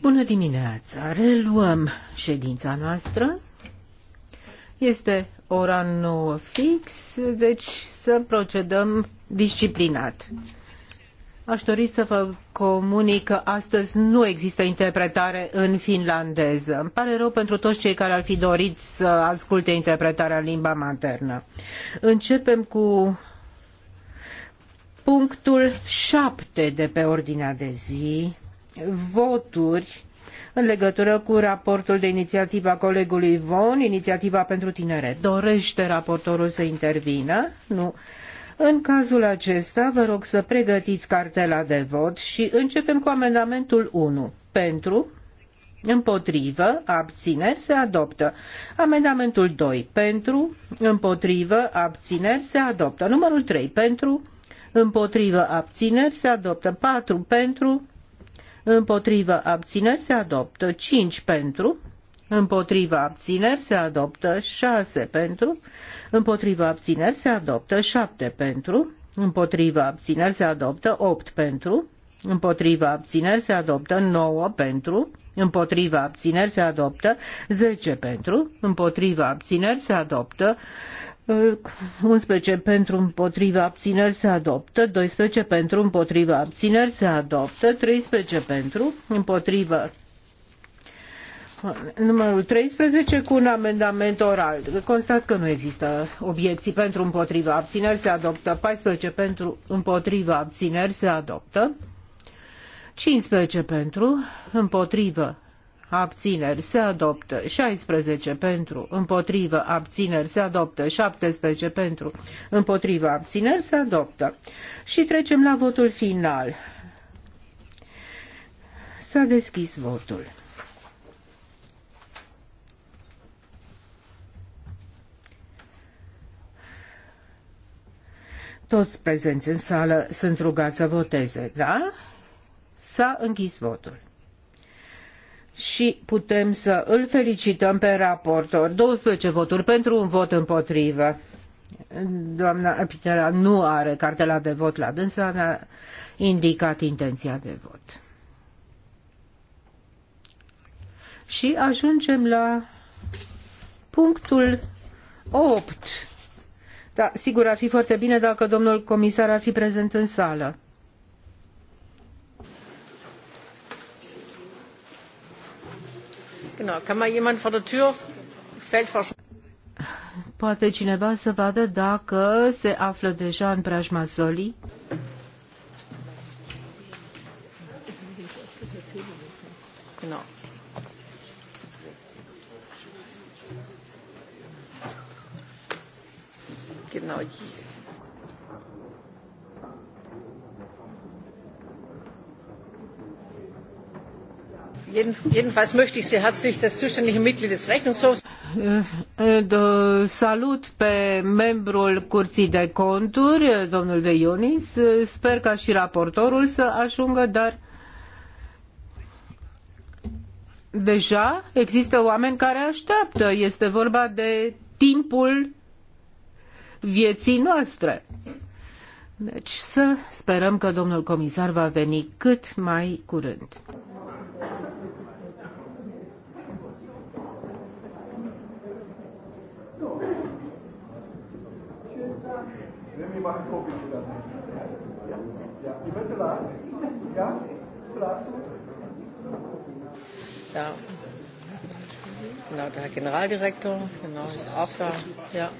Bună dimineața! Reluăm ședința noastră. Este ora nouă fix, deci să procedăm disciplinat. Aș dori să vă comunic că astăzi nu există interpretare în finlandeză. Îmi pare rău pentru toți cei care ar fi dorit să asculte interpretarea în limba maternă. Începem cu punctul 7 de pe ordinea de zi, voturi în legătură cu raportul de inițiativă a colegului Von, inițiativa pentru tinere. Dorește raportorul să intervină? Nu. În cazul acesta, vă rog să pregătiți cartela de vot și începem cu amendamentul 1. Pentru, împotrivă, abțineri, se adoptă. Amendamentul 2. Pentru, împotrivă, abțineri, se adoptă. Numărul 3. Pentru, împotrivă abțineri se adoptă 4 pentru, împotrivă abțineri se adoptă 5 pentru, împotriva abțineri se adoptă 6 pentru, împotriva abțineri se adoptă 7 pentru, împotriva abțineri se adoptă 8 pentru, împotriva abțineri se adoptă 9 pentru, împotriva abțineri se adoptă 10 pentru, împotriva abțineri se adoptă 11 pentru împotriva abțineri se adoptă, 12 pentru împotriva abțineri se adoptă, 13 pentru împotriva numărul 13 cu un amendament oral. Constat că nu există obiecții pentru împotriva abțineri se adoptă, 14 pentru împotriva abțineri se adoptă, 15 pentru împotriva abțineri se adoptă, 16 pentru, împotrivă, abțineri se adoptă, 17 pentru, împotrivă, abțineri se adoptă. Și trecem la votul final. S-a deschis votul. Toți prezenți în sală sunt rugați să voteze, da? S-a închis votul și putem să îl felicităm pe raportor. 12 voturi pentru un vot împotrivă. Doamna Pitera nu are cartela de vot la dânsa, ne-a indicat intenția de vot. Și ajungem la punctul 8. Da, sigur, ar fi foarte bine dacă domnul comisar ar fi prezent în sală. Poate cineva să vadă dacă se află deja în preajma zolii? Genau. Genau, Jedenfalls möchte ich sehr herzlich das zuständige Mitglied des Rechnungshofs. Salut pe membrul Curții de Conturi, domnul de Ionis. Sper ca și raportorul să ajungă, dar deja există oameni care așteaptă. Este vorba de timpul vieții noastre. Deci să sperăm că domnul comisar va veni cât mai curând. die machen Ia, wieder. ia, ja. Da. Wette war, ja, klar. Ja. Genau, der Herr Generaldirektor, genau, ist auch da. Ja.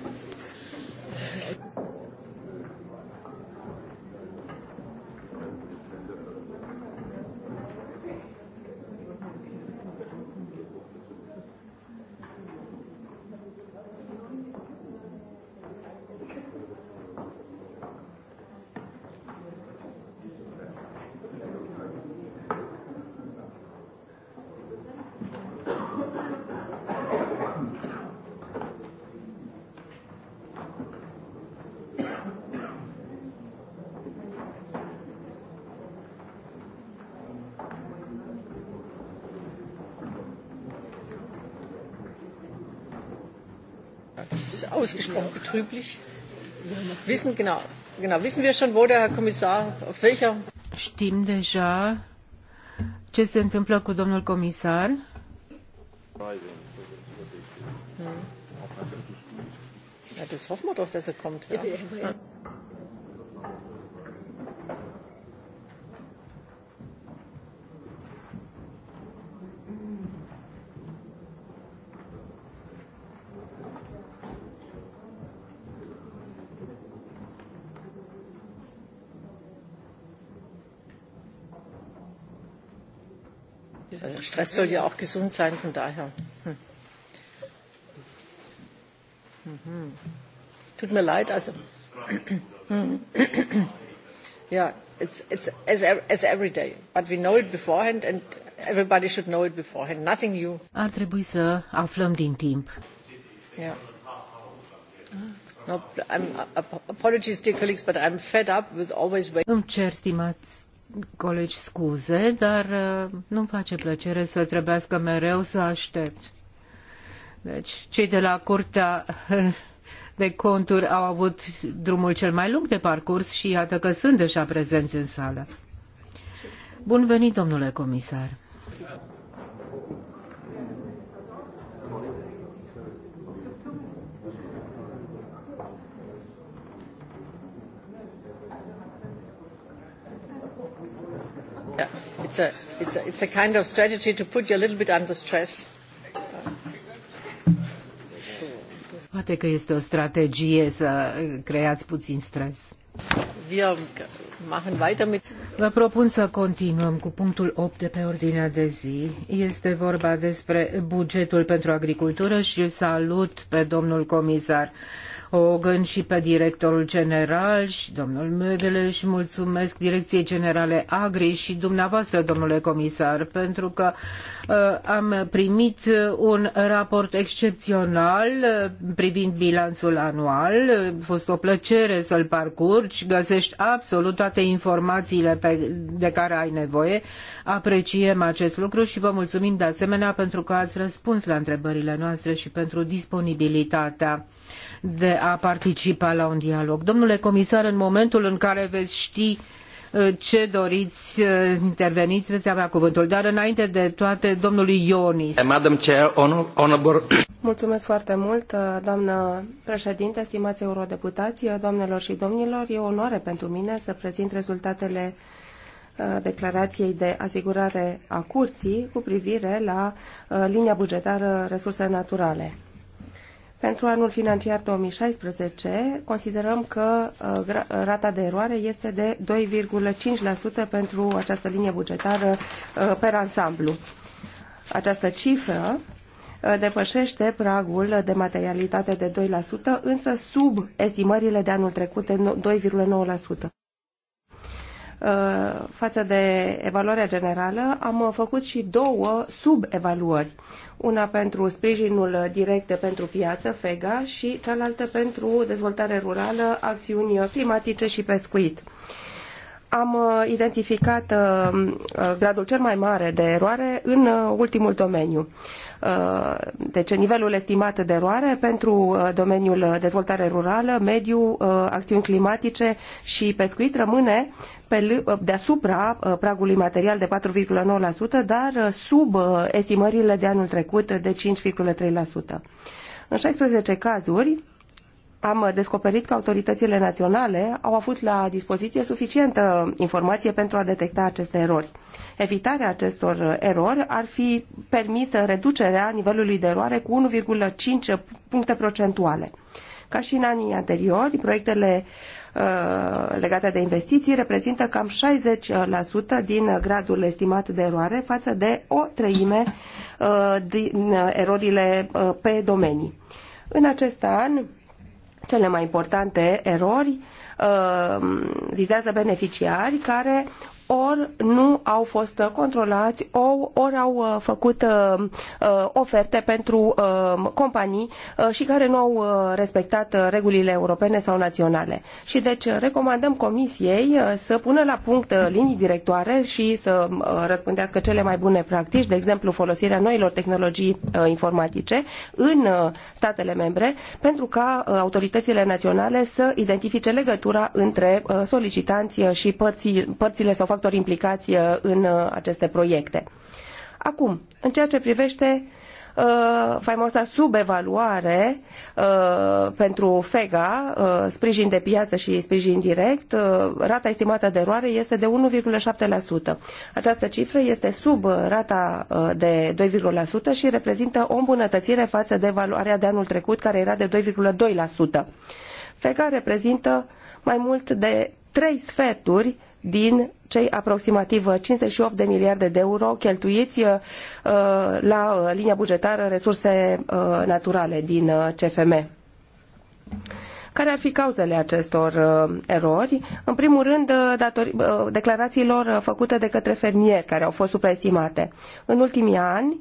ausgesprochen betrüblich. Wissen, genau, genau, wissen wir schon, wo der Herr Kommissar, auf welcher... Știm deja ce se întâmplă cu domnul comisar. Ja, das hoffen wir doch, dass er kommt. Ja. Stress soll ja auch gesund sein, von daher. Hm. Mhm. Tut mir leid, also. Ja, it's, it's as, as every day, but we know it beforehand and everybody should know it beforehand, nothing new. Ar trebui să aflăm din timp. Yeah. No, I'm, uh, apologies, dear colleagues, but I'm fed up with always waiting. Îmi cer, stimați colegi scuze, dar uh, nu-mi face plăcere să trebuiască mereu să aștept. Deci, cei de la Curtea de Conturi au avut drumul cel mai lung de parcurs și iată că sunt deja prezenți în sală. Bun venit, domnule comisar. it's a, it's a, it's a kind of strategy to put you a little bit under stress. Poate că este o strategie să creați puțin stres. Vă propun să continuăm cu punctul 8 de pe ordinea de zi. Este vorba despre bugetul pentru agricultură și salut pe domnul comisar Hogan și pe directorul general și domnul Mögele și mulțumesc Direcției Generale Agri și dumneavoastră, domnule comisar, pentru că uh, am primit un raport excepțional uh, privind bilanțul anual. A fost o plăcere să-l parcurgi, găsești absolut toate informațiile pe, de care ai nevoie. Apreciem acest lucru și vă mulțumim de asemenea pentru că ați răspuns la întrebările noastre și pentru disponibilitatea de a participa la un dialog. Domnule comisar, în momentul în care veți ști uh, ce doriți, uh, interveniți, veți avea cuvântul. Dar înainte de toate, domnului Ionis. Madam Chair, honorable... Mulțumesc foarte mult, uh, doamnă președinte, stimați eurodeputați, doamnelor și domnilor. E o onoare pentru mine să prezint rezultatele declarației de asigurare a curții cu privire la linia bugetară resurse naturale. Pentru anul financiar 2016 considerăm că uh, rata de eroare este de 2,5% pentru această linie bugetară uh, per ansamblu. Această cifră uh, depășește pragul de materialitate de 2%, însă sub estimările de anul trecut de 2,9%. Uh, față de evaluarea generală, am făcut și două subevaluări. Una pentru sprijinul direct pentru piață, FEGA, și cealaltă pentru dezvoltare rurală, acțiuni climatice și pescuit. Uh, am uh, identificat uh, uh, gradul cel mai mare de eroare în ultimul domeniu. Deci nivelul estimat de eroare pentru domeniul dezvoltare rurală, mediu, acțiuni climatice și pescuit rămâne deasupra pragului material de 4,9%, dar sub estimările de anul trecut de 5,3%. În 16 cazuri, am descoperit că autoritățile naționale au avut la dispoziție suficientă informație pentru a detecta aceste erori. Evitarea acestor erori ar fi permisă reducerea nivelului de eroare cu 1,5 puncte procentuale. Ca și în anii anteriori, proiectele uh, legate de investiții reprezintă cam 60% din gradul estimat de eroare față de o treime uh, din erorile uh, pe domenii. În acest an, cele mai importante erori uh, vizează beneficiari care ori nu au fost controlați, ori au uh, făcut uh, uh, oferte pentru companii și care nu au respectat regulile europene sau naționale. Și deci recomandăm Comisiei să pună la punct linii directoare și să răspândească cele mai bune practici, de exemplu folosirea noilor tehnologii informatice în statele membre, pentru ca autoritățile naționale să identifice legătura între solicitanți și părții, părțile sau factori implicați uh, în uh, aceste proiecte. Acum, în ceea ce privește uh, faimoasa subevaluare pentru FEGA, sprijin de piață și sprijin direct, rata estimată de eroare este de 1,7%. Această cifră este sub rata de 2,1% și reprezintă o îmbunătățire față de valoarea de anul trecut, care era de 2,2%. FEGA reprezintă mai mult de trei sferturi din cei aproximativ 58 de miliarde de euro cheltuiți uh, la uh, linia bugetară resurse uh, naturale din CFM. Care ar fi cauzele acestor erori? În primul rând, datori, declarațiilor făcute de către fermieri, care au fost supraestimate. În ultimii ani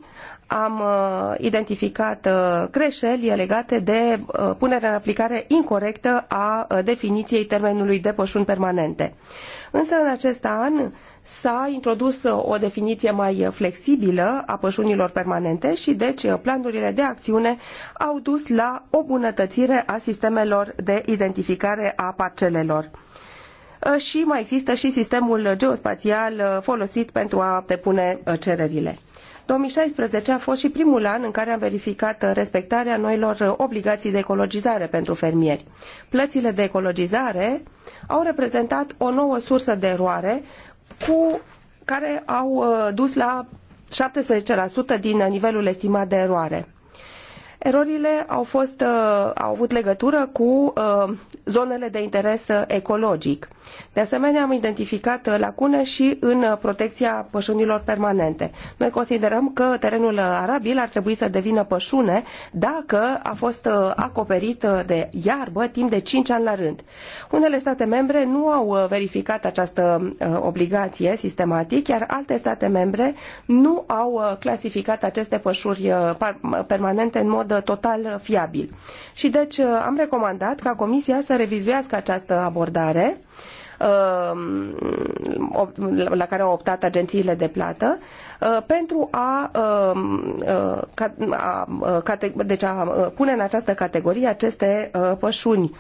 am uh, identificat uh, greșeli legate de uh, punerea în aplicare incorrectă a definiției termenului de pășuni permanente. Însă în acest an s-a introdus o definiție mai flexibilă a pășunilor permanente și deci planurile de acțiune au dus la o bunătățire a sistemelor de identificare a parcelelor și mai există și sistemul geospațial folosit pentru a depune cererile. 2016 a fost și primul an în care am verificat respectarea noilor obligații de ecologizare pentru fermieri. Plățile de ecologizare au reprezentat o nouă sursă de eroare cu care au uh, dus la 17% din nivelul estimat de eroare. Erorile au, fost, uh, au avut legătură cu uh, zonele de interes uh, ecologic. De asemenea, am identificat lacune și în protecția pășunilor permanente. Noi considerăm că terenul arabil ar trebui să devină pășune dacă a fost acoperit de iarbă timp de 5 ani la rând. Unele state membre nu au verificat această obligație sistematic, iar alte state membre nu au clasificat aceste pășuri permanente în mod metod total fiabil. Și deci uh, am recomandat ca Comisia să revizuiască această abordare uh, la care au optat agențiile de plată uh, pentru a, um, a, a, deci a pune în această categorie aceste pășuni.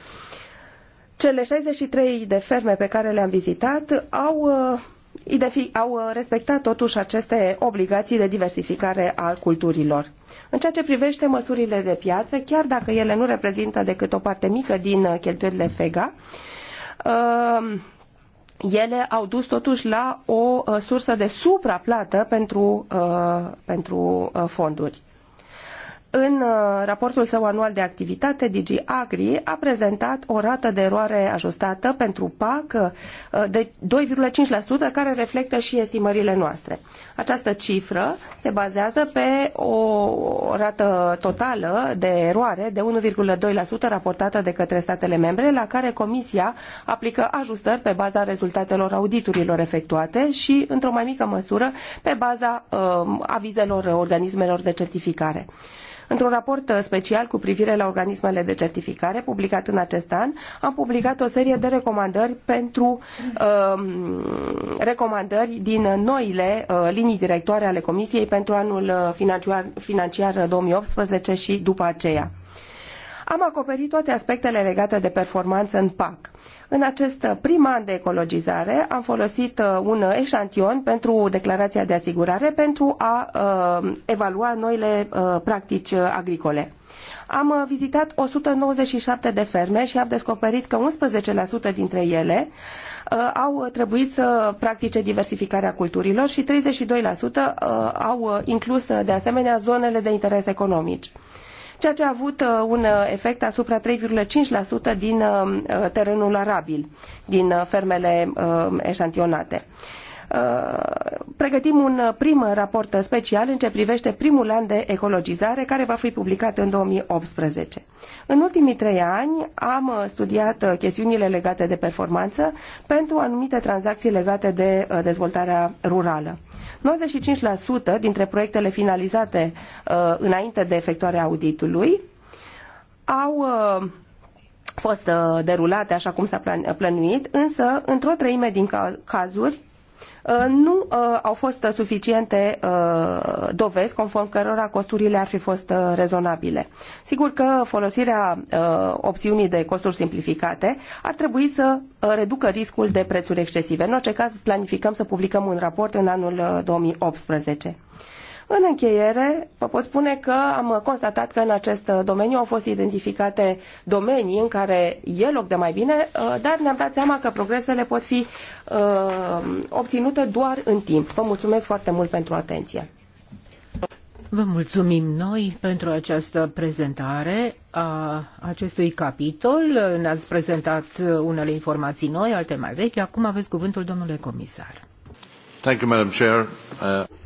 Cele 63 de ferme pe care le-am vizitat au au uh, respectat totuși aceste obligații de diversificare al culturilor. În ceea ce privește măsurile de piață, chiar dacă ele nu reprezintă decât o parte mică din uh, cheltuielile FEGA, uh, ele au dus totuși la o sursă de supraplată pentru, pentru fonduri. În uh, raportul său anual de activitate, DG Agri a prezentat o rată de eroare ajustată pentru PAC uh, de 2,5%, care reflectă și estimările noastre. Această cifră se bazează pe o rată totală de eroare de 1,2% raportată de către statele membre, la care Comisia aplică ajustări pe baza rezultatelor auditurilor efectuate și, într-o mai mică măsură, pe baza uh, avizelor organismelor de certificare. Într-un raport special cu privire la organismele de certificare publicat în acest an, am publicat o serie de recomandări pentru um, recomandări din noile uh, linii directoare ale Comisiei pentru anul uh, financiar, financiar 2018 și după aceea am acoperit toate aspectele legate de performanță în PAC. În acest prim an de ecologizare am folosit uh, un eșantion pentru declarația de asigurare pentru a uh, evalua noile uh, practici agricole. Am vizitat 197 de ferme și am descoperit că 11% dintre ele au trebuit să practice diversificarea culturilor și 32% au inclus de asemenea zonele de interes economic ceea ce a avut uh, un uh, efect asupra 3,5% din uh, terenul arabil, din fermele eșantionate. Uh, pregătim un prim raport special în ce privește primul an de ecologizare care va fi publicat în 2018. În ultimii trei ani am studiat chestiunile legate de performanță pentru anumite tranzacții legate de uh, dezvoltarea rurală. 95% dintre proiectele finalizate uh, înainte de efectuarea auditului au fost derulate așa cum s-a plănuit, însă într-o treime din cazuri Uh, nu uh, au fost suficiente uh, dovezi conform cărora costurile ar fi fost rezonabile. Sigur că folosirea opțiunii de costuri simplificate ar trebui să reducă riscul de prețuri excesive. În orice caz, planificăm să publicăm un raport în anul 2018. În încheiere, vă pot spune că am constatat că în acest domeniu au fost identificate domenii în care e loc de mai bine, uh, dar ne-am dat seama că progresele pot fi uh, obținute doar în timp. Vă mulțumesc foarte mult pentru atenție. Vă mulțumim noi pentru această prezentare a acestui capitol. Ne-ați prezentat unele informații noi, alte mai vechi. Acum aveți cuvântul, domnule comisar. Thank you, Madam Chair. Uh...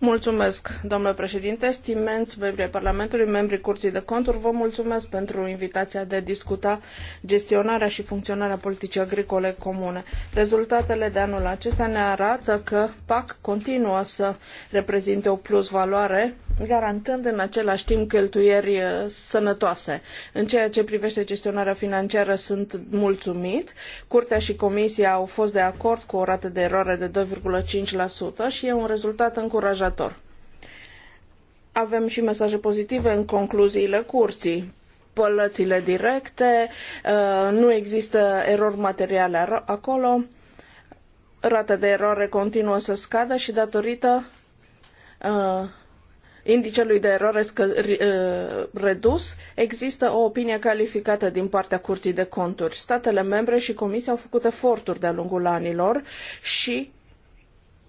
Mulțumesc, domnule președinte, stimenți membri ai Parlamentului, membrii Curții de Conturi, vă mulțumesc pentru invitația de a discuta gestionarea și funcționarea politicii agricole comune. Rezultatele de anul acesta ne arată că PAC continuă să reprezinte o plusvaloare garantând în același timp cheltuieri uh, sănătoase. În ceea ce privește gestionarea financiară sunt mulțumit. Curtea și Comisia au fost de acord cu o rată de eroare de 2,5% și e un rezultat încurajator. Avem și mesaje pozitive în concluziile curții plățile directe, uh, nu există erori materiale acolo, rata de eroare continuă să scadă și datorită uh, indicelui de eroare uh, redus, există o opinie calificată din partea Curții de Conturi. Statele membre și Comisia au făcut eforturi de-a lungul anilor și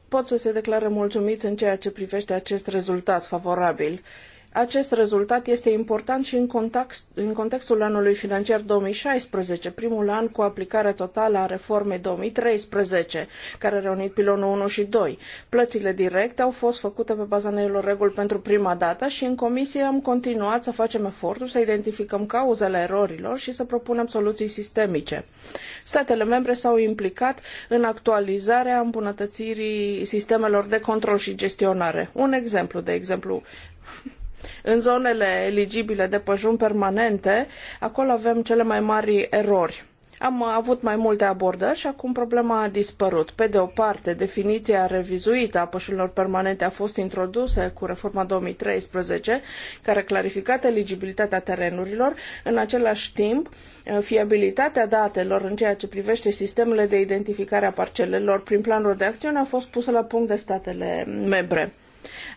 pot să se declare mulțumiți în ceea ce privește acest rezultat favorabil. Acest rezultat este important și în, context, în contextul anului financiar 2016, primul an cu aplicarea totală a reformei 2013, care a reunit pilonul 1 și 2. Plățile directe au fost făcute pe baza noilor reguli pentru prima dată și în comisie am continuat să facem eforturi să identificăm cauzele erorilor și să propunem soluții sistemice. Statele membre s-au implicat în actualizarea îmbunătățirii sistemelor de control și gestionare. Un exemplu, de exemplu, în zonele eligibile de păjun permanente, acolo avem cele mai mari erori. Am avut mai multe abordări și acum problema a dispărut. Pe de o parte, definiția revizuită a pășurilor permanente a fost introdusă cu reforma 2013, care a clarificat eligibilitatea terenurilor, în același timp fiabilitatea datelor în ceea ce privește sistemele de identificare a parcelelor prin planuri de acțiune a fost pusă la punct de statele membre.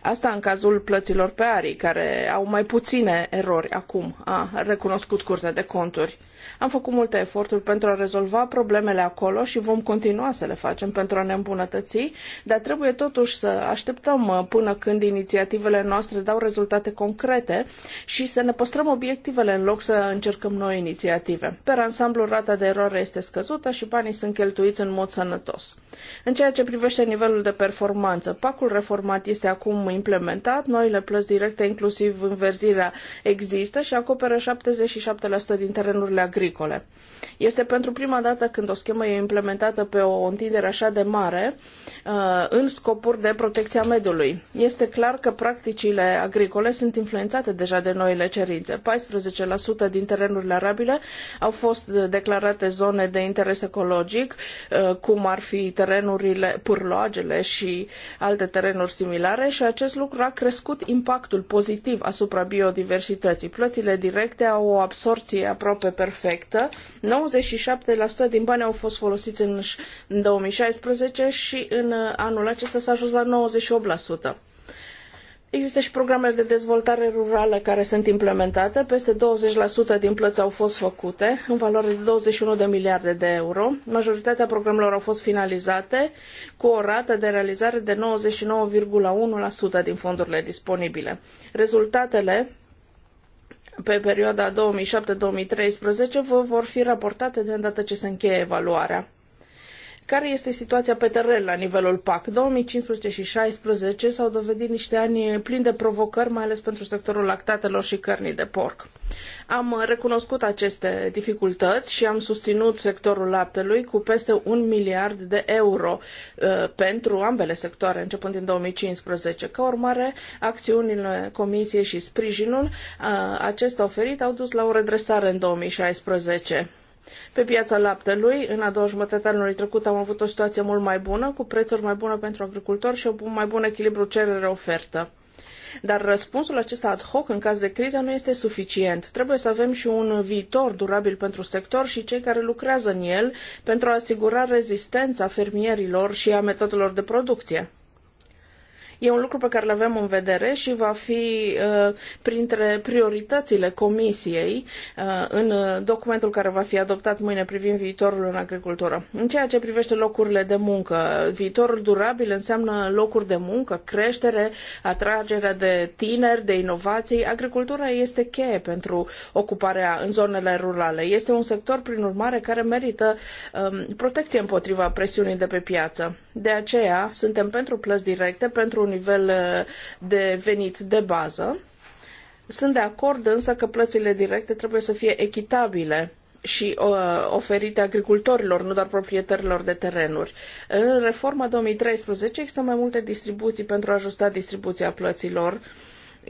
Asta în cazul plăților pe arii, care au mai puține erori acum, a recunoscut Curtea de Conturi. Am făcut multe eforturi pentru a rezolva problemele acolo și vom continua să le facem pentru a ne îmbunătăți, dar trebuie totuși să așteptăm uh, până când inițiativele noastre dau rezultate concrete și să ne păstrăm obiectivele în loc să încercăm noi inițiative. Per ansamblu, rata de eroare este scăzută și banii sunt cheltuiți în mod sănătos. În ceea ce privește nivelul de performanță, pacul reformat este acum implementat, noile plăți directe, inclusiv înverzirea, există și acoperă 77% din terenurile agricole. Este pentru prima dată când o schemă e implementată pe o întindere așa de mare uh, în scopuri de protecție a mediului. Este clar că practicile agricole sunt influențate deja de noile cerințe. 14% din terenurile arabile au fost declarate zone de interes ecologic, uh, cum ar fi terenurile, pârloagele și alte terenuri similare și acest lucru a crescut impactul pozitiv asupra biodiversității. Plățile directe au o absorție aproape perfectă perfectă. 97% din bani au fost folosiți în, 2016 și în uh, anul acesta s-a ajuns la 98%. Există și programele de dezvoltare rurală care sunt implementate. Peste 20% din plăți au fost făcute, în valoare de 21 de miliarde de euro. Majoritatea programelor au fost finalizate cu o rată de realizare de 99,1% din fondurile disponibile. Rezultatele pe perioada 2007-2013 vă vor fi raportate de îndată ce se încheie evaluarea. Care este situația pe teren la nivelul PAC? 2015 și 2016 s-au dovedit niște ani plini de provocări, mai ales pentru sectorul lactatelor și cărnii de porc. Am recunoscut aceste dificultăți și am susținut sectorul laptelui cu peste un miliard de euro uh, pentru ambele sectoare, începând din 2015. Ca urmare, acțiunile Comisiei și sprijinul uh, acesta oferit au dus la o redresare în 2016. Pe piața laptelui, în a doua jumătate a anului trecut am avut o situație mult mai bună, cu prețuri mai bune pentru agricultori și un mai bun echilibru cerere-ofertă. Dar răspunsul acesta ad hoc în caz de criză nu este suficient. Trebuie să avem și un viitor durabil pentru sector și cei care lucrează în el pentru a asigura rezistența fermierilor și a metodelor de producție. E un lucru pe care îl avem în vedere și va fi uh, printre prioritățile Comisiei uh, în uh, documentul care va fi adoptat mâine privind viitorul în agricultură. În ceea ce privește locurile de muncă, viitorul durabil înseamnă locuri de muncă, creștere, atragerea de tineri, de inovații. Agricultura este cheie pentru ocuparea în zonele rurale. Este un sector, prin urmare, care merită um, protecție împotriva presiunii de pe piață. De aceea suntem pentru plăți directe, pentru un nivel uh, de venit de bază. Sunt de acord însă că plățile directe trebuie să fie echitabile și uh, oferite agricultorilor, nu doar proprietarilor de terenuri. În reforma 2013 există mai multe distribuții pentru a ajusta distribuția plăților,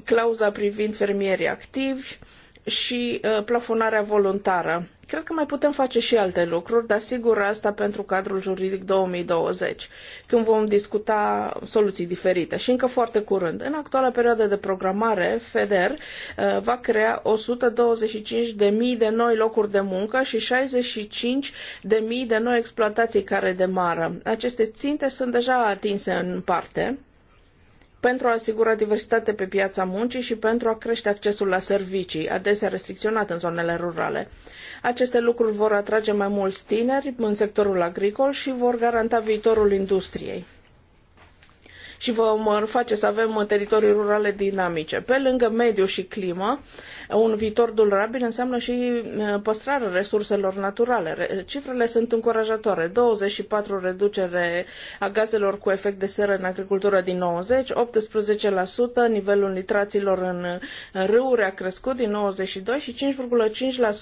clauza privind fermierii activi, uh, și uh, plafonarea voluntară. Cred că mai putem face și alte lucruri, dar sigur asta pentru cadrul juridic 2020, când vom discuta soluții diferite și încă foarte curând. În actuala perioadă de programare, FEDER uh, va crea 125.000 de noi locuri de muncă și 65.000 de noi exploatații care demară. Aceste ținte sunt deja atinse în parte, pentru a asigura diversitate pe piața muncii și pentru a crește accesul la servicii, adesea restricționat în zonele rurale. Aceste lucruri vor atrage mai mulți tineri în sectorul agricol și vor garanta viitorul industriei și vom face să avem uh, teritorii rurale dinamice. Pe lângă mediu și climă, uh, un viitor durabil înseamnă și uh, păstrarea resurselor naturale. Cifrele sunt încurajatoare. 24 reducere a gazelor cu efect de seră în agricultură din 90, 18% nivelul nitraților în râuri a crescut din 92 și 5,5%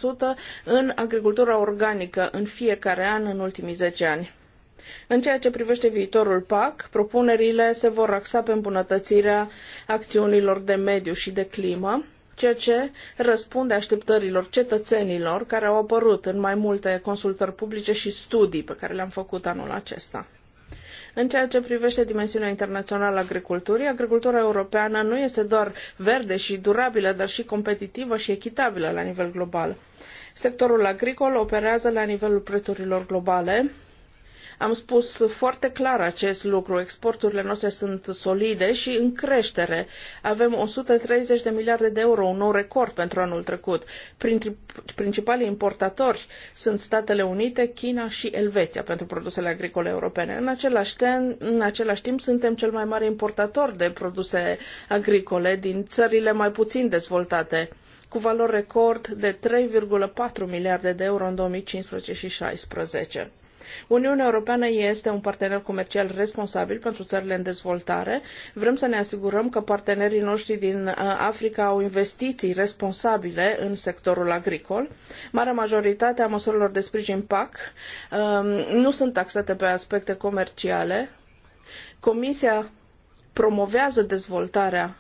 în agricultura organică în fiecare an în ultimii 10 ani. În ceea ce privește viitorul PAC, propunerile se vor axa pe îmbunătățirea acțiunilor de mediu și de climă, ceea ce răspunde așteptărilor cetățenilor care au apărut în mai multe consultări publice și studii pe care le-am făcut anul acesta. În ceea ce privește dimensiunea internațională a agriculturii, agricultura europeană nu este doar verde și durabilă, dar și competitivă și echitabilă la nivel global. Sectorul agricol operează la nivelul prețurilor globale, am spus foarte clar acest lucru. Exporturile noastre sunt solide și în creștere. Avem 130 de miliarde de euro, un nou record pentru anul trecut. Principalii importatori sunt Statele Unite, China și Elveția pentru produsele agricole europene. În același, ten, în același timp suntem cel mai mare importator de produse agricole din țările mai puțin dezvoltate cu valori record de 3,4 miliarde de euro în 2015 și 2016. Uniunea Europeană este un partener comercial responsabil pentru țările în dezvoltare. Vrem să ne asigurăm că partenerii noștri din uh, Africa au investiții responsabile în sectorul agricol. Marea majoritate a măsurilor de sprijin PAC um, nu sunt taxate pe aspecte comerciale. Comisia promovează dezvoltarea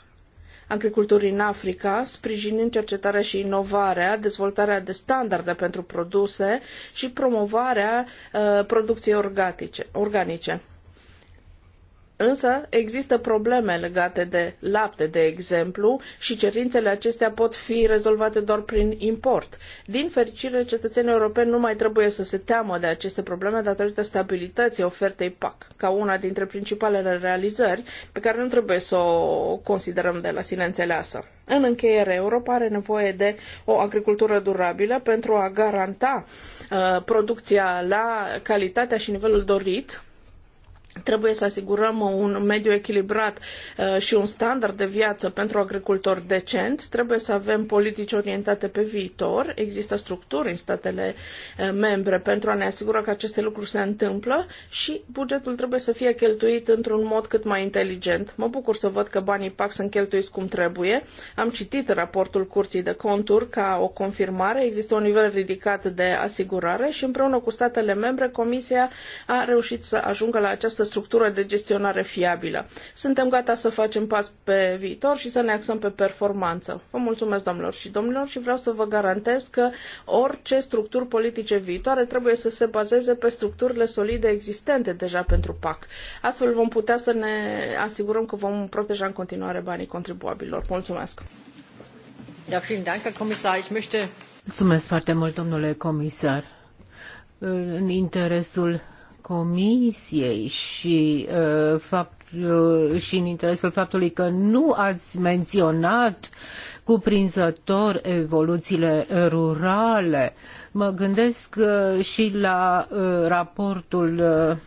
agriculturii în Africa, sprijinind cercetarea și inovarea, dezvoltarea de standarde pentru produse și promovarea uh, producției organice. Însă există probleme legate de lapte, de exemplu, și cerințele acestea pot fi rezolvate doar prin import. Din fericire, cetățenii europeni nu mai trebuie să se teamă de aceste probleme datorită stabilității ofertei PAC, ca una dintre principalele realizări pe care nu trebuie să o considerăm de la sine înțeleasă. În încheiere, Europa are nevoie de o agricultură durabilă pentru a garanta uh, producția la calitatea și nivelul dorit Trebuie să asigurăm un mediu echilibrat uh, și un standard de viață pentru agricultori decent. Trebuie să avem politici orientate pe viitor. Există structuri în statele uh, membre pentru a ne asigura că aceste lucruri se întâmplă și bugetul trebuie să fie cheltuit într-un mod cât mai inteligent. Mă bucur să văd că banii PAC sunt cheltuiți cum trebuie. Am citit raportul Curții de Conturi ca o confirmare. Există un nivel ridicat de asigurare și împreună cu statele membre Comisia a reușit să ajungă la această această structură de gestionare fiabilă. Suntem gata să facem pas pe viitor și să ne axăm pe performanță. Vă mulțumesc, doamnelor și domnilor, și vreau să vă garantez că orice structuri politice viitoare trebuie să se bazeze pe structurile solide existente deja pentru PAC. Astfel vom putea să ne asigurăm că vom proteja în continuare banii contribuabililor. Mulțumesc! Ja, vielen Dank, Herr Kommissar. Ich möchte Mulțumesc foarte mult, domnule comisar. În interesul Comisiei și, uh, fapt, uh, și în interesul faptului că nu ați menționat cuprinzător evoluțiile rurale. Mă gândesc uh, și la uh, raportul uh,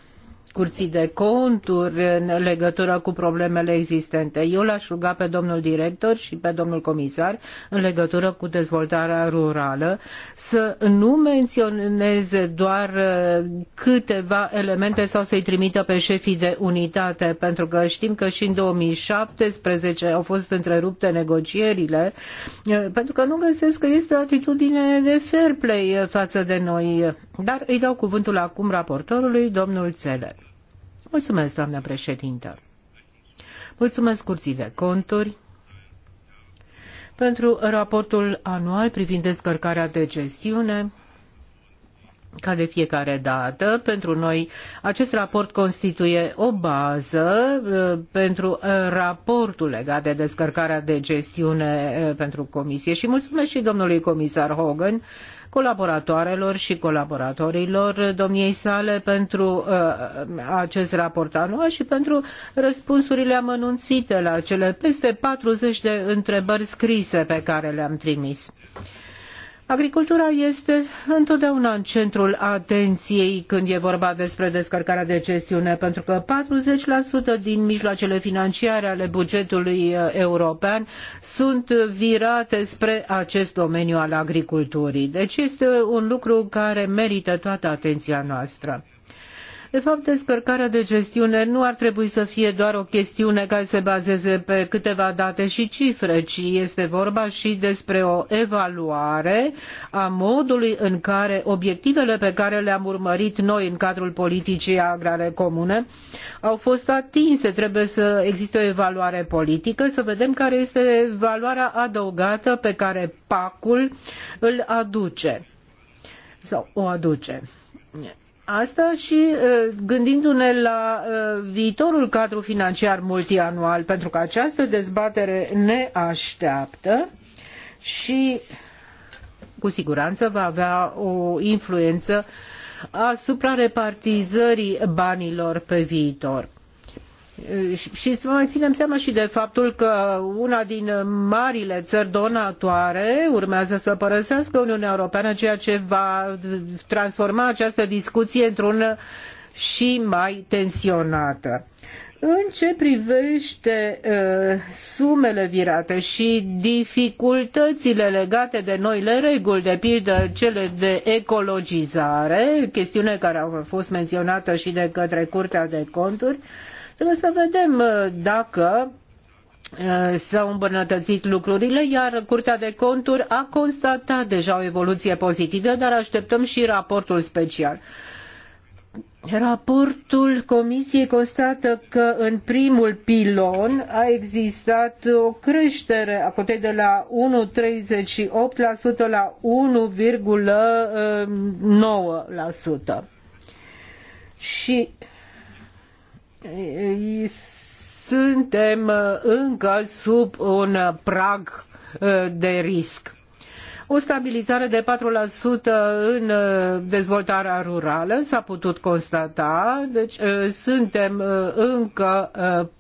curții de conturi în legătură cu problemele existente. Eu l-aș ruga pe domnul director și pe domnul comisar în legătură cu dezvoltarea rurală să nu menționeze doar uh, câteva elemente sau să-i trimită pe șefii de unitate, pentru că știm că și în 2017 au fost întrerupte negocierile, uh, pentru că nu găsesc că este o atitudine de fair play uh, față de noi. Dar îi dau cuvântul acum raportorului, domnul Țele. Mulțumesc, doamnă președintă. Mulțumesc curții de conturi pentru raportul anual privind descărcarea de gestiune. Ca de fiecare dată, pentru noi acest raport constituie o bază uh, pentru uh, raportul legat de descărcarea de gestiune uh, pentru comisie și mulțumesc și domnului comisar Hogan colaboratoarelor și colaboratorilor domniei sale pentru uh, acest raport anual și pentru răspunsurile amănunțite la cele peste 40 de întrebări scrise pe care le-am trimis. Agricultura este întotdeauna în centrul atenției când e vorba despre descărcarea de gestiune, pentru că 40% din mijloacele financiare ale bugetului uh, european sunt virate spre acest domeniu al agriculturii. Deci este un lucru care merită toată atenția noastră. De fapt, descărcarea de gestiune nu ar trebui să fie doar o chestiune care se bazeze pe câteva date și cifre, ci este vorba și despre o evaluare a modului în care obiectivele pe care le-am urmărit noi în cadrul politicii agrare comune au fost atinse. Trebuie să existe o evaluare politică, să vedem care este valoarea adăugată pe care PAC-ul îl aduce sau o aduce. Asta și uh, gândindu-ne la uh, viitorul cadru financiar multianual, pentru că această dezbatere ne așteaptă și cu siguranță va avea o influență asupra repartizării banilor pe viitor și să mai ținem seama și de faptul că una din marile țări donatoare urmează să părăsească Uniunea Europeană, ceea ce va transforma această discuție într una și mai tensionată. În ce privește uh, sumele virate și dificultățile legate de noile reguli, de pildă cele de ecologizare, chestiune care a fost menționată și de către Curtea de Conturi, uh, Trebuie să vedem uh, dacă uh, s-au îmbunătățit lucrurile, iar Curtea de Conturi a constatat deja o evoluție pozitivă, dar așteptăm și raportul special. Raportul Comisiei constată că în primul pilon a existat o creștere a cotei de la 1,38% la 1,9%. Uh, și suntem uh, încă sub un uh, prag uh, de risc. O stabilizare de 4% în dezvoltarea rurală s-a putut constata, deci suntem încă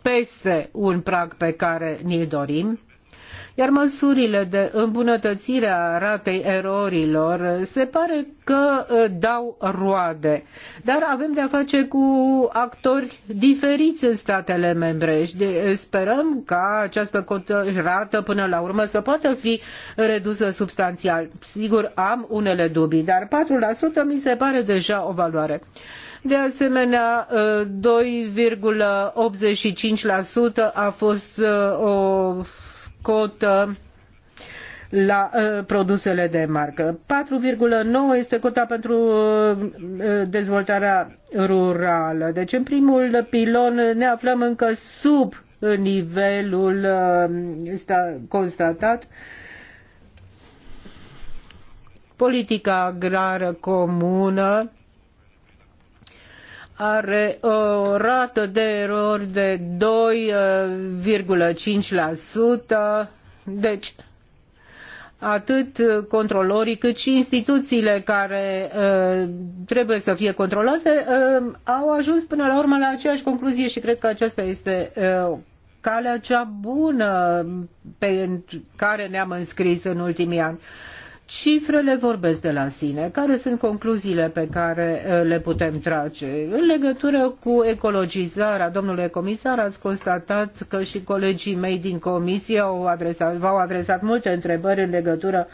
peste un prag pe care ni-l dorim iar măsurile de îmbunătățire a ratei erorilor uh, se pare că uh, dau roade. Dar avem de-a face cu actori diferiți în statele membre și uh, sperăm ca această rată până la urmă să poată fi redusă substanțial. Sigur, am unele dubii, dar 4% mi se pare deja o valoare. De asemenea, 2,85% a fost o cotă la uh, produsele de marcă. 4,9 este cota pentru uh, uh, dezvoltarea rurală. Deci în primul pilon ne aflăm încă sub nivelul uh, constatat. Politica agrară comună are o rată de erori de 2,5%. Uh, deci, atât controlorii cât și instituțiile care uh, trebuie să fie controlate uh, au ajuns până la urmă la aceeași concluzie și cred că aceasta este uh, calea cea bună pe care ne-am înscris în ultimii ani. Cifrele vorbesc de la sine. Care sunt concluziile pe care uh, le putem trage? În legătură cu ecologizarea, domnule comisar, ați constatat că și colegii mei din comisie au adresat, v-au adresat multe întrebări în legătură uh,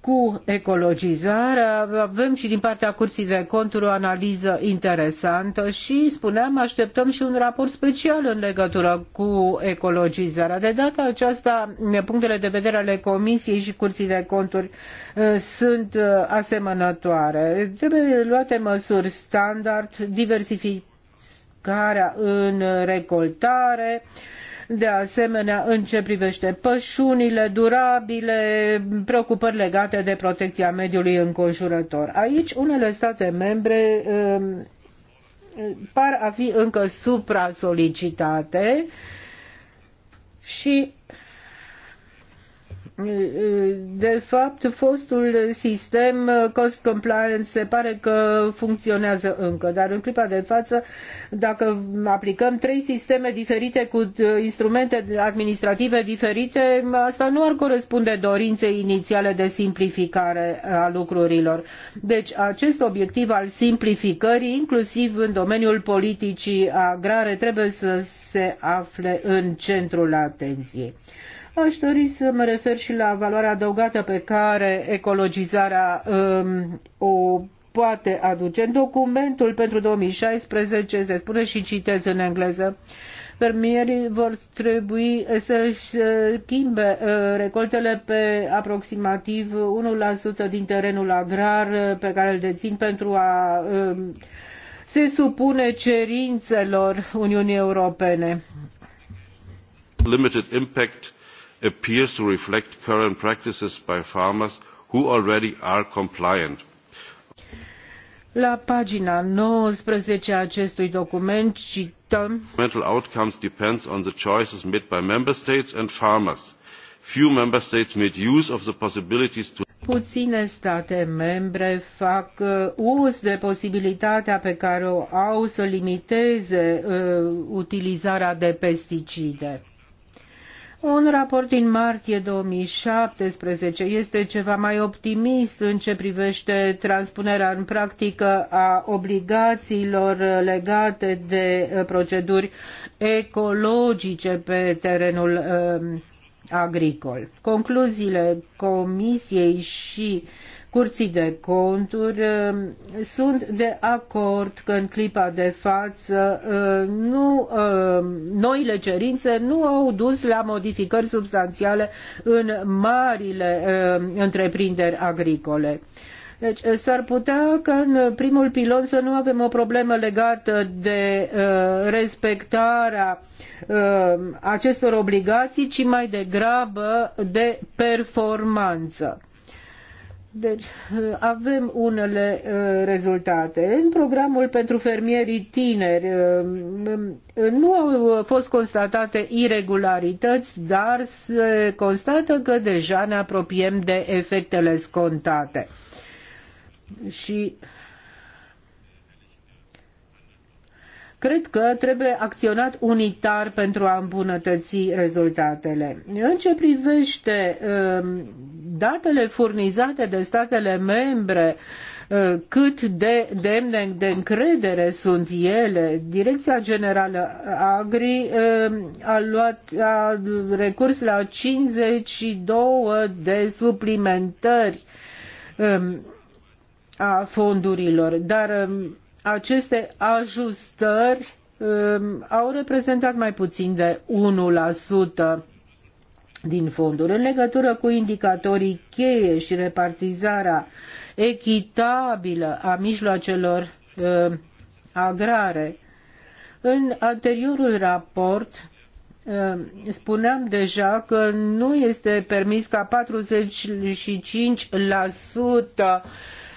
cu ecologizarea. Avem și din partea Curții de Conturi o analiză interesantă și, spuneam, așteptăm și un raport special în legătură cu ecologizarea. De data aceasta, punctele de vedere ale Comisiei și Curții de Conturi uh, sunt uh, asemănătoare. Trebuie luate măsuri standard, diversificarea în recoltare, uh, de asemenea în ce privește pășunile durabile, preocupări legate de protecția mediului înconjurător. Aici unele state membre um, par a fi încă supra-solicitate și de fapt, fostul sistem uh, cost compliance se pare că funcționează încă, dar în clipa de față, dacă aplicăm trei sisteme diferite cu uh, instrumente administrative diferite, asta nu ar corespunde dorinței inițiale de simplificare a lucrurilor. Deci, acest obiectiv al simplificării, inclusiv în domeniul politicii agrare, trebuie să se afle în centrul atenției. Aș dori să mă refer și la valoarea adăugată pe care ecologizarea um, o poate aduce. În documentul pentru 2016 se spune și citez în engleză fermierii vor trebui să-și uh, schimbe uh, recoltele pe aproximativ 1% din terenul agrar uh, pe care îl dețin pentru a um, se supune cerințelor Uniunii Europene. Limited impact appears to reflect current practices by farmers who already are compliant. La pagina 19 a acestui document cităm Mental outcomes depends on the choices made by member states and farmers. Few member states made use of the possibilities to Puține state membre fac uh, uz de posibilitatea pe care o au să limiteze uh, utilizarea de pesticide. Un raport din martie 2017 este ceva mai optimist în ce privește transpunerea în practică a obligațiilor legate de uh, proceduri ecologice pe terenul uh, agricol. Concluziile Comisiei și Curții de Conturi. Um, sunt de acord că în clipa de față uh, nu, um, noile cerințe nu au dus la modificări substanțiale în marile um, întreprinderi agricole. Deci uh, s-ar putea ca în primul pilon să nu avem o problemă legată de uh, respectarea uh, acestor obligații, ci mai degrabă de performanță. Deci avem unele uh, rezultate. În programul pentru fermierii tineri uh, nu au uh, fost constatate irregularități, dar se constată că deja ne apropiem de efectele scontate. Și Cred că trebuie acționat unitar pentru a îmbunătăți rezultatele. În ce privește um, datele furnizate de statele membre, uh, cât de demne de încredere sunt ele. Direcția Generală Agri um, a, luat, a recurs la 52 de suplimentări um, a fondurilor, dar aceste ajustări um, au reprezentat mai puțin de 1% din fonduri. În legătură cu indicatorii cheie și repartizarea echitabilă a mijloacelor um, agrare, în anteriorul raport um, spuneam deja că nu este permis ca 45%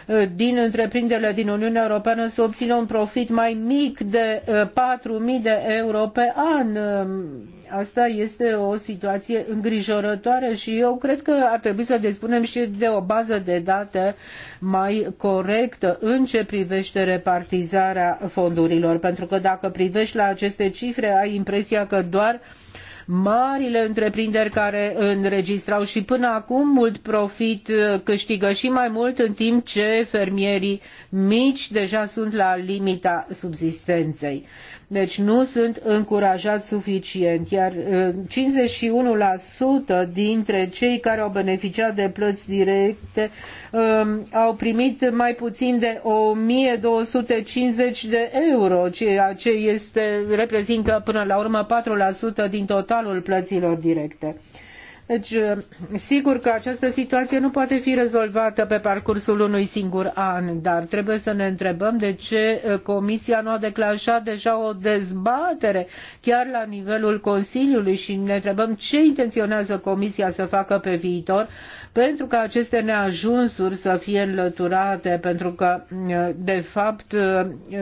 Uh, din întreprinderile din Uniunea Europeană să obțină un profit mai mic de 4.000 uh, de euro pe an. Um, asta este o situație îngrijorătoare și eu cred că ar trebui să dispunem și de o bază de date mai corectă în ce privește repartizarea fondurilor, pentru că dacă privești la aceste cifre ai impresia că doar uh, marile întreprinderi care înregistrau și până acum mult profit uh, câștigă și mai mult în timp ce fermierii mici deja sunt la limita subsistenței. Deci nu sunt încurajați suficient, iar 51% ă, dintre cei care au beneficiat de plăți directe ă, au primit mai puțin de 1250 de euro, ceea ce este, reprezintă până la urmă 4% din totalul plăților directe. Deci, sigur că această situație nu poate fi rezolvată pe parcursul unui singur an, dar trebuie să ne întrebăm de ce eh, Comisia nu a declanșat deja o dezbatere chiar la nivelul Consiliului și ne întrebăm ce intenționează Comisia să facă pe viitor pentru ca aceste neajunsuri să fie înlăturate, pentru că, eh, de fapt, eh,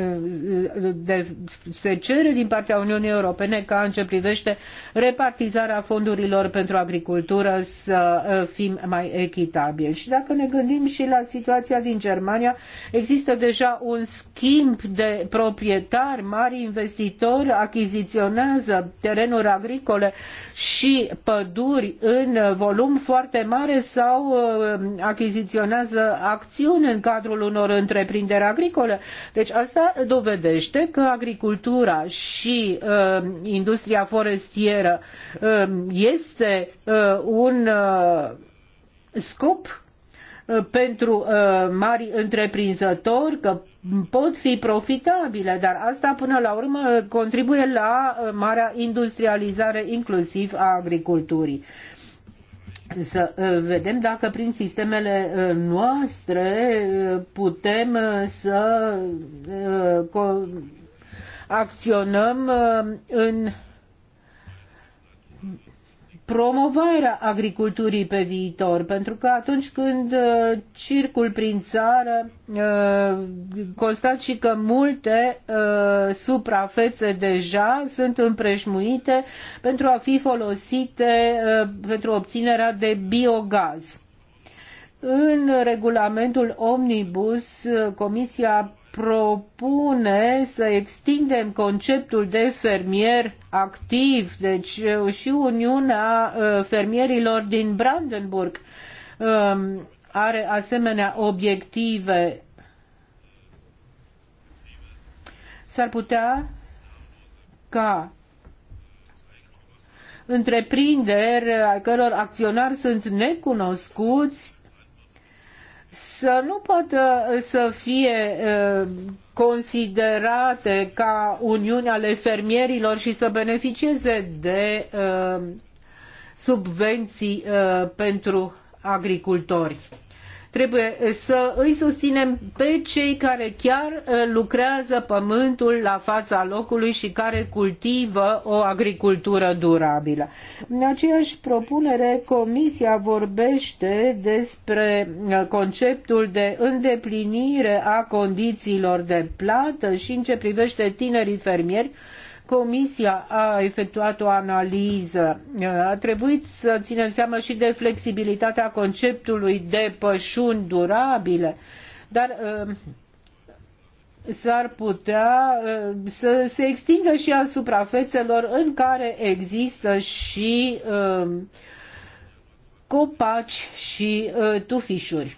de, se cere din partea Uniunii Europene ca în ce privește repartizarea fondurilor pentru agricultură agricultură să uh, fim mai echitabili. Și dacă ne gândim și la situația din Germania, există deja un schimb de proprietari, mari investitori achiziționează terenuri agricole și păduri în volum foarte mare sau uh, achiziționează acțiuni în cadrul unor întreprinderi agricole. Deci asta dovedește că agricultura și uh, industria forestieră uh, este uh, Uh, un uh, scop uh, pentru mari întreprinzători, că pot fi profitabile, dar asta până la urmă contribuie la marea industrializare inclusiv a agriculturii. Să vedem dacă prin sistemele noastre putem să acționăm în promovarea agriculturii pe viitor, pentru că atunci când uh, circul prin țară uh, constat și că multe uh, suprafețe deja sunt împrejmuite pentru a fi folosite pentru obținerea de biogaz. În regulamentul Omnibus, Comisia propune să extindem conceptul de fermier activ, deci uh, și Uniunea uh, Fermierilor din Brandenburg um, are asemenea obiective. S-ar putea ca întreprinderi uh, ai căror acționari sunt necunoscuți să nu poată uh, să fie uh, considerate ca uniuni ale fermierilor și să beneficieze de uh, subvenții pentru agricultori. Trebuie să îi susținem pe cei care chiar lucrează pământul la fața locului și care cultivă o agricultură durabilă. În aceeași propunere, Comisia vorbește despre conceptul de îndeplinire a condițiilor de plată și în ce privește tinerii fermieri, Comisia a efectuat o analiză. A trebuit să ținem seama și de flexibilitatea conceptului de pășuni durabile, dar uh, s-ar putea uh, să se extindă și asupra fețelor în care există și uh, copaci și tufișuri.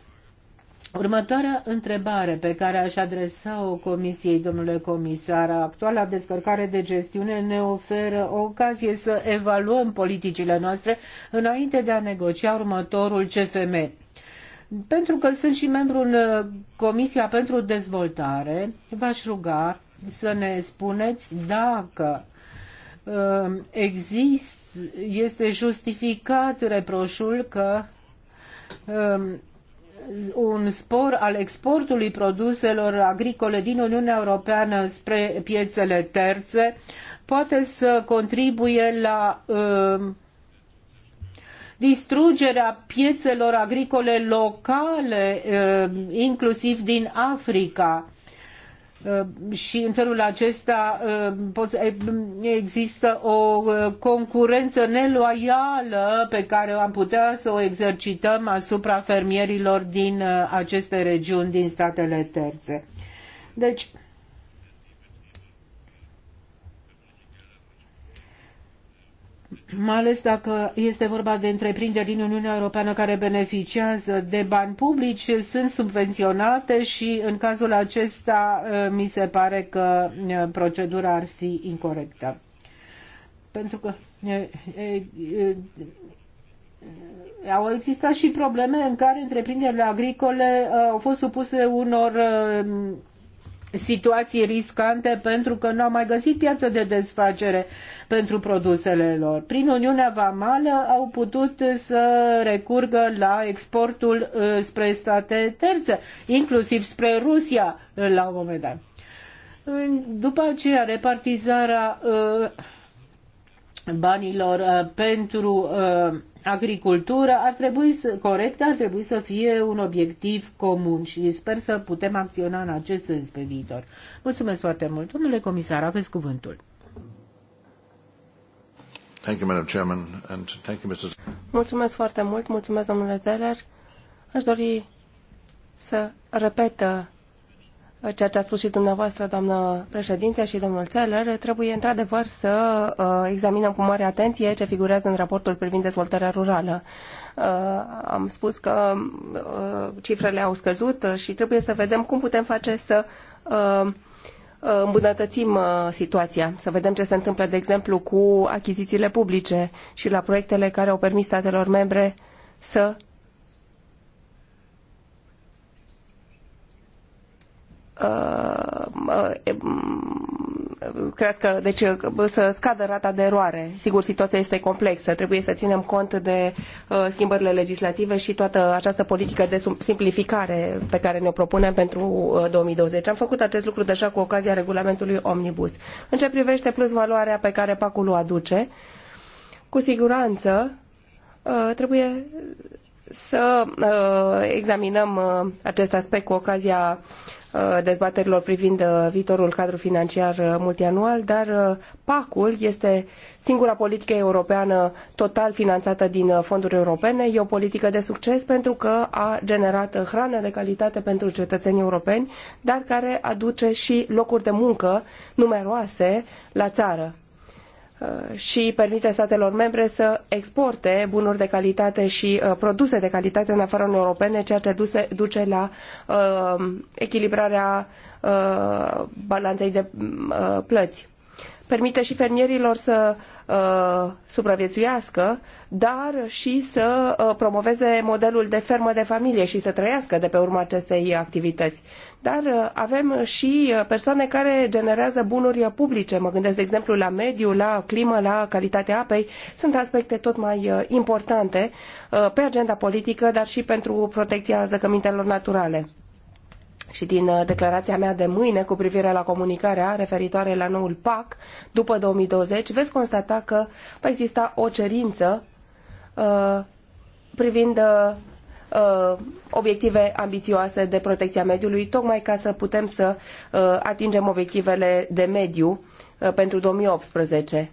Următoarea întrebare pe care aș adresa-o Comisiei, domnule comisar, actuala descărcare de gestiune ne oferă o ocazie să evaluăm politicile noastre înainte de a negocia următorul CFM. Pentru că sunt și membru în uh, Comisia pentru Dezvoltare, v-aș ruga să ne spuneți dacă uh, există, este justificat reproșul că uh, un spor al exportului produselor agricole din Uniunea Europeană spre piețele terțe poate să contribuie la uh, distrugerea piețelor agricole locale, uh, inclusiv din Africa Uh, și în felul acesta uh, există o uh, concurență neloială pe care am putea să o exercităm asupra fermierilor din aceste regiuni, din statele terțe. Deci, mai ales dacă este vorba de întreprinderi din Uniunea Europeană care beneficiază de bani publici, sunt subvenționate și în cazul acesta uh, mi se pare că uh, procedura ar fi incorrectă. Pentru că uh, au existat și probleme în care întreprinderile agricole au fost supuse unor situații riscante pentru că nu au mai găsit piață de desfacere pentru produsele lor. Prin Uniunea Vamală au putut să recurgă la exportul uh, spre state terțe, inclusiv spre Rusia uh, la un moment dat. După aceea, repartizarea uh, banilor pentru agricultură ar trebui să, corect, ar trebui să fie un obiectiv comun și sper să putem acționa în acest sens pe viitor. Mulțumesc foarte mult. Domnule comisar, aveți cuvântul. Thank you, Madam Chairman, and thank you, Mrs. Mulțumesc foarte mult, mulțumesc domnule Zeller. Aș dori să repetă ceea ce a spus și dumneavoastră, doamnă președinte și domnul Țeller, trebuie într-adevăr să uh, examinăm cu mare atenție ce figurează în raportul privind dezvoltarea rurală. Uh, am spus că uh, cifrele au scăzut și trebuie să vedem cum putem face să îmbunătățim situația, să vedem ce se întâmplă, de exemplu, cu achizițiile publice și la proiectele care au permis statelor membre să Uh, uh, um, crească, deci uh, să scadă rata de eroare. Sigur, situația este complexă, trebuie să ținem cont de schimbările legislative și toată această politică de simplificare pe care ne-o propunem pentru 2020. Am făcut acest lucru deja cu ocazia regulamentului Omnibus. În ce privește plus valoarea pe care pacul o aduce, cu siguranță trebuie să examinăm acest aspect cu ocazia Uh, dezbaterilor privind uh, viitorul cadru financiar uh, multianual, dar PAC-ul este singura politică europeană total finanțată din fonduri europene. E o politică de succes pentru că a generat hrană de calitate pentru cetățenii europeni, dar care aduce și locuri de muncă numeroase la țară Uh, și permite statelor membre să exporte bunuri de calitate și uh, produse de calitate în afara Uniunii Europene, ceea ce duce la uh, echilibrarea balanței de plăți. Permite și fermierilor să Uh, supraviețuiască, dar și să uh, promoveze modelul de fermă de familie și să trăiască de pe urma acestei activități. Dar uh, avem și persoane care generează bunuri publice. Mă gândesc, de exemplu, la mediu, la climă, la calitatea apei. Sunt aspecte tot mai importante pe agenda politică, dar și pentru protecția zăcămintelor naturale și din uh, declarația mea de mâine cu privire la comunicarea referitoare la noul PAC după 2020, veți constata că va exista o cerință uh, privind uh, uh, obiective ambițioase de protecția mediului, tocmai ca să putem să uh, atingem obiectivele de mediu uh, pentru 2018.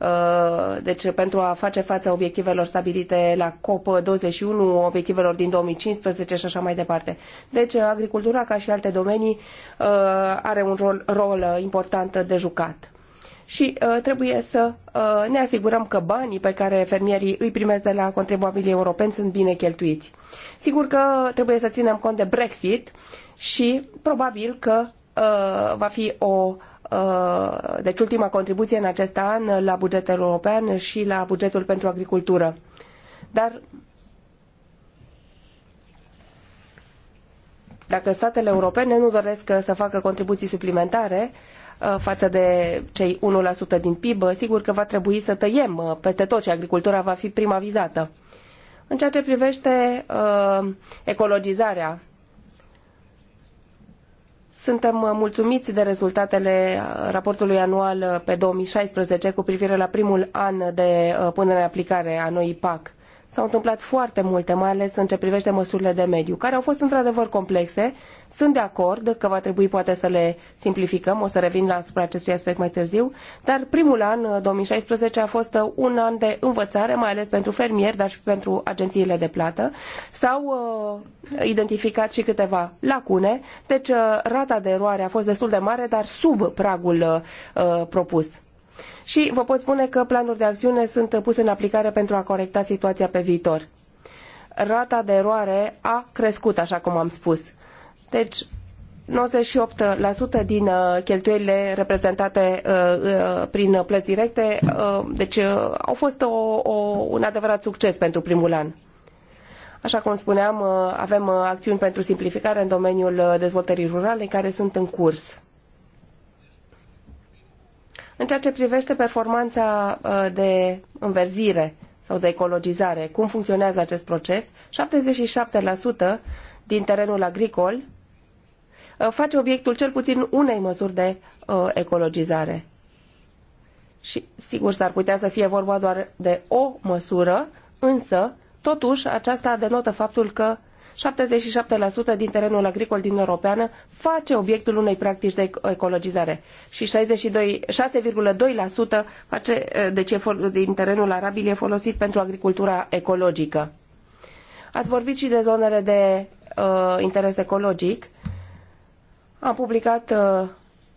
Uh, deci pentru a face față obiectivelor stabilite la COP21, obiectivelor din 2015 și așa mai departe. Deci agricultura, ca și alte domenii, uh, are un rol, rol uh, important de jucat. Și trebuie să ne asigurăm că banii pe care fermierii îi primesc de la contribuabilii europeni sunt bine cheltuiți. Sigur că trebuie să ținem cont de Brexit și probabil că va fi o Uh, deci ultima contribuție în acest an la bugetul european și la bugetul pentru agricultură. Dar dacă statele europene nu doresc să facă contribuții suplimentare uh, față de cei 1% din PIB, sigur că va trebui să tăiem uh, peste tot și agricultura va fi prima vizată. În ceea ce privește ecologizarea suntem uh, mulțumiți de rezultatele uh, raportului anual uh, pe 2016 cu privire la primul an de punere în aplicare a noii PAC. S-au întâmplat foarte multe, mai ales în ce privește măsurile de mediu, care au fost într-adevăr complexe. Sunt de acord că va trebui poate să le simplificăm, o să revin la asupra acestui aspect mai târziu, dar primul an, 2016, uh, a fost uh, un an de învățare, mai ales pentru fermieri, dar și pentru agențiile de plată. S-au uh, identificat și câteva lacune, deci uh, rata de eroare a fost destul de mare, dar sub pragul uh, uh propus și vă pot spune că planuri de acțiune sunt puse în aplicare pentru a corecta situația pe viitor. Rata de eroare a crescut, așa cum am spus. Deci, 98% din uh, cheltuielile reprezentate uh, uh, prin plăți directe, deci au fost o, o, un adevărat succes pentru primul an. Așa cum spuneam, avem acțiuni pentru simplificare în domeniul dezvoltării rurale care sunt în curs. În ceea ce privește performanța uh, de înverzire sau de ecologizare, cum funcționează acest proces, 77% din terenul agricol uh, face obiectul cel puțin unei măsuri de uh, ecologizare. Și sigur s-ar putea să fie vorba doar de o măsură, însă totuși aceasta denotă faptul că 77% din terenul agricol din Europeană face obiectul unei practici de ecologizare și 6,2% face, eh, deci din terenul arabil e folosit pentru agricultura ecologică. Ați vorbit și de zonele de uh, interes ecologic. Am publicat uh,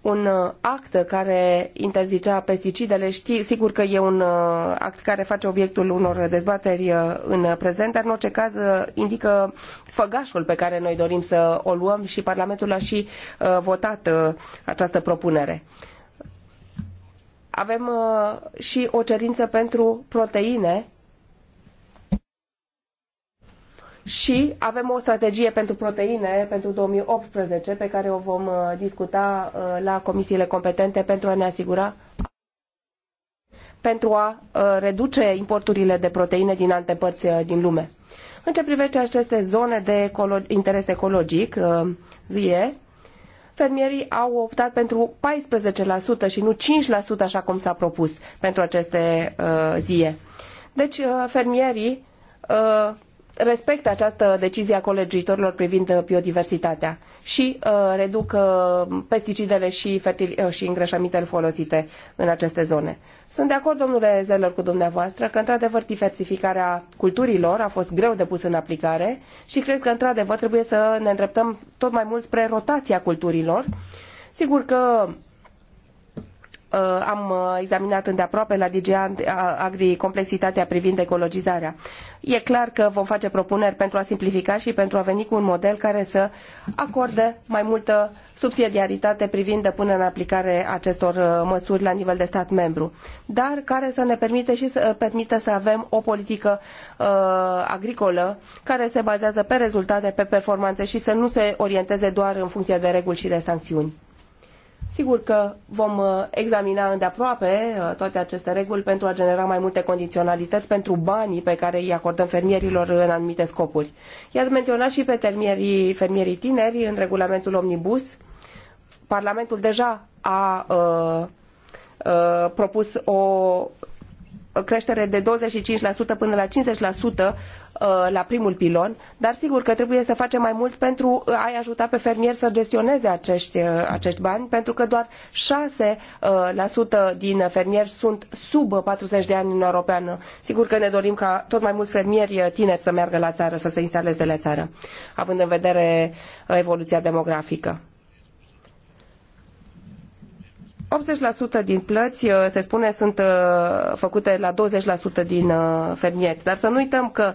un uh, act care interzicea pesticidele, știi, sigur că e un uh, act care face obiectul unor dezbateri uh, în prezent, dar în orice caz indică făgașul pe care noi dorim să o luăm și Parlamentul a și votat această propunere. Avem și o cerință pentru proteine și avem o strategie pentru proteine pentru 2018 pe care o vom uh, discuta uh, la comisiile competente pentru a ne asigura pentru a uh, reduce importurile de proteine din alte părți din lume. În ce privește aceste zone de interes ecologic, ZIE, fermierii au optat pentru 14% și nu 5% așa cum s-a propus pentru aceste uh, zie. Deci fermierii respecte această decizie a colegiuitorilor privind uh, biodiversitatea și uh, reduc uh, pesticidele și, fertil, uh, și îngrășămintele folosite în aceste zone. Sunt de acord, domnule Zeller, cu dumneavoastră că, într-adevăr, diversificarea culturilor a fost greu de pus în aplicare și cred că, într-adevăr, trebuie să ne îndreptăm tot mai mult spre rotația culturilor. Sigur că Uh, am uh, examinat îndeaproape la DG uh, Agri complexitatea privind ecologizarea. E clar că vom face propuneri pentru a simplifica și pentru a veni cu un model care să acorde mai multă subsidiaritate privind de până în aplicare acestor măsuri la nivel de stat membru, dar care să ne permite și să permită să avem o politică uh, agricolă care se bazează pe rezultate, pe performanțe și să nu se orienteze doar în funcție de reguli și de sancțiuni. Sigur că vom uh, examina îndeaproape uh, toate aceste reguli pentru a genera mai multe condiționalități pentru banii pe care îi acordăm fermierilor în anumite scopuri. Iar menționat și pe termierii, fermierii tineri în regulamentul Omnibus. Parlamentul deja a, a, uh, a propus o creștere de 25% până la 50% Uh, la primul pilon, dar sigur că trebuie să facem mai mult pentru a-i ajuta pe fermieri să gestioneze acești, uh, acești bani, pentru că doar 6% uh, din fermieri sunt sub 40 de ani în Europeană. Sigur că ne dorim ca tot mai mulți fermieri tineri să meargă la țară, să se instaleze la țară, având în vedere evoluția demografică. 80% din plăți, uh, se spune, sunt uh, făcute la 20% din uh, fermieri. Dar să nu uităm că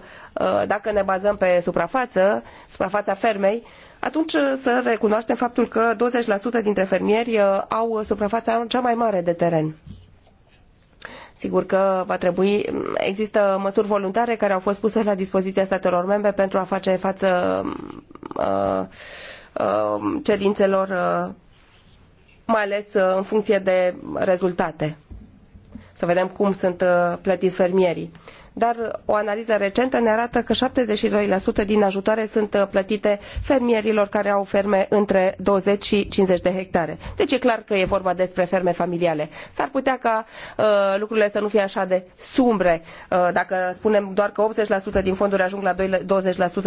dacă ne bazăm pe suprafață, suprafața fermei, atunci să recunoaștem faptul că 20% dintre fermieri au suprafața cea mai mare de teren. Sigur că va trebui, există măsuri voluntare care au fost puse la dispoziția statelor membre pentru a face față uh, uh, cerințelor uh, mai ales uh, în funcție de rezultate. Să vedem cum sunt uh, plătiți fermierii dar o analiză recentă ne arată că 72% din ajutoare sunt uh, plătite fermierilor care au ferme între 20 și 50 de hectare. Deci e clar că e vorba despre ferme familiale. S-ar putea ca uh, lucrurile să nu fie așa de sumbre. Uh, dacă spunem doar că 80% din fonduri ajung la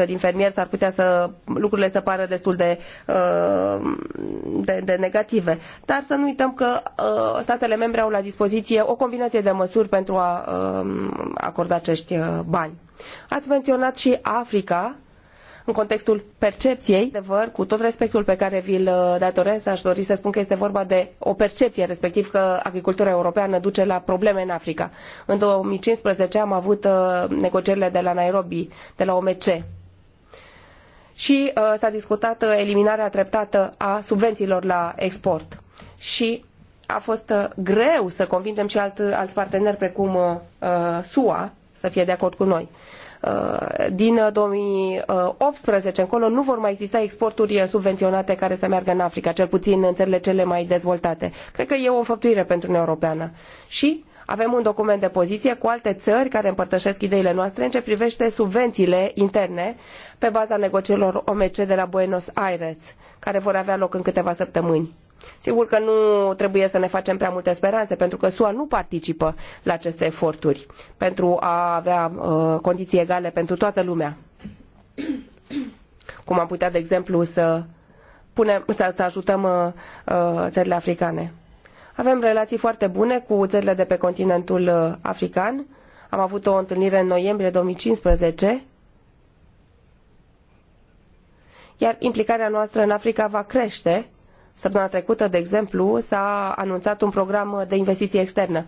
20% din fermieri, s-ar putea să lucrurile să pară destul de, uh, de, de negative. Dar să nu uităm că uh, statele membre au la dispoziție o combinație de măsuri pentru a um, acorda acești uh, bani. Ați menționat și Africa în contextul percepției. Adevăr, cu tot respectul pe care vi-l uh, datorez, aș dori să spun că este vorba de o percepție, respectiv că agricultura europeană duce la probleme în Africa. În 2015 am avut uh, negocierile de la Nairobi, de la OMC, și uh, s-a discutat eliminarea treptată a subvențiilor la export. Și a fost uh, greu să convingem și alt, alți parteneri precum uh, SUA să fie de acord cu noi. Uh, din 2018 uh, încolo nu vor mai exista exporturi uh, subvenționate care să meargă în Africa, cel puțin în țările cele mai dezvoltate. Cred că e o făptuire pentru Uniunea Europeană. Și avem un document de poziție cu alte țări care împărtășesc ideile noastre în ce privește subvențiile interne pe baza negocierilor OMC de la Buenos Aires, care vor avea loc în câteva săptămâni Sigur că nu trebuie să ne facem prea multe speranțe, pentru că SUA nu participă la aceste eforturi pentru a avea uh, condiții egale pentru toată lumea. Cum am putea, de exemplu, să, punem, să, să ajutăm uh, uh, țările africane. Avem relații foarte bune cu țările de pe continentul uh, african. Am avut o întâlnire în noiembrie 2015 iar implicarea noastră în Africa va crește Săptămâna trecută, de exemplu, s-a anunțat un program de investiții externă.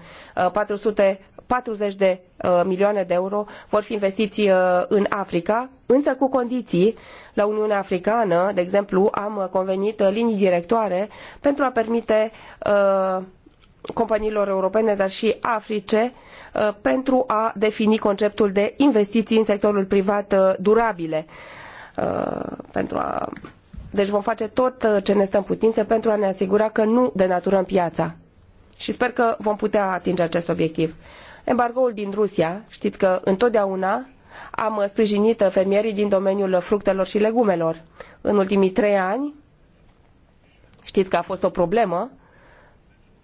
440 uh, de uh, milioane de euro vor fi investiți uh, în Africa, însă cu condiții. La Uniunea Africană, de exemplu, am convenit linii directoare pentru a permite companiilor europene, dar și Africe, pentru a defini conceptul de investiții în sectorul privat durabile, pentru a deci vom face tot uh, ce ne stă în putință pentru a ne asigura că nu denaturăm piața. Și sper că vom putea atinge acest obiectiv. Embargoul din Rusia, știți că întotdeauna am uh, sprijinit uh, fermierii din domeniul fructelor și legumelor. În ultimii trei ani, știți că a fost o problemă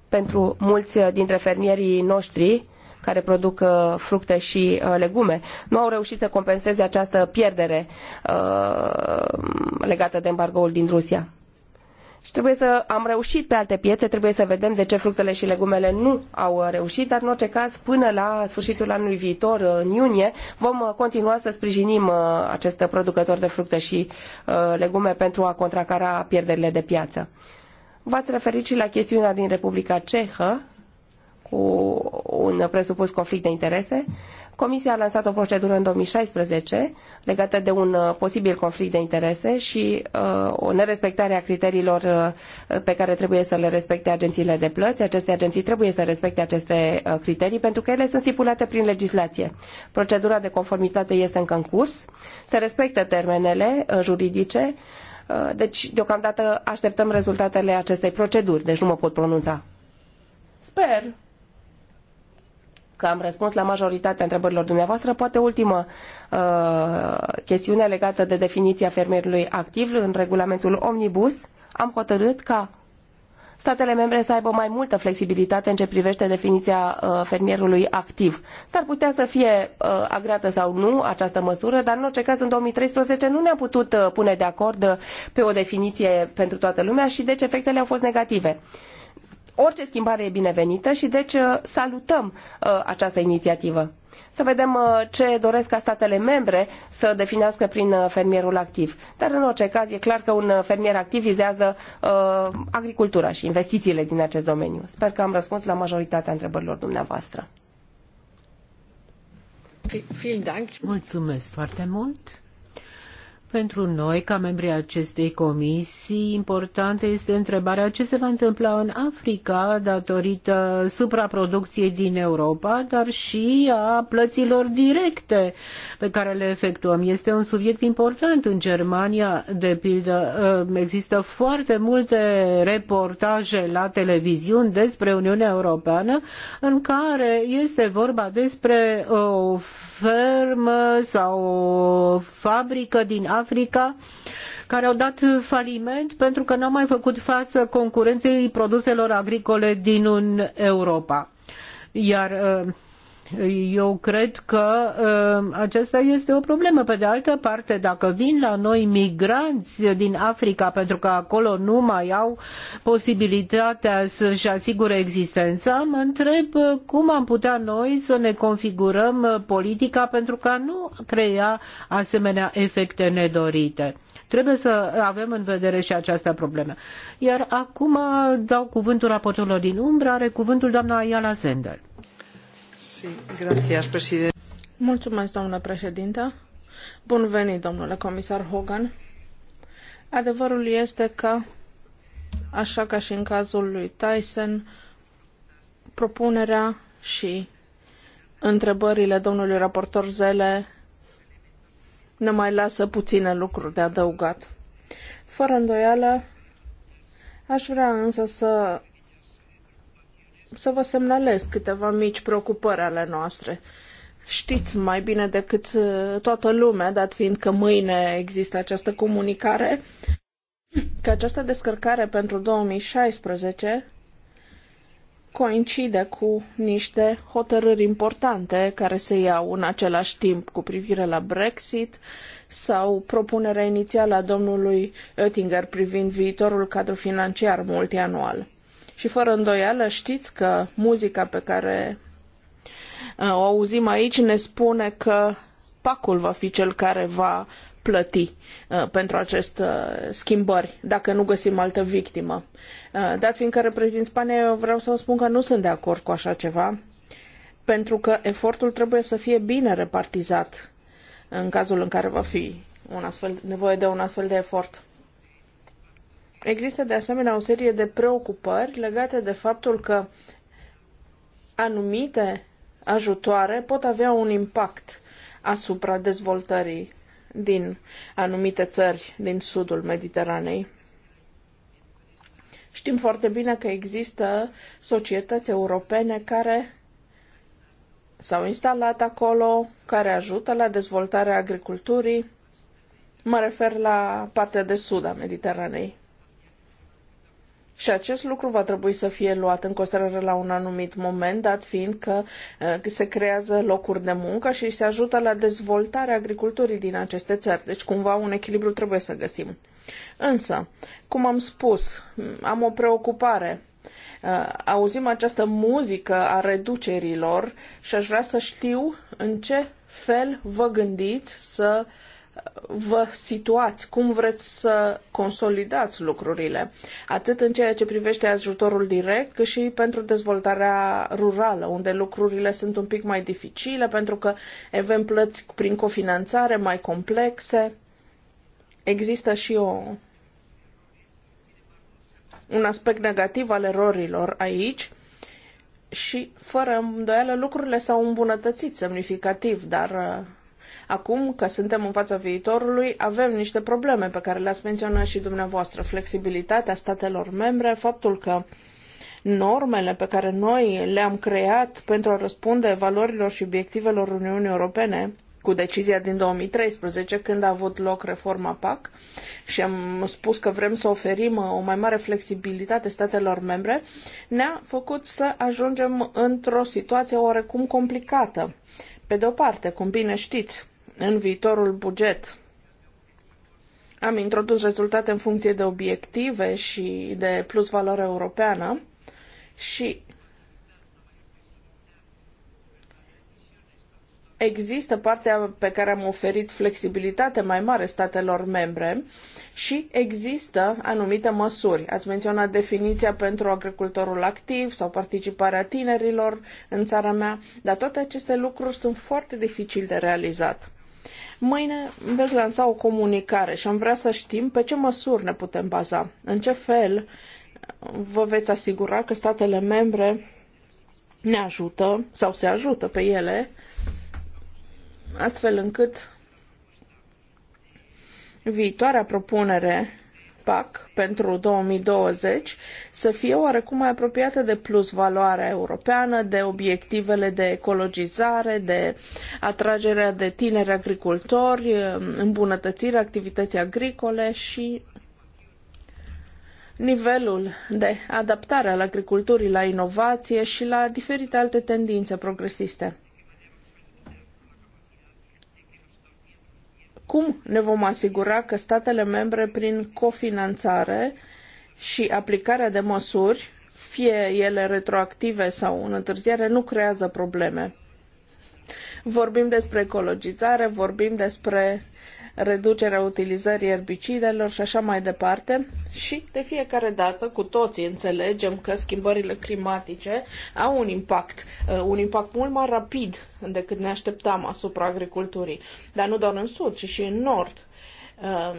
pentru mulți dintre fermierii noștri care produc uh, fructe și uh, legume. Nu au reușit să compenseze această pierdere uh, legată de embargoul din Rusia. Și trebuie să am reușit pe alte piețe, trebuie să vedem de ce fructele și legumele nu au reușit, dar în orice caz, până la sfârșitul anului viitor, în iunie, vom continua să sprijinim acest producător de fructe și legume pentru a contracara pierderile de piață. V-ați referit și la chestiunea din Republica Cehă, cu un presupus conflict de interese. Comisia a lansat o procedură în 2016 legată de un uh, posibil conflict de interese și uh, o nerespectare a criteriilor uh, pe care trebuie să le respecte agențiile de plăți. Aceste agenții trebuie să respecte aceste uh, criterii pentru că ele sunt stipulate prin legislație. Procedura de conformitate este încă în curs. Se respectă termenele uh, juridice. Uh, deci, deocamdată, așteptăm rezultatele acestei proceduri, deci nu mă pot pronunța. Sper că am răspuns la majoritatea întrebărilor dumneavoastră. Poate ultima uh, chestiune legată de definiția fermierului activ în regulamentul Omnibus. Am hotărât ca statele membre să aibă mai multă flexibilitate în ce privește definiția uh, fermierului activ. S-ar putea să fie uh, agrată sau nu această măsură, dar în orice caz în 2013 nu ne-am putut uh, pune de acord pe o definiție pentru toată lumea și deci efectele au fost negative. Uh, orice schimbare e binevenită și deci uh, salutăm uh, această inițiativă. Să vedem uh, ce doresc ca statele membre să definească prin fermierul activ. Dar în orice caz e clar că un fermier activ vizează agricultura și investițiile din acest domeniu. Sper că am răspuns la majoritatea întrebărilor dumneavoastră. Mulțumesc foarte mult. Pentru noi, ca membrii acestei comisii, importantă este întrebarea ce se va întâmpla în Africa datorită supraproducției din Europa, dar și a plăților directe pe care le efectuăm. Este un subiect important în Germania, de pildă. Ă, există foarte multe reportaje la televiziuni despre Uniunea Europeană în care este vorba despre o fermă sau o fabrică din Africa Africa, care au dat faliment pentru că n-au mai făcut față concurenței produselor agricole din Europa. Iar uh, eu cred că uh, aceasta este o problemă. Pe de altă parte, dacă vin la noi migranți din Africa, pentru că acolo nu mai au posibilitatea să-și asigure existența, mă întreb uh, cum am putea noi să ne configurăm uh, politica pentru ca nu crea asemenea efecte nedorite. Trebuie să avem în vedere și această problemă. Iar acum dau cuvântul raportorilor din umbră, are cuvântul doamna Ayala Zender președinte. doamnă președintă. Bun venit, domnule comisar Hogan. Adevărul este că, așa ca și în cazul lui Tyson, propunerea și întrebările domnului raportor Zele ne mai lasă puține lucruri de adăugat. Fără îndoială, aș vrea însă să să vă semnalez câteva mici preocupări ale noastre. Știți mai bine decât uh, toată lumea, dat fiind că mâine există această comunicare, că această descărcare pentru 2016 coincide cu niște hotărâri importante care se iau în același timp cu privire la Brexit sau propunerea inițială a domnului Oettinger privind viitorul cadru financiar multianual. Și fără îndoială știți că muzica pe care uh, o auzim aici ne spune că pacul va fi cel care va plăti uh, pentru aceste uh, schimbări, dacă nu găsim altă victimă. Uh, dat fiindcă reprezint Spania, eu vreau să vă spun că nu sunt de acord cu așa ceva, pentru că efortul trebuie să fie bine repartizat în cazul în care va fi un astfel, nevoie de un astfel de efort. Există de asemenea o serie de preocupări legate de faptul că anumite ajutoare pot avea un impact asupra dezvoltării din anumite țări din sudul Mediteranei. Știm foarte bine că există societăți europene care s-au instalat acolo, care ajută la dezvoltarea agriculturii. Mă refer la partea de sud a Mediteranei. Și acest lucru va trebui să fie luat în considerare la un anumit moment, dat fiind că uh, se creează locuri de muncă și se ajută la dezvoltarea agriculturii din aceste țări. Deci, cumva, un echilibru trebuie să găsim. Însă, cum am spus, am o preocupare. Uh, auzim această muzică a reducerilor și aș vrea să știu în ce fel vă gândiți să uh, vă situați, cum vreți să consolidați lucrurile, atât în ceea ce privește ajutorul direct, cât și pentru dezvoltarea rurală, unde lucrurile sunt un pic mai dificile, pentru că avem plăți prin cofinanțare mai complexe. Există și o un aspect negativ al erorilor aici și, fără îndoială, lucrurile s-au îmbunătățit semnificativ, dar uh, Acum că suntem în fața viitorului, avem niște probleme pe care le-ați menționat și dumneavoastră. Flexibilitatea statelor membre, faptul că normele pe care noi le-am creat pentru a răspunde valorilor și obiectivelor Uniunii Europene, cu decizia din 2013, când a avut loc reforma PAC și am spus că vrem să oferim o mai mare flexibilitate statelor membre, ne-a făcut să ajungem într-o situație oarecum complicată. Pe de o parte, cum bine știți, în viitorul buget am introdus rezultate în funcție de obiective și de plus valoare europeană și există partea pe care am oferit flexibilitate mai mare statelor membre și există anumite măsuri. Ați menționat definiția pentru agricultorul activ sau participarea tinerilor în țara mea, dar toate aceste lucruri sunt foarte dificil de realizat. Mâine veți lansa o comunicare și am vrea să știm pe ce măsuri ne putem baza, în ce fel vă veți asigura că statele membre ne ajută sau se ajută pe ele, astfel încât viitoarea propunere PAC pentru 2020 să fie oarecum mai apropiată de plus valoarea europeană, de obiectivele de ecologizare, de atragerea de tineri agricultori, îmbunătățirea activității agricole și nivelul de adaptare al agriculturii la inovație și la diferite alte tendințe progresiste. Cum ne vom asigura că statele membre, prin cofinanțare și aplicarea de măsuri, fie ele retroactive sau în întârziere, nu creează probleme? Vorbim despre ecologizare, vorbim despre reducerea utilizării erbicidelor și așa mai departe. Și de fiecare dată, cu toții înțelegem că schimbările climatice au un impact, uh, un impact mult mai rapid decât ne așteptam asupra agriculturii. Dar nu doar în sud, ci și în nord. Uh,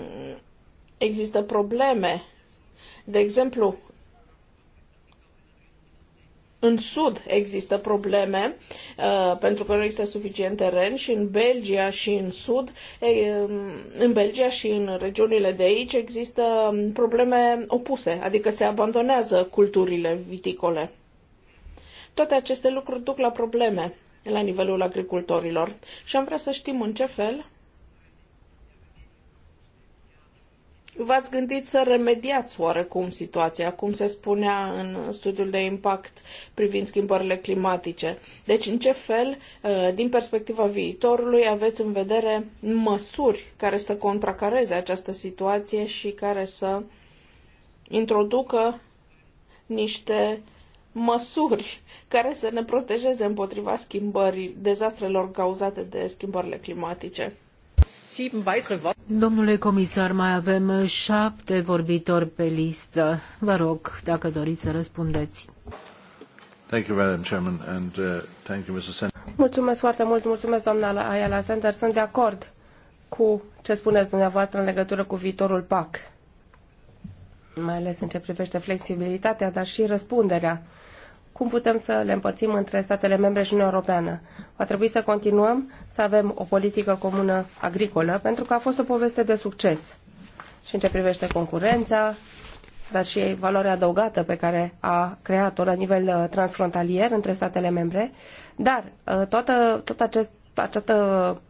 există probleme de exemplu, în sud există probleme uh, pentru că nu există suficient teren și în Belgia și în sud, um, în Belgia și în regiunile de aici există um, probleme opuse, adică se abandonează culturile viticole. Toate aceste lucruri duc la probleme la nivelul agricultorilor și am vrea să știm în ce fel v-ați gândit să remediați oarecum situația, cum se spunea în studiul de impact privind schimbările climatice. Deci, în ce fel, uh, din perspectiva viitorului, aveți în vedere măsuri care să contracareze această situație și care să introducă niște măsuri care să ne protejeze împotriva schimbării, dezastrelor cauzate de schimbările climatice. Sieben weitere Domnule comisar, mai avem șapte vorbitori pe listă. Vă rog, dacă doriți să răspundeți. Mulțumesc foarte mult, mulțumesc doamna Ayala Sender. Sunt de acord cu ce spuneți dumneavoastră în legătură cu viitorul PAC, mai ales în ce privește flexibilitatea, dar și răspunderea cum putem să le împărțim între statele membre și Uniunea Europeană. Va trebui să continuăm să avem o politică comună agricolă, pentru că a fost o poveste de succes și în ce privește concurența, dar și valoarea adăugată pe care a creat-o la nivel uh, transfrontalier între statele membre. Dar uh, toată, tot acest, această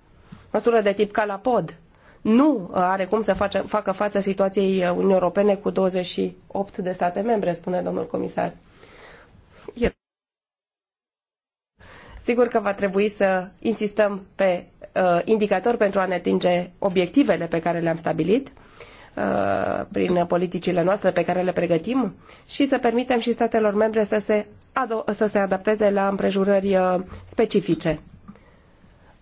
măsură de tip calapod nu uh, are cum să face, facă față situației Uniunii Europene cu 28 de state membre, spune domnul comisar. Sigur că va trebui să insistăm pe uh, indicatori pentru a ne atinge obiectivele pe care le-am stabilit uh, prin politicile noastre pe care le pregătim și să permitem și statelor membre să se, să se adapteze la împrejurări uh, specifice.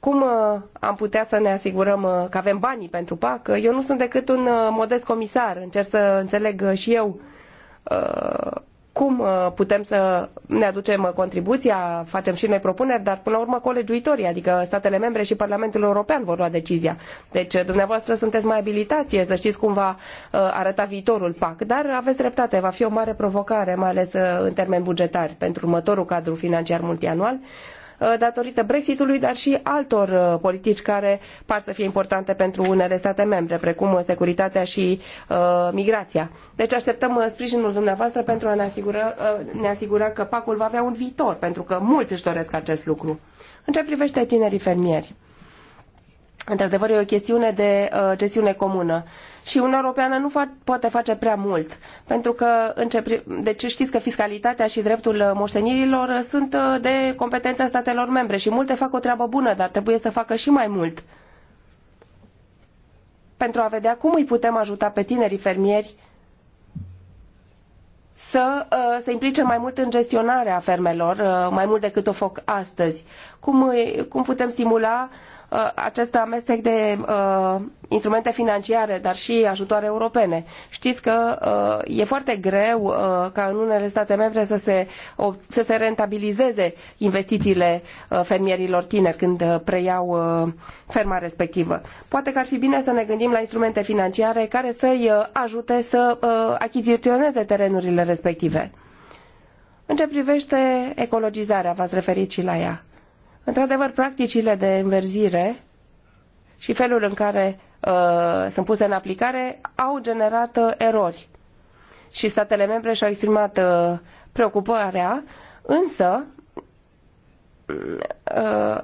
Cum uh, am putea să ne asigurăm uh, că avem banii pentru PAC? Eu nu sunt decât un uh, modest comisar, încerc să înțeleg uh, și eu uh, cum uh, putem să ne aducem contribuția, facem și noi propuneri, dar până la urmă colegiuitorii, adică statele membre și Parlamentul European vor lua decizia. Deci uh, dumneavoastră sunteți mai abilitație să știți cum va uh, arăta viitorul PAC, dar aveți dreptate, va fi o mare provocare, mai ales în termeni bugetari pentru următorul cadru financiar multianual. Uh, datorită Brexitului, dar și altor uh, politici care par să fie importante pentru unele state membre, precum uh, securitatea și migrația. Deci așteptăm sprijinul dumneavoastră pentru a ne asigura, ne asigura că pacul va avea un viitor, pentru că mulți își doresc acest lucru. În ce privește tinerii fermieri? Într-adevăr, e o chestiune de uh, gestiune comună. Și Uniunea Europeană nu fa poate face prea mult, pentru că înce- deci știți că fiscalitatea și dreptul uh, moștenirilor uh, sunt uh, de competența statelor membre și multe fac o treabă bună, dar trebuie să facă și mai mult pentru a vedea cum îi putem ajuta pe tinerii fermieri să uh, se implice mai mult în gestionarea fermelor, uh, mai mult decât o fac astăzi. Cum, îi, cum putem stimula Uh, acest amestec de uh, instrumente financiare, dar și ajutoare europene. Știți că uh, e foarte greu ca în unele state membre să se, să se rentabilizeze investițiile fermierilor tineri când preiau ferma respectivă. Poate că ar fi bine să ne gândim la instrumente financiare care să-i ajute să achiziționeze terenurile respective. În ce privește ecologizarea, v-ați referit și la ea. Într-adevăr, practicile de înverzire și felul în care uh, sunt puse în aplicare au generat uh, erori. Și statele membre și-au exprimat uh, preocuparea, însă uh,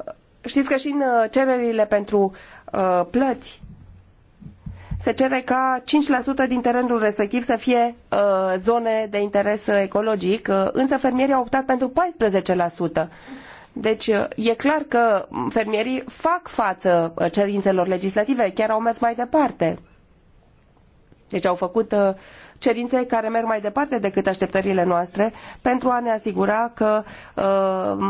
știți că și în uh, cererile pentru uh, plăți se cere ca 5% din terenul respectiv să fie uh, zone de interes uh, ecologic, uh, însă fermierii au optat pentru 14%. Deci uh, e clar că fermierii fac față uh, cerințelor legislative, chiar au mers mai departe. Deci au făcut uh, cerințe care merg mai departe decât așteptările noastre pentru a ne asigura că uh,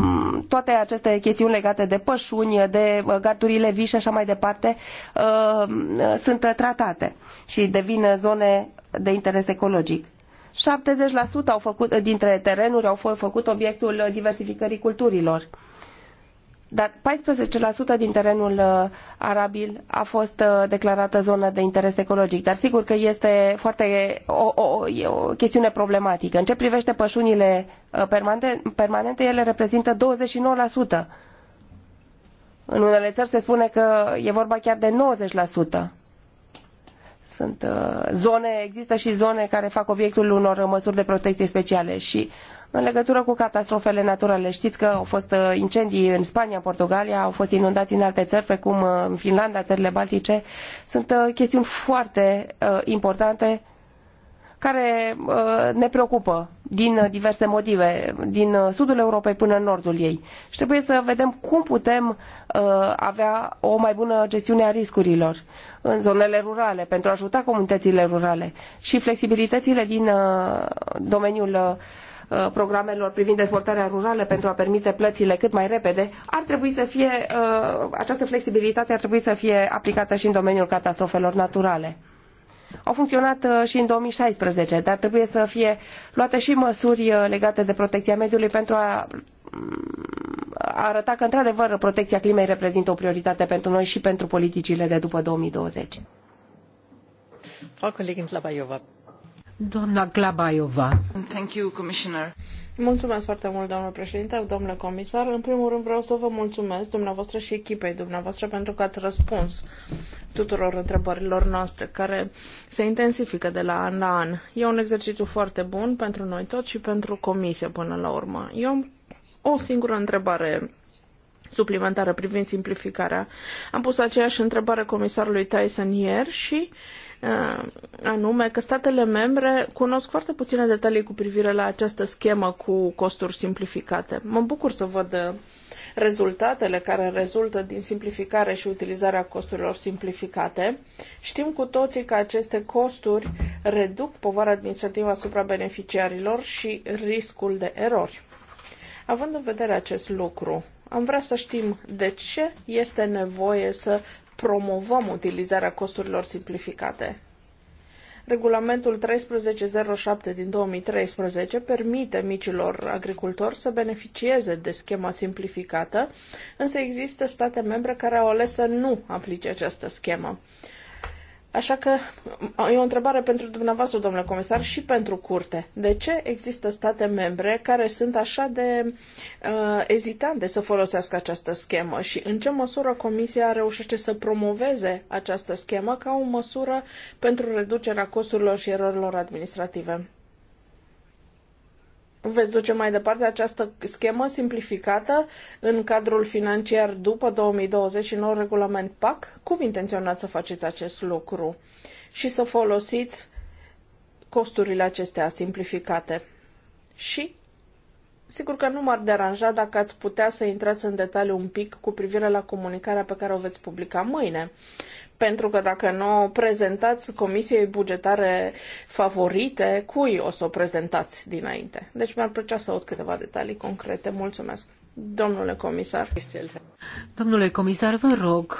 toate aceste chestiuni legate de pășuni, de gardurile vii și așa mai departe uh, sunt tratate și devin zone de interes ecologic. 70% au făcut, dintre terenuri au fost făcut obiectul diversificării culturilor. Dar 14% din terenul uh, arabil a fost uh, declarată zonă de interes ecologic. Dar sigur că este foarte o, o, e o chestiune problematică. În ce privește pășunile uh, permanente, ele reprezintă 29%. În unele țări se spune că e vorba chiar de 90% sunt uh, zone, există și zone care fac obiectul unor măsuri de protecție speciale și în legătură cu catastrofele naturale, știți că au fost uh, incendii în Spania, în Portugalia, au fost inundații în alte țări, precum uh, în Finlanda, țările Baltice. Sunt chestiuni foarte importante care uh, ne preocupă din uh, diverse motive, din uh, sudul Europei până în nordul ei. Și trebuie să vedem cum putem avea o mai bună gestiune a riscurilor în zonele rurale, pentru a ajuta comunitățile rurale. Și flexibilitățile din domeniul programelor privind dezvoltarea rurală pentru a permite plățile cât mai repede, ar trebui să fie, această flexibilitate ar trebui să fie aplicată și în domeniul catastrofelor naturale au funcționat uh, și în 2016, dar trebuie să fie luate și măsuri uh, legate de protecția mediului pentru mm, a arăta că, într-adevăr, protecția climei reprezintă o prioritate pentru noi și pentru politicile de după 2020. Frau Kollegin Labajova, Thank you, Commissioner. Mulțumesc foarte mult, domnule președinte, domnule comisar. În primul rând vreau să vă mulțumesc dumneavoastră și echipei dumneavoastră pentru că ați răspuns tuturor întrebărilor noastre, care se intensifică de la an la an. E un exercițiu foarte bun pentru noi toți și pentru comisie până la urmă. Eu am o singură întrebare suplimentară privind simplificarea. Am pus aceeași întrebare comisarului Tyson ieri și uh, Uh, anume că statele membre cunosc foarte puține detalii cu privire la această schemă cu costuri simplificate. Mă bucur să văd uh, rezultatele care rezultă din simplificare și utilizarea costurilor simplificate. Știm cu toții că aceste costuri reduc povara administrativă asupra beneficiarilor și riscul de erori. Având în vedere acest lucru, am vrea să știm de ce este nevoie să promovăm utilizarea costurilor simplificate. Regulamentul 1307 din 2013 permite micilor agricultori să beneficieze de schema simplificată, însă există state membre care au ales să nu aplice această schemă. Așa că e o întrebare pentru dumneavoastră, domnule comisar, și pentru curte. De ce există state membre care sunt așa de uh, ezitante să folosească această schemă și în ce măsură Comisia reușește să promoveze această schemă ca o măsură pentru reducerea costurilor și erorilor administrative? veți duce mai departe această schemă simplificată în cadrul financiar după 2020 și nou regulament PAC? Cum intenționați să faceți acest lucru și să folosiți costurile acestea simplificate? Și Sigur că nu m-ar deranja dacă ați putea să intrați în detaliu un pic cu privire la comunicarea pe care o veți publica mâine. Pentru că dacă nu o prezentați Comisiei Bugetare Favorite, cui o să o prezentați dinainte? Deci mi-ar plăcea să aud câteva detalii concrete. Mulțumesc. Domnule comisar. Domnule comisar, vă rog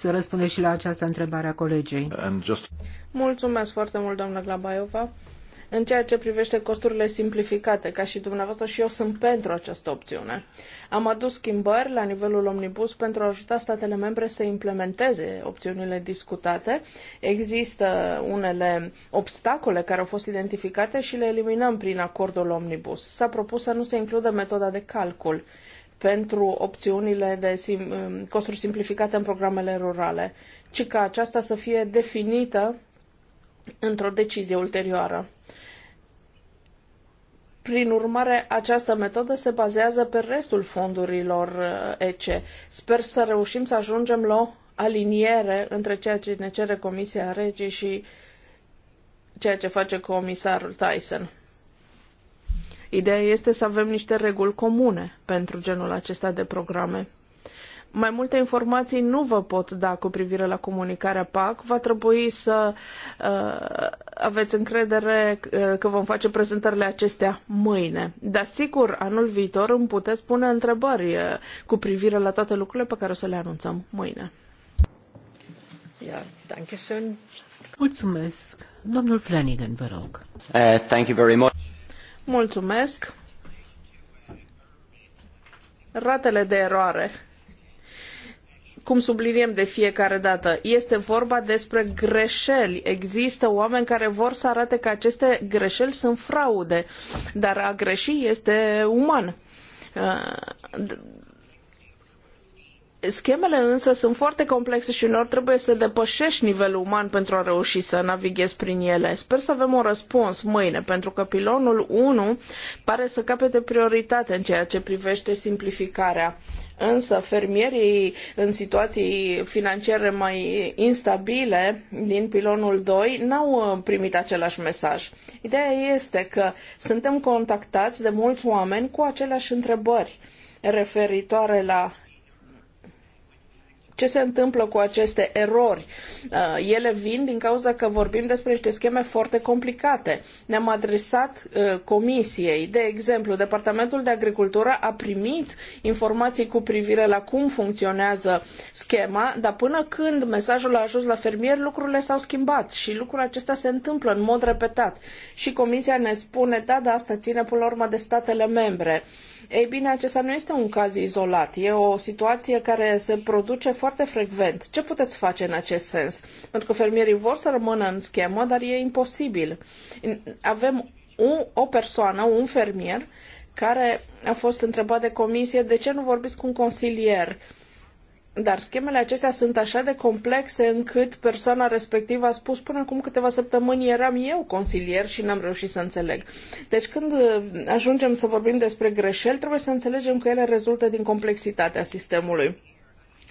să răspundeți și la această întrebare a colegei. Just... Mulțumesc foarte mult, doamnă Glabaiova. În ceea ce privește costurile simplificate, ca și dumneavoastră și eu sunt pentru această opțiune. Am adus schimbări la nivelul omnibus pentru a ajuta statele membre să implementeze opțiunile discutate. Există unele obstacole care au fost identificate și le eliminăm prin acordul omnibus. S-a propus să nu se includă metoda de calcul pentru opțiunile de sim- costuri simplificate în programele rurale, ci ca aceasta să fie definită într-o decizie ulterioară. Prin urmare, această metodă se bazează pe restul fondurilor uh, EC. Sper să reușim să ajungem la o aliniere între ceea ce ne cere Comisia Regii și ceea ce face comisarul Tyson. Ideea este să avem niște reguli comune pentru genul acesta de programe. Mai multe informații nu vă pot da cu privire la comunicarea PAC. Va trebui să uh, aveți încredere uh, că vom face prezentările acestea mâine. Dar sigur, anul viitor îmi puteți pune întrebări uh, cu privire la toate lucrurile pe care o să le anunțăm mâine. Mulțumesc. Domnul Flanagan, vă rog. Uh, thank you very much. Mulțumesc. Ratele de eroare cum subliniem de fiecare dată, este vorba despre greșeli. Există oameni care vor să arate că aceste greșeli sunt fraude, dar a greși este uman. Uh, schemele însă sunt foarte complexe și uneori trebuie să depășești nivelul uman pentru a reuși să navighezi prin ele. Sper să avem un răspuns mâine, pentru că pilonul 1 pare să capete prioritate în ceea ce privește simplificarea. Însă fermierii în situații financiare mai instabile din pilonul 2 n-au uh, primit același mesaj. Ideea este că suntem contactați de mulți oameni cu aceleași întrebări referitoare la ce se întâmplă cu aceste erori? Uh, ele vin din cauza că vorbim despre niște scheme foarte complicate. Ne-am adresat uh, comisiei. De exemplu, Departamentul de Agricultură a primit informații cu privire la cum funcționează schema, dar până când mesajul a ajuns la fermier, lucrurile s-au schimbat și lucrul acesta se întâmplă în mod repetat. Și comisia ne spune, da, da, asta ține până la urmă de statele membre ei bine, acesta nu este un caz izolat, e o situație care se produce foarte frecvent. Ce puteți face în acest sens? Pentru că fermierii vor să rămână în schemă, dar e imposibil. Avem un, o persoană, un fermier, care a fost întrebat de comisie de ce nu vorbiți cu un consilier uh, dar schemele acestea sunt așa de complexe încât persoana respectivă a spus până acum câteva săptămâni eram eu consilier și n-am reușit să înțeleg. Deci când uh, ajungem să vorbim despre greșeli, trebuie să înțelegem că ele rezultă din complexitatea sistemului.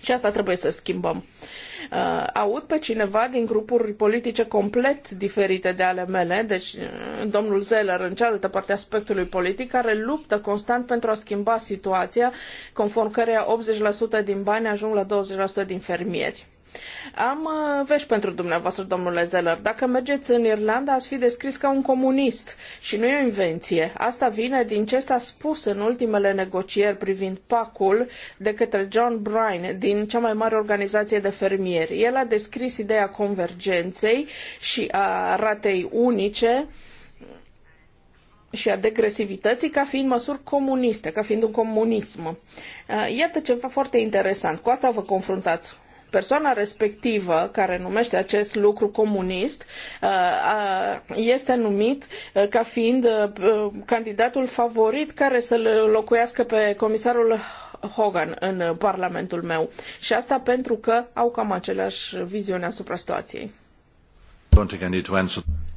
Și asta trebuie să schimbăm. Uh, Uh, aud pe cineva din grupuri politice complet diferite de ale mele, deci uh, domnul Zeller în cealaltă parte a spectrului politic, care luptă constant pentru a schimba situația, conform căreia 80% din bani ajung la 20% din fermieri. Am uh, vești pentru dumneavoastră, domnule Zeller. Dacă mergeți în Irlanda, ați fi descris ca un comunist și nu e o invenție. Asta vine din ce s-a spus în ultimele negocieri privind pacul de către John Bryan din cea mai mare organizație de fermieri. El a descris ideea convergenței și a ratei unice și a degresivității ca fiind măsuri comuniste, ca fiind un comunism. Uh, iată ceva foarte interesant. Cu asta vă confruntați persoana respectivă care numește acest lucru comunist uh, uh, este numit uh, ca fiind candidatul favorit care să-l locuiască pe comisarul Hogan în Parlamentul meu. Și asta pentru că au cam aceleași viziune asupra situației.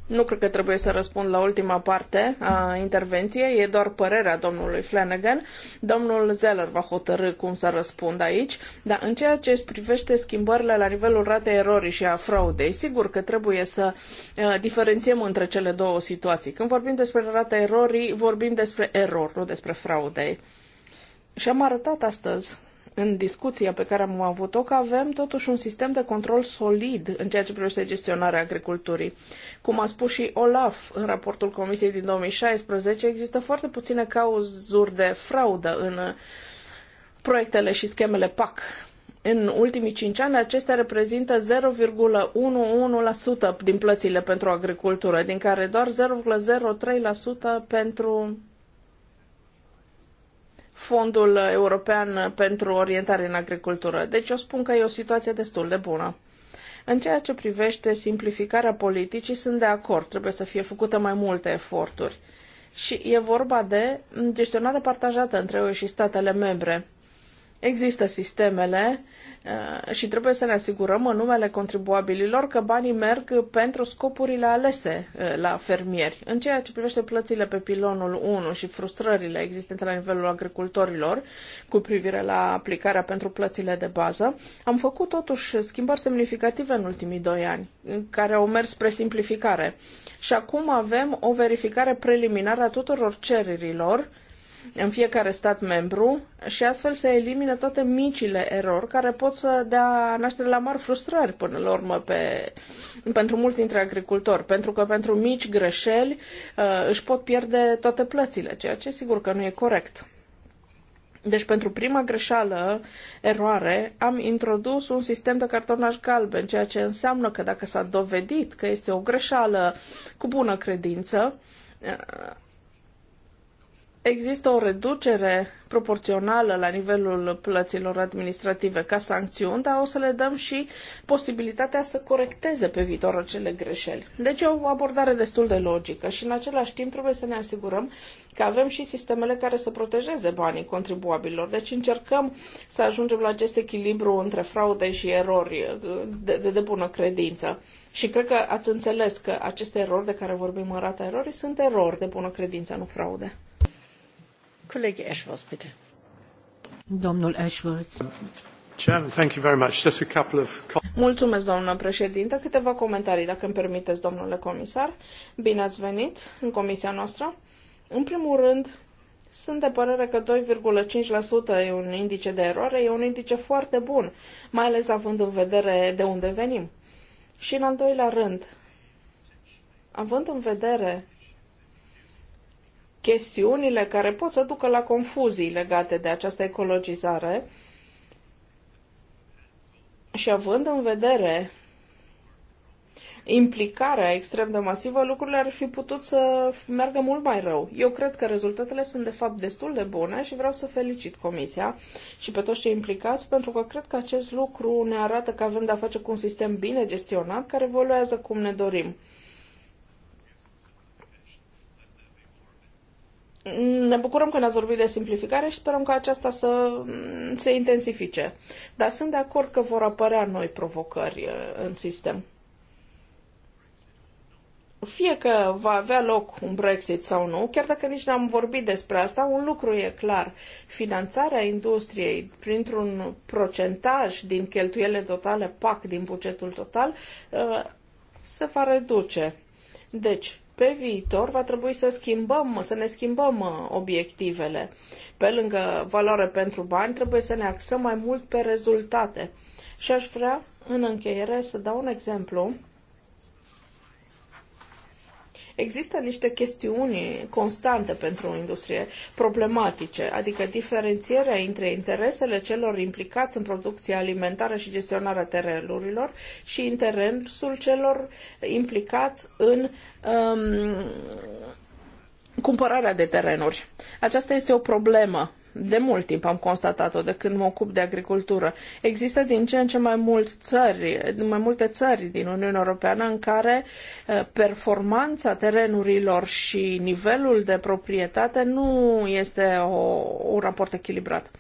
Nu cred că trebuie să răspund la ultima parte a intervenției, e doar părerea domnului Flanagan. Domnul Zeller va hotărâ cum să răspund aici, dar în ceea ce privește schimbările la nivelul ratei erorii și a fraudei, sigur că trebuie să uh, diferențiem între cele două situații. Când vorbim despre rata erorii, vorbim despre erori, nu despre fraudei. Și am arătat astăzi în discuția pe care am avut-o că avem totuși un sistem de control solid în ceea ce privește gestionarea agriculturii. Cum a spus și Olaf în raportul Comisiei din 2016, există foarte puține cauzuri de fraudă în proiectele și schemele PAC. În ultimii cinci ani, acestea reprezintă 0,11% din plățile pentru agricultură, din care doar 0,03% pentru Fondul European pentru Orientare în Agricultură. Deci eu spun că e o situație destul de bună. În ceea ce privește simplificarea politicii, sunt de acord, trebuie să fie făcute mai multe eforturi. Și e vorba de gestionare partajată între UE și statele membre. Există sistemele uh, și trebuie să ne asigurăm în numele contribuabililor că banii merg pentru scopurile alese uh, la fermieri. În ceea ce privește plățile pe pilonul 1 și frustrările existente la nivelul agricultorilor cu privire la aplicarea pentru plățile de bază, am făcut totuși schimbări semnificative în ultimii doi ani, care au mers spre simplificare. Și acum avem o verificare preliminară a tuturor cererilor în fiecare stat membru și astfel se elimină toate micile erori care pot să dea naștere la mari frustrări până la urmă pe, pentru mulți dintre agricultori, pentru că pentru mici greșeli uh, își pot pierde toate plățile, ceea ce sigur că nu e corect. Deci pentru prima greșeală, eroare, am introdus un sistem de cartonaj galben, ceea ce înseamnă că dacă s-a dovedit că este o greșeală cu bună credință, uh, există o reducere proporțională la nivelul plăților administrative ca sancțiuni, dar o să le dăm și posibilitatea să corecteze pe viitor acele greșeli. Deci e o abordare destul de logică și în același timp trebuie să ne asigurăm că avem și sistemele care să protejeze banii contribuabililor. Deci încercăm să ajungem la acest echilibru între fraude și erori de, de, de bună credință. Și cred că ați înțeles că aceste erori de care vorbim în rata erorii sunt erori de bună credință, nu fraude. Kollege Ashworth, bitte. Domnul Ashworth. Mulțumesc, doamnă președintă. Câteva comentarii, dacă îmi permiteți, domnule comisar. Bine ați venit în comisia noastră. În primul rând, sunt de părere că 2,5% e un indice de eroare, e un indice foarte bun, mai ales având în vedere de unde venim. Și în al doilea rând, având în vedere chestiunile care pot să ducă la confuzii legate de această ecologizare și având în vedere implicarea extrem de masivă, lucrurile ar fi putut să meargă mult mai rău. Eu cred că rezultatele sunt de fapt destul de bune și vreau să felicit Comisia și pe toți cei implicați pentru că cred că acest lucru ne arată că avem de-a face cu un sistem bine gestionat care evoluează cum ne dorim. ne bucurăm că ne-ați vorbit de simplificare și sperăm că aceasta să mm, se intensifice. Dar sunt de acord că vor apărea noi provocări uh, în sistem. Fie că va avea loc un Brexit sau nu, chiar dacă nici n-am vorbit despre asta, un lucru e clar. Finanțarea industriei printr-un procentaj din cheltuielile totale, PAC, din bugetul total, uh, se va reduce. Deci, pe viitor va trebui să schimbăm, să ne schimbăm uh, obiectivele. Pe lângă valoare pentru bani, trebuie să ne axăm mai mult pe rezultate. Și aș vrea, în încheiere, să dau un exemplu Există niște chestiuni constante pentru o industrie problematice, adică diferențierea între interesele celor implicați în producția alimentară și gestionarea terenurilor și interesul celor implicați în um, cumpărarea de terenuri. Aceasta este o problemă de mult timp am constatat-o, de când mă ocup de agricultură. Există din ce în ce mai, mult țări, mai multe țări din Uniunea Europeană în care eh, performanța terenurilor și nivelul de proprietate nu este o, un raport echilibrat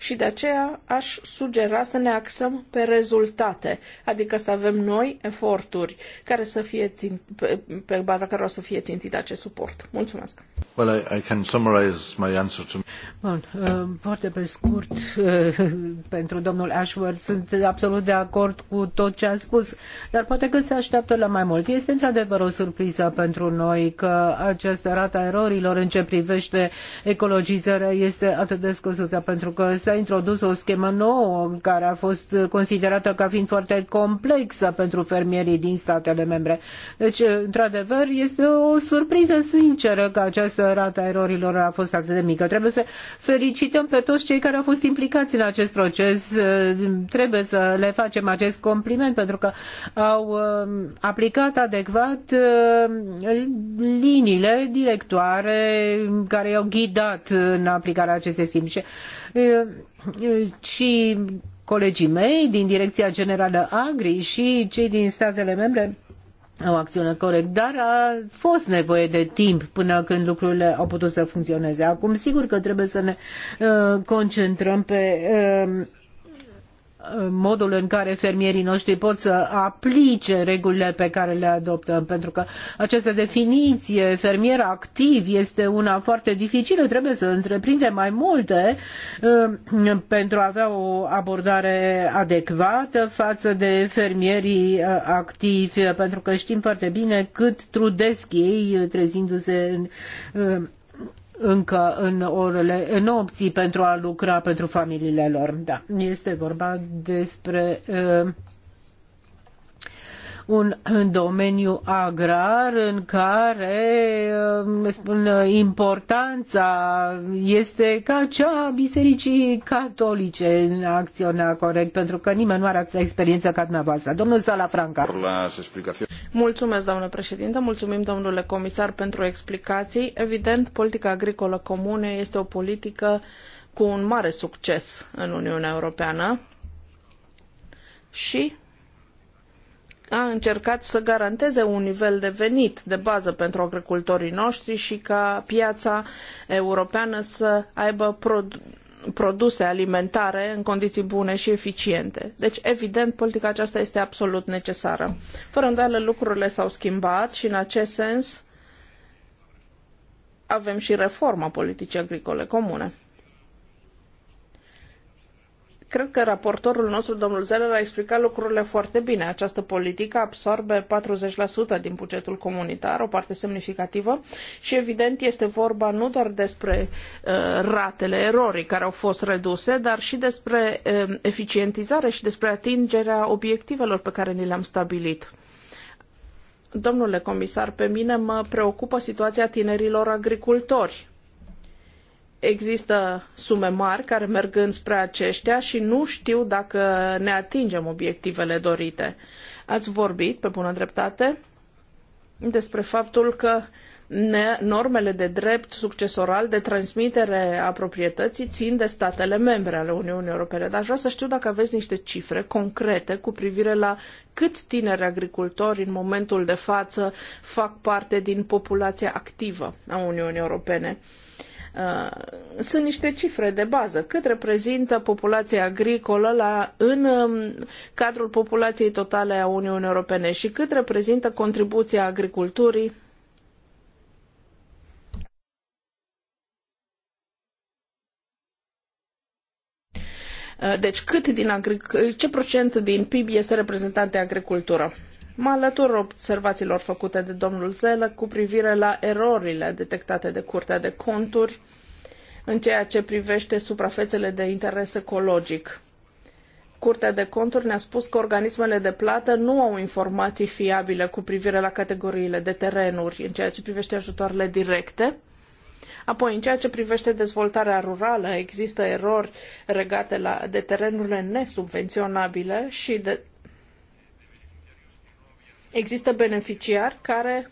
și de aceea aș sugera să ne axăm pe rezultate, adică să avem noi eforturi care să fie țin, pe, pe baza cărora să fie țintit acest suport. Mulțumesc! Well, I, I can summarize my answer to... Bun, uh, foarte pe scurt, uh, pentru domnul Ashworth, sunt absolut de acord cu tot ce a spus, dar poate că se așteaptă la mai mult. Este într-adevăr o surpriză pentru noi că această rata erorilor în ce privește ecologizarea este atât de scăzută, pentru că se s-a introdus o schemă nouă care a fost considerată ca fiind foarte complexă pentru fermierii din statele membre. Deci, într-adevăr, este o surpriză sinceră că această rată a erorilor a fost atât de mică. Trebuie să felicităm pe toți cei care au fost implicați în acest proces. Trebuie să le facem acest compliment pentru că au um, aplicat adecvat um, liniile directoare care i-au ghidat în aplicarea acestei schimbi și colegii mei din Direcția Generală Agri și cei din statele membre au acționat corect, dar a fost nevoie de timp până când lucrurile au putut să funcționeze. Acum, sigur că trebuie să ne uh, concentrăm pe uh, modul în care fermierii noștri pot să aplice regulile pe care le adoptăm, pentru că această definiție fermier activ este una foarte dificilă, trebuie să întreprindem mai multe uh, pentru a avea o abordare adecvată față de fermierii uh, activi, pentru că știm foarte bine cât trudesc ei trezindu-se în uh, încă în orele, în opții pentru a lucra pentru familiile lor. Da, este vorba despre uh, un domeniu agrar în care spun, importanța este ca cea a bisericii catolice în acțiunea corect, pentru că nimeni nu are experiență ca dumneavoastră. Domnul Salafranca. Mulțumesc, doamnă președinte, mulțumim, domnule comisar, pentru explicații. Evident, politica agricolă comune este o politică cu un mare succes în Uniunea Europeană și a încercat să garanteze un nivel de venit de bază pentru agricultorii noștri și ca piața europeană să aibă produse alimentare în condiții bune și eficiente. Deci, evident, politica aceasta este absolut necesară. Fără îndoială, lucrurile s-au schimbat și, în acest sens, avem și reforma politicii agricole comune. Cred că raportorul nostru, domnul Zeller, a explicat lucrurile foarte bine. Această politică absorbe 40% din bugetul comunitar, o parte semnificativă, și evident este vorba nu doar despre uh, ratele erorii care au fost reduse, dar și despre uh, eficientizare și despre atingerea obiectivelor pe care ni le-am stabilit. Domnule comisar, pe mine mă preocupă situația tinerilor agricultori există sume mari care merg înspre aceștia și nu știu dacă ne atingem obiectivele dorite. Ați vorbit, pe bună dreptate, despre faptul că normele de drept succesoral de transmitere a proprietății țin de statele membre ale Uniunii Europene. Dar aș vrea să știu dacă aveți niște cifre concrete cu privire la câți tineri agricultori în momentul de față fac parte din populația activă a Uniunii Europene. Uh, sunt niște cifre de bază. Cât reprezintă populația agricolă la, în um, cadrul populației totale a Uniunii Europene și cât reprezintă contribuția agriculturii? Uh, deci cât din agric- ce procent din PIB este reprezentat de agricultură? Mă alătur observațiilor făcute de domnul Zelă cu privire la erorile detectate de Curtea de Conturi în ceea ce privește suprafețele de interes ecologic. Curtea de Conturi ne-a spus că organismele de plată nu au informații fiabile cu privire la categoriile de terenuri în ceea ce privește ajutoarele directe. Apoi, în ceea ce privește dezvoltarea rurală, există erori regate la, de terenurile nesubvenționabile și de Există beneficiari care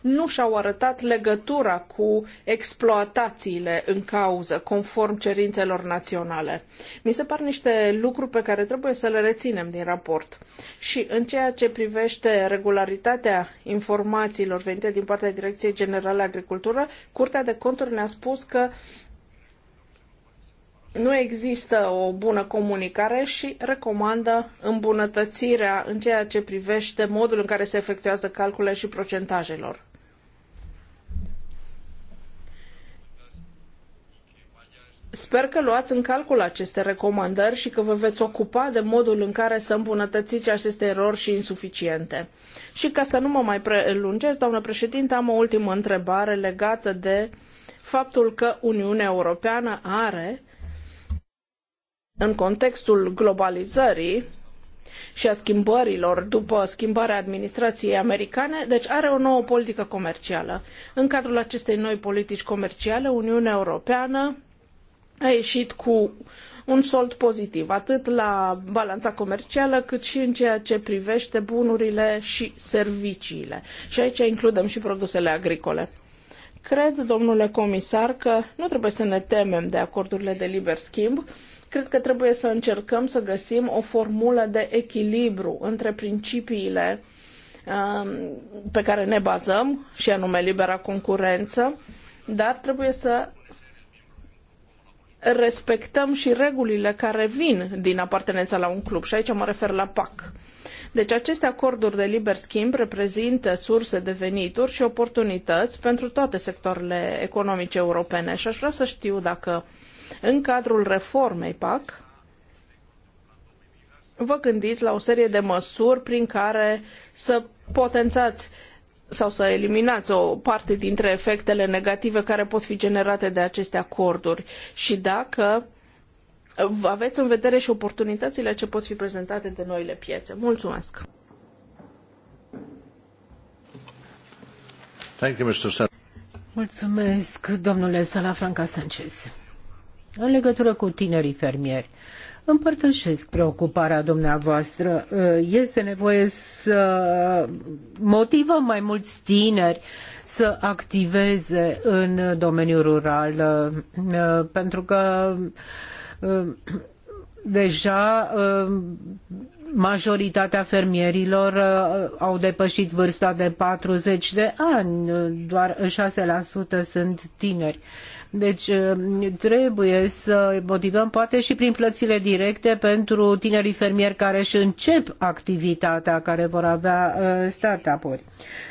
nu și-au arătat legătura cu exploatațiile în cauză, conform cerințelor naționale. Mi se par niște lucruri pe care trebuie să le reținem din raport. Și în ceea ce privește regularitatea informațiilor venite din partea Direcției Generale Agricultură, Curtea de Conturi ne-a spus că uh, nu există o bună comunicare și recomandă îmbunătățirea în ceea ce privește modul în care se efectuează calculele și procentajelor. Sper că luați în calcul aceste recomandări și că vă veți ocupa de modul în care să îmbunătățiți aceste erori și insuficiente. Și ca să nu mă mai prelungesc, doamnă președinte, am o ultimă întrebare legată de faptul că Uniunea Europeană are în contextul globalizării și a schimbărilor după schimbarea administrației americane, deci are o nouă politică comercială. În cadrul acestei noi politici comerciale, Uniunea Europeană a ieșit cu un sold pozitiv, atât la balanța comercială, cât și în ceea ce privește bunurile și serviciile. Și aici includem și produsele agricole. Cred, domnule comisar, că nu trebuie să ne temem de acordurile de liber schimb, Cred că trebuie să încercăm să găsim o formulă de echilibru între principiile um, pe care ne bazăm, și anume libera concurență, dar trebuie să respectăm și regulile care vin din apartenența la un club și aici mă refer la PAC. Deci aceste acorduri de liber schimb reprezintă surse de venituri și oportunități pentru toate sectoarele economice europene și aș vrea să știu dacă în cadrul reformei PAC, vă gândiți la o serie de măsuri prin care să potențați sau să eliminați o parte dintre efectele negative care pot fi generate de aceste acorduri și dacă aveți în vedere și oportunitățile ce pot fi prezentate de noile piețe. Mulțumesc! Mulțumesc, domnule Salafranca Sanchez. În legătură cu tinerii fermieri, împărtășesc preocuparea dumneavoastră. Uh, este nevoie să motivăm mai mulți tineri să activeze în domeniul rural, uh, pentru că uh, deja majoritatea fermierilor au depășit vârsta de 40 de ani, doar 6% sunt tineri. Deci eh, trebuie să motivăm poate și prin plățile directe pentru tinerii fermieri care își încep activitatea, care vor avea eh, startup-uri.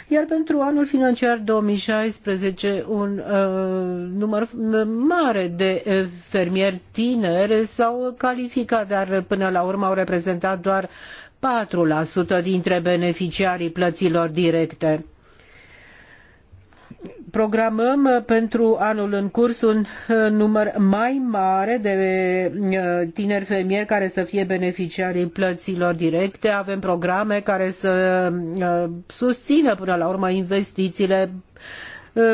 Iar pentru anul financiar 2016 un uh, număr mare de fermieri tineri s-au calificat, dar până la urmă au reprezentat doar 4% dintre beneficiarii plăților directe programăm uh, pentru anul în curs un uh, număr mai mare de uh, tineri fermieri care să fie beneficiarii plăților directe. Avem programe care să susțină până la urmă investițiile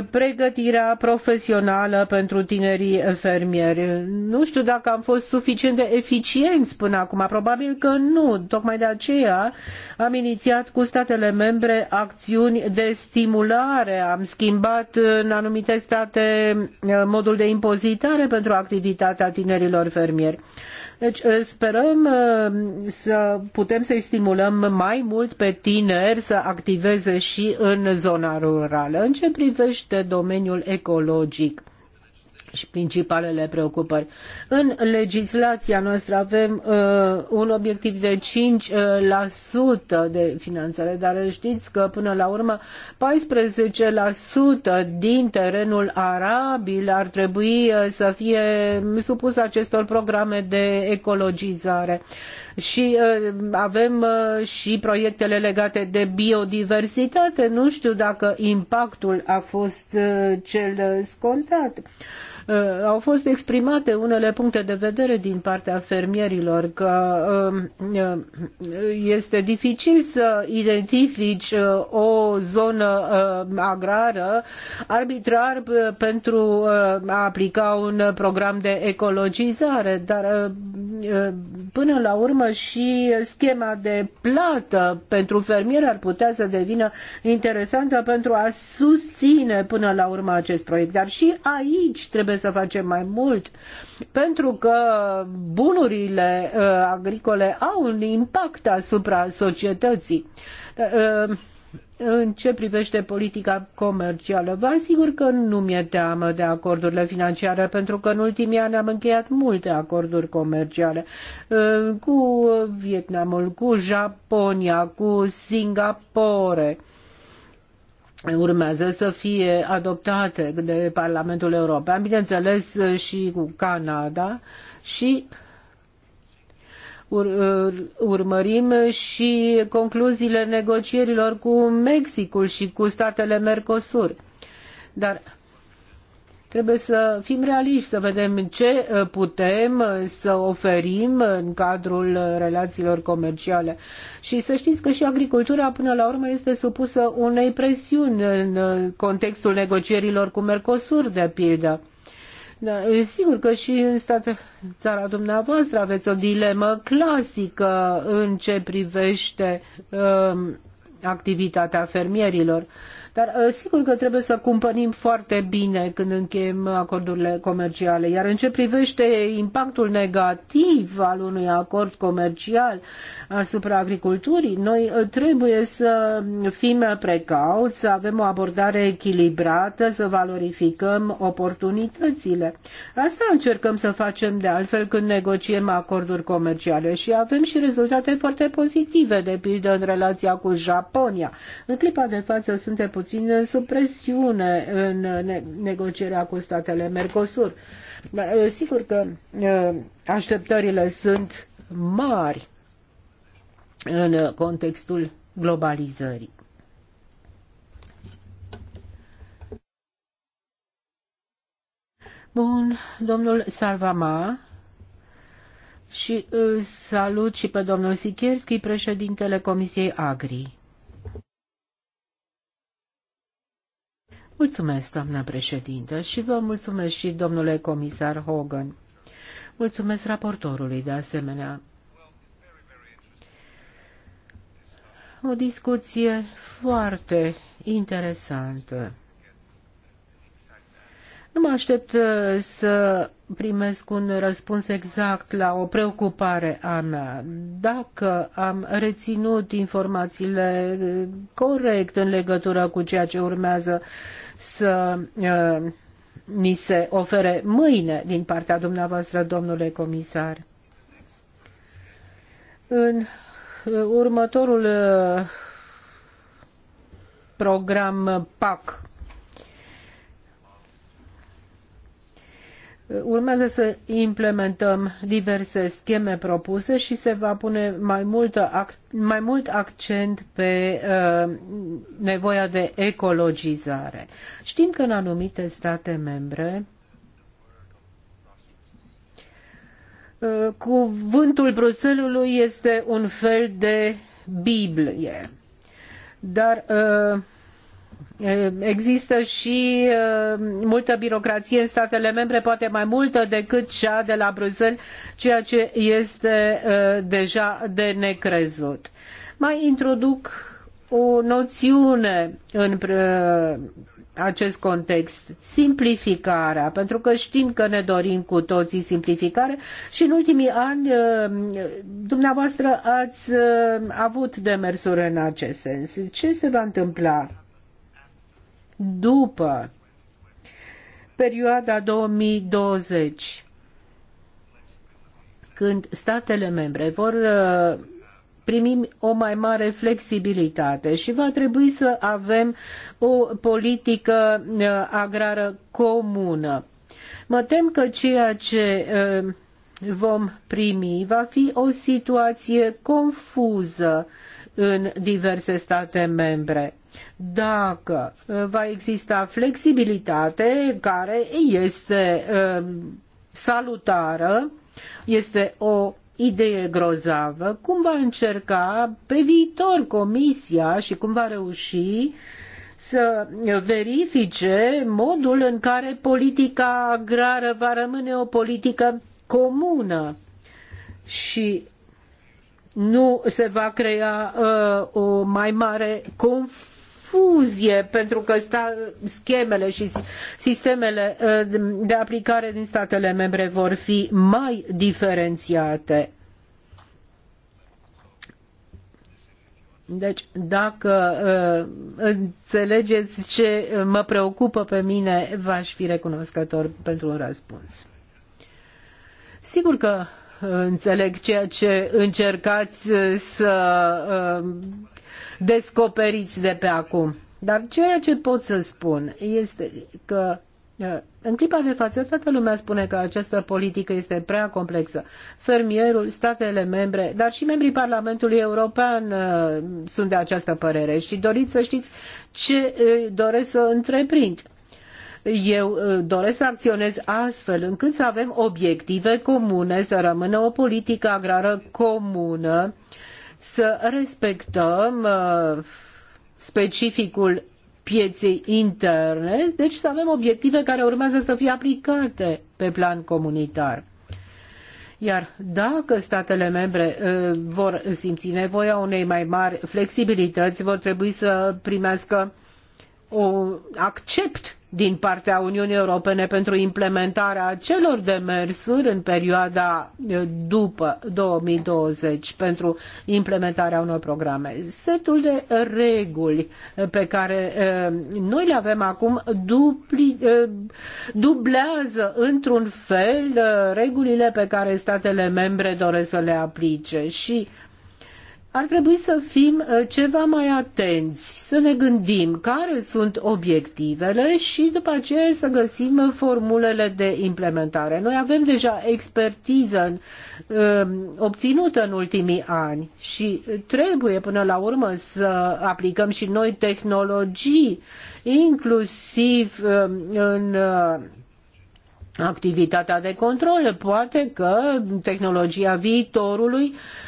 pregătirea profesională pentru tinerii fermieri. Nu știu dacă am fost suficient de eficienți până acum, probabil că nu. Tocmai de aceea am inițiat cu statele membre acțiuni de stimulare, am schimbat în anumite state eh, modul de impozitare pentru activitatea tinerilor fermieri. Deci eh, sperăm eh, să putem să-i stimulăm mai mult pe tineri să activeze și în zona rurală. În ce privește domeniul ecologic, și principalele preocupări. În legislația noastră avem uh, un obiectiv de 5% uh, de finanțare, dar știți că până la urmă 14% din terenul arabil ar trebui uh, să fie supus acestor programe de ecologizare și uh, avem uh, și proiectele legate de biodiversitate. Nu știu dacă impactul a fost uh, cel scontat. Au fost exprimate unele puncte de vedere din partea fermierilor că um, este dificil să identifici o zonă agrară arbitrar pentru a aplica un program de ecologizare, dar Eh, până la urmă și schema de plată pentru fermier ar putea să devină interesantă pentru a susține până la urmă acest proiect. Dar și aici trebuie să facem mai mult pentru că bunurile eh, agricole au un impact asupra societății. Eh, în ce privește politica comercială. Vă asigur că nu mi-e teamă de acordurile financiare, pentru că în ultimii ani am încheiat multe acorduri comerciale uh, cu Vietnamul, cu Japonia, cu Singapore. Urmează să fie adoptate de Parlamentul European, bineînțeles uh, și cu Canada și uh, ur- urmărim și concluziile negocierilor cu Mexicul și cu statele Mercosur. Dar trebuie să fim realiști, să vedem ce uh, putem uh, să oferim în cadrul uh, relațiilor comerciale. Și să știți că și agricultura până la urmă este supusă unei presiuni în contextul negocierilor cu Mercosur, de pildă. Da, sigur că și în stat, țara dumneavoastră aveți o dilemă clasică în ce privește um, activitatea fermierilor. Uh, dar uh, sigur că trebuie să cumpărim foarte bine când încheiem acordurile comerciale. Iar în ce privește impactul negativ al unui acord comercial asupra agriculturii, noi uh, trebuie să fim precauți, să avem o abordare echilibrată, să valorificăm oportunitățile. Asta încercăm să facem de altfel când negociem acorduri comerciale și avem și rezultate foarte pozitive, de pildă în relația cu Japonia. În clipa de față suntem puțin puțin sub presiune în negocierea cu statele Mercosur. Uh, sigur că uh, așteptările sunt mari în contextul globalizării. Bun, domnul Salvama și uh, salut și pe domnul Sikierski, președintele Comisiei Agri. Mulțumesc, doamna președintă, și vă mulțumesc și domnule comisar Hogan. Mulțumesc raportorului de asemenea. O discuție foarte interesantă. Nu mă aștept uh, să primesc un răspuns exact la o preocupare a mea. Dacă am reținut informațiile uh, corect în legătură cu ceea ce urmează să uh, ni se ofere mâine din partea dumneavoastră, domnule comisar. În următorul program PAC Urmează să implementăm diverse scheme propuse și se va pune mai, multă, mai mult accent pe uh, nevoia de ecologizare. Știm că în anumite state membre uh, cuvântul Bruselului este un fel de Biblie. Dar uh, Există și multă birocrație în statele membre, poate mai multă decât cea de la Bruxelles, ceea ce este deja de necrezut. Mai introduc o noțiune în acest context, simplificarea, pentru că știm că ne dorim cu toții simplificare și în ultimii ani dumneavoastră ați avut demersuri în acest sens. Ce se va întâmpla după perioada 2020, când statele membre vor uh, primi o mai mare flexibilitate și va trebui să avem o politică uh, agrară comună. Mă tem că ceea ce uh, vom primi va fi o situație confuză în diverse state membre. Dacă uh, va exista flexibilitate care este uh, salutară, este o idee grozavă, cum va încerca pe viitor comisia și cum va reuși să verifice modul în care politica agrară va rămâne o politică comună și nu se va crea uh, o mai mare confuzie pentru că sta, schemele și sistemele uh, de aplicare din statele membre vor fi mai diferențiate. Deci, dacă uh, înțelegeți ce mă preocupă pe mine, v-aș fi recunoscător pentru un răspuns. Sigur că înțeleg ceea ce încercați uh, să uh, descoperiți de pe acum. Dar ceea ce pot să spun este că uh, în clipa de față, toată lumea spune că această politică este prea complexă. Fermierul, statele membre, dar și membrii Parlamentului European sunt de această părere și doriți să știți ce doresc să întreprind. Eu uh, doresc să acționez astfel încât să avem obiective comune, să rămână o politică agrară comună, să respectăm uh, specificul pieței interne, deci să avem obiective care urmează să fie aplicate pe plan comunitar. Iar dacă statele membre uh, vor simți nevoia unei mai mari flexibilități, vor trebui să primească o accept din partea Uniunii Europene pentru implementarea acelor demersuri în perioada după 2020 pentru implementarea unor programe. Setul de reguli pe care noi le avem acum dupli, dublează într-un fel regulile pe care statele membre doresc să le aplice și ar trebui să fim uh, ceva mai atenți, să ne gândim care sunt obiectivele și după aceea să găsim uh, formulele de implementare. Noi avem deja expertiză uh, obținută în ultimii ani și trebuie până la urmă să aplicăm și noi tehnologii, inclusiv în activitatea de control. Poate că tehnologia viitorului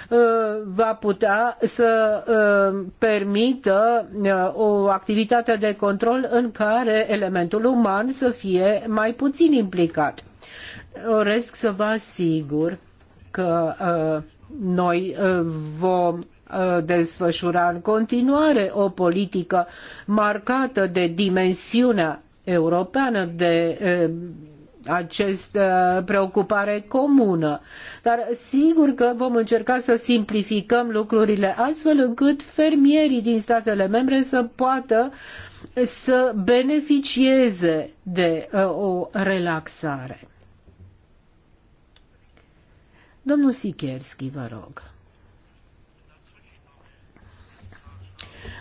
uh, va putea să uh, permită uh, o activitate de control în care elementul uman să fie mai puțin implicat. Doresc să vă asigur că noi vom desfășura în continuare o politică marcată de dimensiunea europeană de această uh, preocupare comună. Dar sigur că vom încerca să simplificăm lucrurile astfel încât fermierii din statele membre să poată să beneficieze de uh, o relaxare. Domnul Sikierski, vă rog.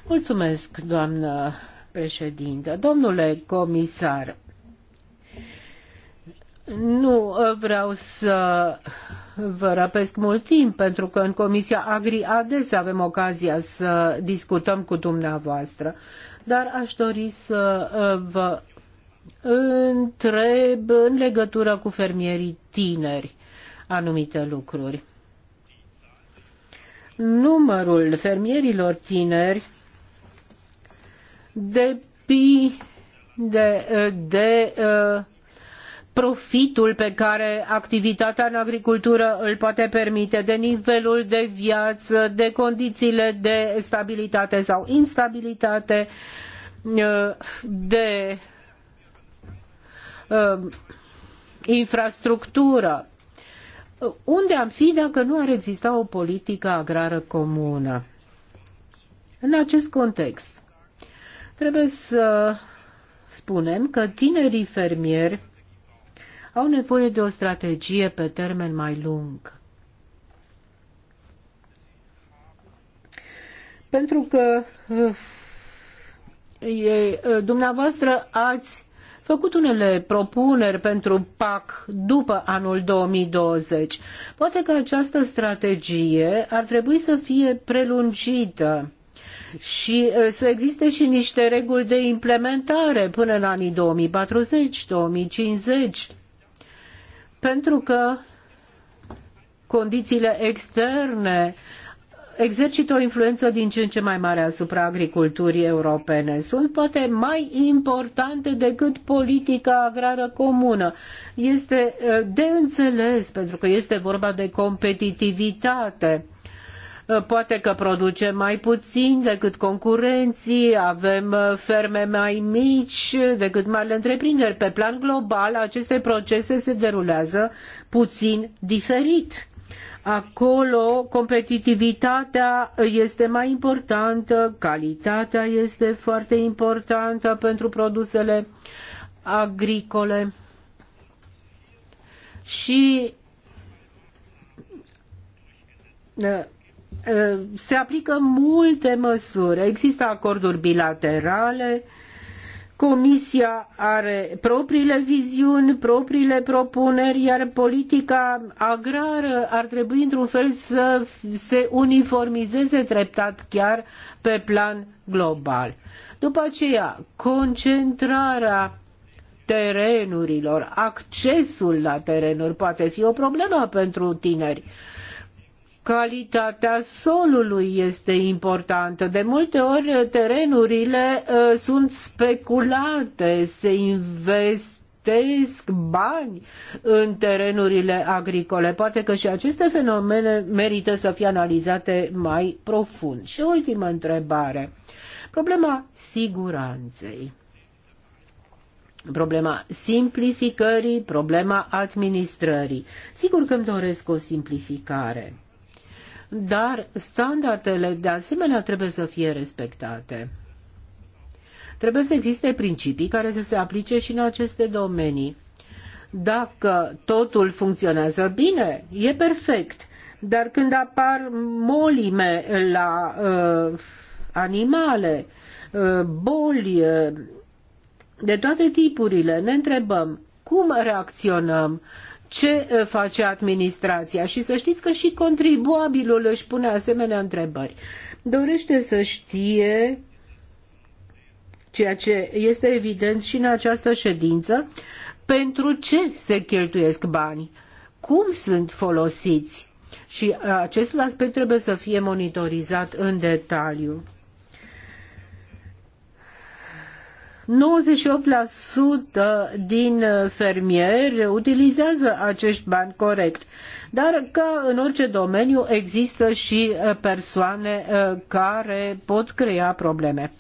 Mulțumesc, doamnă președintă. Domnule comisar, nu uh, vreau să vă răpesc mult timp, pentru că în Comisia Agri adesea avem ocazia să discutăm cu dumneavoastră, dar aș dori să uh, vă întreb în legătură cu fermierii tineri anumite lucruri. Numărul fermierilor tineri depinde de, uh, de, de profitul pe care activitatea în agricultură îl poate permite, de nivelul de viață, de condițiile de stabilitate sau instabilitate, uh, de uh, infrastructură. Unde am fi dacă nu ar exista o politică agrară comună? În acest context, trebuie să spunem că tinerii fermieri au nevoie de o strategie pe termen mai lung. Pentru că uh, e, uh, dumneavoastră ați făcut unele propuneri pentru PAC după anul 2020. Poate că această strategie ar trebui să fie prelungită și uh, să existe și niște reguli de implementare până în anii 2040-2050 pentru că condițiile externe exercită o influență din ce în ce mai mare asupra agriculturii europene. Sunt poate mai importante decât politica agrară comună. Este uh, de înțeles pentru că este vorba de competitivitate. Uh, poate că producem mai puțin decât concurenții, avem uh, ferme mai mici decât marile întreprinderi. Pe plan global, aceste procese se derulează puțin diferit. Acolo competitivitatea este mai importantă, calitatea este foarte importantă pentru produsele agricole și uh, Eh, se aplică multe măsuri. Există acorduri bilaterale, Comisia are propriile viziuni, propriile propuneri, iar politica agrară ar trebui într-un fel să se uniformizeze treptat chiar pe plan global. După aceea, concentrarea terenurilor, accesul la terenuri poate fi o problemă pentru tineri calitatea solului este importantă. De multe ori terenurile uh, sunt speculate, se investesc bani în terenurile agricole. Poate că și aceste fenomene merită să fie analizate mai profund. Și ultima întrebare. Problema siguranței problema simplificării, problema administrării. Sigur că îmi doresc o simplificare dar standardele de asemenea trebuie să fie respectate. Trebuie să existe principii care să se aplice și în aceste domenii. Dacă totul funcționează bine, e perfect, dar când apar molime la uh, animale, uh, boli uh, de toate tipurile, ne întrebăm cum reacționăm, uh, ce uh, face administrația și să știți că și contribuabilul își pune asemenea întrebări. Dorește să știe ceea ce este evident și în această ședință, pentru ce se cheltuiesc banii, cum sunt folosiți și acest aspect trebuie să fie monitorizat în detaliu. 98% din uh, fermieri utilizează acești bani corect. Dar ca în orice domeniu există și uh, persoane uh, care pot crea probleme.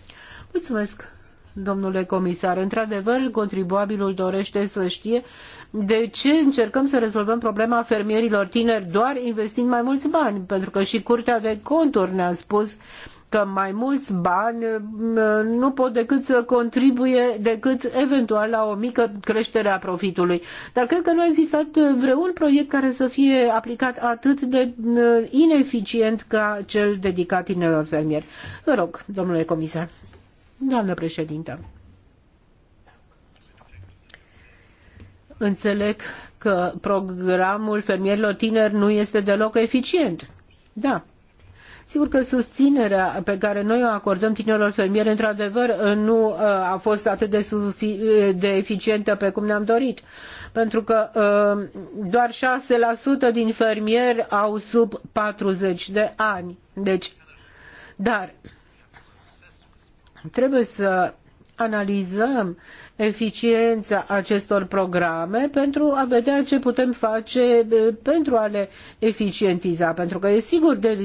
Mulțumesc! Domnule comisar, într-adevăr, contribuabilul dorește să știe de ce încercăm să rezolvăm problema fermierilor tineri doar investind mai mulți bani, pentru că și Curtea de Conturi ne-a spus că mai mulți bani mm, nu pot decât să contribuie decât eventual la o mică creștere a profitului. Dar cred că nu a existat vreun proiect care să fie aplicat atât de mm, ineficient ca cel dedicat tinerilor fermieri. Vă rog, domnule comisar. Doamnă președintă. Înțeleg că programul fermierilor tineri nu este deloc eficient. Da, Sigur că susținerea pe care noi o acordăm tinerilor fermieri, într-adevăr, nu uh, a fost atât de, de eficientă pe cum ne-am dorit, pentru că uh, doar 6% din fermieri au sub 40 de ani. Deci, dar trebuie să analizăm eficiența acestor programe pentru a vedea ce putem face eh, pentru a le eficientiza. Pentru că e sigur eh,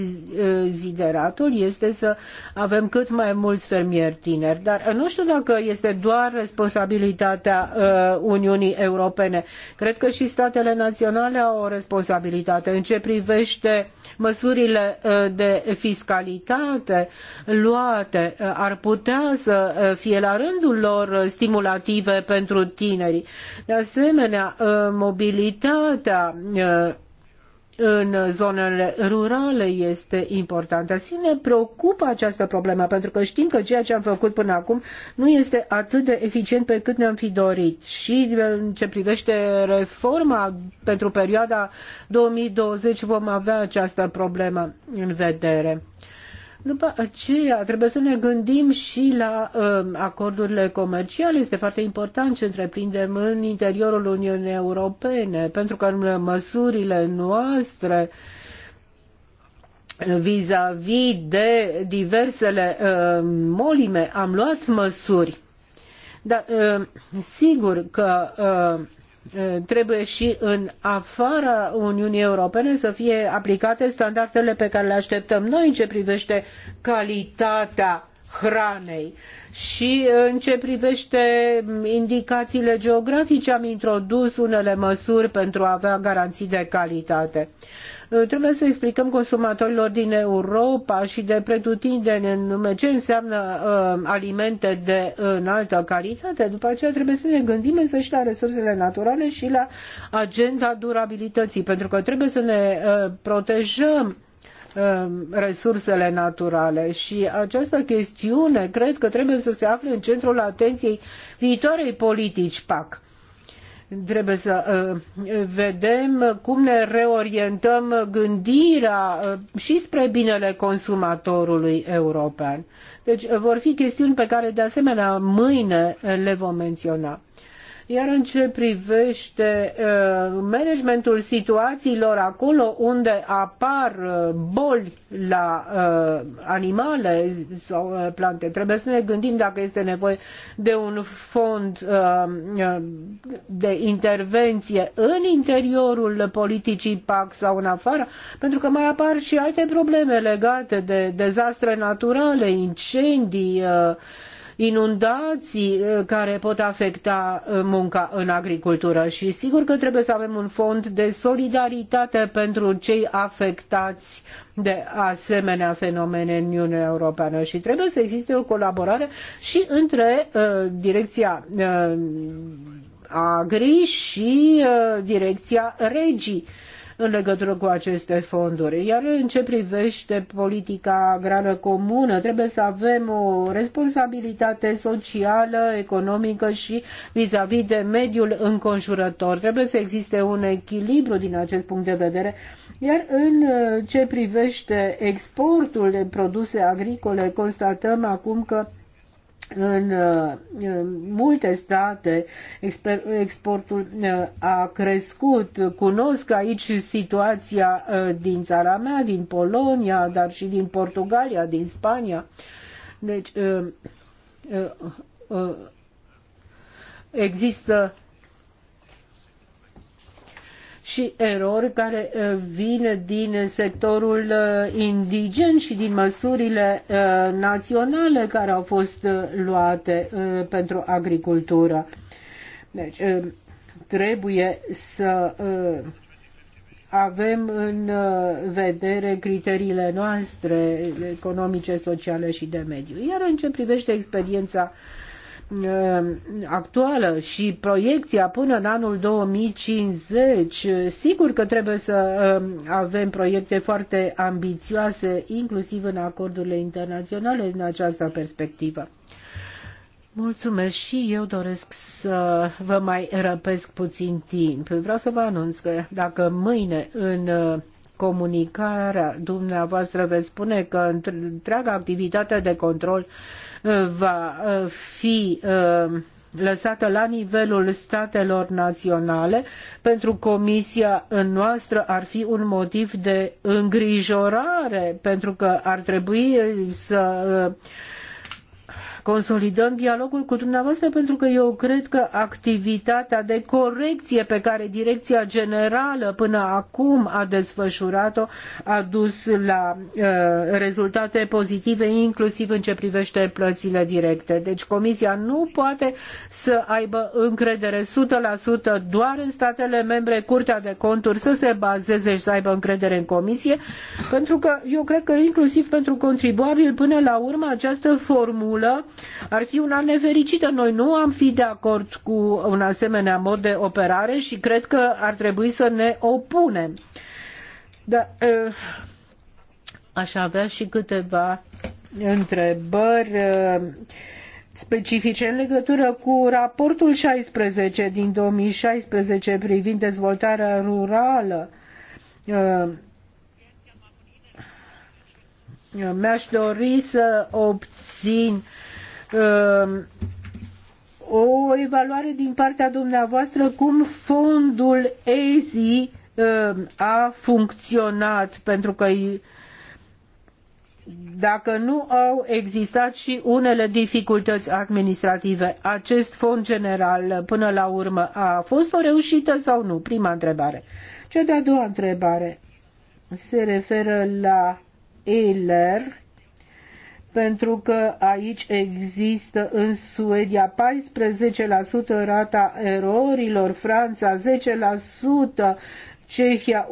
zideratul este să avem cât mai mulți fermieri tineri. Dar eh, nu știu dacă este doar responsabilitatea Uniunii Europene. Cred că și statele naționale au o responsabilitate. În ce privește măsurile de fiscalitate luate, ar putea să fie la rândul lor stimulat motive pentru tineri. De asemenea, uh, mobilitatea uh, în zonele rurale este importantă. Și ne preocupă această problemă, pentru că știm că ceea ce am făcut până acum nu este atât de eficient pe cât ne-am fi dorit. Și uh, în ce privește reforma pentru perioada 2020 vom avea această problemă în vedere. După aceea trebuie să ne gândim și la uh, acordurile comerciale. Este foarte important ce întreprindem în interiorul Uniunii Europene, pentru că măsurile noastre vis-a-vis -vis de diversele uh, molime am luat măsuri. Dar uh, sigur că uh, Eh, trebuie și în afara Uniunii Europene să fie aplicate standardele pe care le așteptăm noi în ce privește calitatea hranei și eh, în ce privește indicațiile geografice am introdus unele măsuri pentru a avea garanții de calitate. Uh, trebuie să explicăm consumatorilor din Europa și de pretutindeni în lume ce înseamnă uh, alimente de înaltă calitate. După aceea trebuie să ne gândim însă și la resursele naturale și la agenda durabilității, pentru că trebuie să ne uh, protejăm uh, resursele naturale și această chestiune cred că trebuie să se afle în centrul atenției viitoarei politici PAC. Trebuie să ă, ă, vedem cum ne reorientăm gândirea ă, și spre binele consumatorului european. Deci vor fi chestiuni pe care de asemenea mâine le vom menționa. Iar în ce privește uh, managementul situațiilor acolo unde apar uh, boli la uh, animale sau plante, trebuie să ne gândim dacă este nevoie de un fond de intervenție în interiorul politicii PAC sau în afară, pentru că mai apar și alte probleme legate de dezastre naturale, incendii, inundații uh, care pot afecta uh, munca în agricultură și sigur că trebuie să avem un fond de solidaritate pentru cei afectați de asemenea fenomene în Uniunea Europeană și trebuie să existe o colaborare și între uh, direcția uh, Agri și uh, direcția Regii. Uh, în legătură cu aceste fonduri. Iar în ce privește politica agrară comună, trebuie să avem o responsabilitate socială, economică și vis-a-vis -vis de mediul înconjurător. Trebuie să existe un echilibru din acest punct de vedere. Iar în uh, ce privește exportul de produse agricole, constatăm acum că în, uh, în multe state exportul uh, a crescut. Cunosc aici situația uh, din țara mea, din Polonia, dar și din Portugalia, din Spania. Deci există și erori care uh, vin din sectorul uh, indigen și din măsurile uh, naționale care au fost luate pentru agricultură. Deci, trebuie să avem în vedere criteriile noastre economice, sociale și de mediu. Iar în ce privește experiența uh, Uh, actuală și proiecția până în anul 2050, sigur că trebuie să uh, avem proiecte foarte ambițioase, inclusiv în acordurile internaționale în această perspectivă. Mulțumesc și eu doresc să vă mai răpesc puțin timp. Vreau să vă anunț că dacă mâine în uh, comunicarea dumneavoastră veți spune că întreaga activitate de control uh, va uh, fi uh, lăsată la nivelul statelor naționale, pentru Comisia noastră ar fi un motiv de îngrijorare, pentru că ar trebui să consolidăm dialogul cu dumneavoastră pentru că eu cred că activitatea de corecție pe care Direcția Generală până acum a desfășurat-o a dus la uh, rezultate pozitive, inclusiv în ce privește plățile directe. Deci Comisia nu poate să aibă încredere 100% doar în statele membre, Curtea de Conturi să se bazeze și să aibă încredere în Comisie, pentru că eu cred că inclusiv pentru contribuabil până la urmă această formulă ar fi una nefericită. Noi nu am fi de acord cu un asemenea mod de operare și cred că ar trebui să ne opunem. Da, aș avea și câteva întrebări specifice în legătură cu raportul 16 din 2016 privind dezvoltarea rurală. Mi-aș dori să obțin Ehm, o evaluare din partea dumneavoastră cum fondul ESI ehm, a funcționat, pentru că dacă nu au existat și unele dificultăți administrative, acest fond general până la urmă a fost o reușită sau nu? Prima întrebare. Cea de-a doua întrebare se referă la ELER, pentru că aici există în Suedia 14% rata erorilor, Franța 10%, Cehia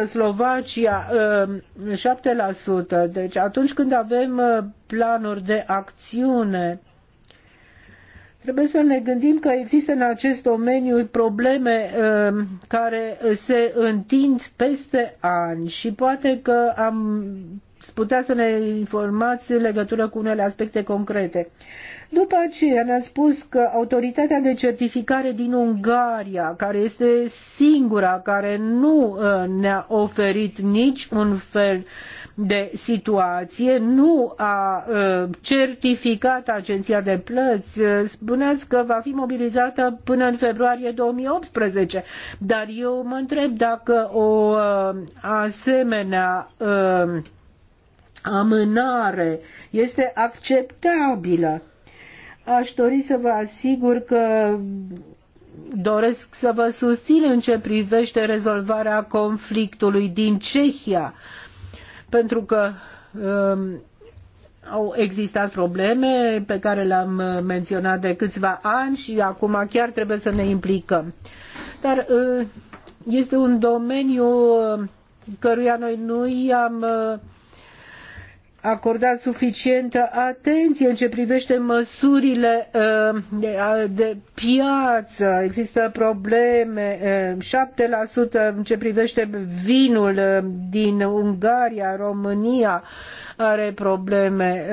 11%, Slovacia 7%. Um, deci atunci când avem uh, planuri de acțiune, trebuie să ne gândim că există în acest domeniu probleme um, care se întind peste ani și poate că am putea să ne informați în legătură cu unele aspecte concrete. După aceea ne-a spus că autoritatea de certificare din Ungaria, care este singura care nu uh, ne-a oferit nici un fel de situație, nu a uh, certificat agenția de plăți, uh, spuneați că va fi mobilizată până în februarie 2018, dar eu mă întreb dacă o asemenea amânare este acceptabilă. Aș dori să vă asigur că doresc să vă susțin în ce privește rezolvarea conflictului din Cehia, pentru că um, au existat probleme pe care le-am uh, menționat de câțiva ani și acum chiar trebuie să ne implicăm. Dar uh, este un domeniu uh, căruia noi nu i-am uh, acordat suficientă atenție în ce privește măsurile uh, de piață. Există probleme, 7% uh, în ce privește vinul uh, din Ungaria, România are probleme,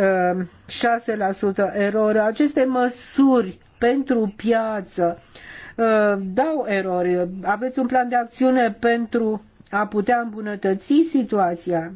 6% erori. Aceste măsuri pentru piață dau erori. Aveți un plan de acțiune pentru a putea îmbunătăți situația?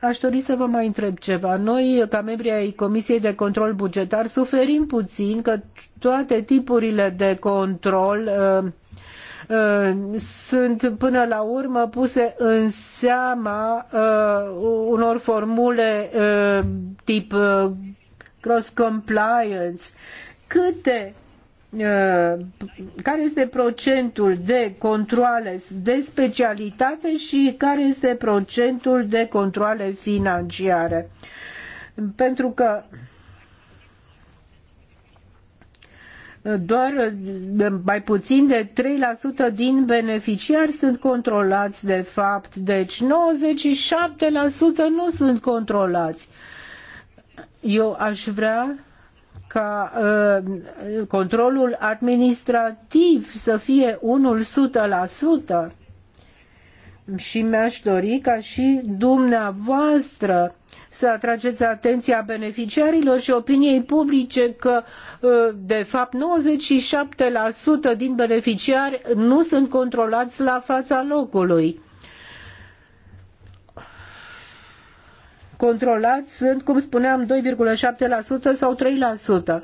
Aș dori să vă mai întreb ceva. Noi, ca membri ai Comisiei de Control Bugetar, suferim puțin că toate tipurile de control uh, uh sunt până la urmă puse în seama uh, unor formule uh, tip uh, cross compliance. Câte Uh, care este procentul de controle de specialitate și care este procentul de controle financiare. Pentru că doar uh, mai puțin de 3% din beneficiari sunt controlați de fapt, deci 97% nu sunt controlați. Eu aș vrea ca uh, controlul administrativ să fie unul 100% și mi-aș dori ca și dumneavoastră să atrageți atenția beneficiarilor și opiniei publice că, ă, de fapt, 97% din beneficiari nu sunt controlați la fața locului. controlați sunt, cum spuneam, 2,7% sau 3%.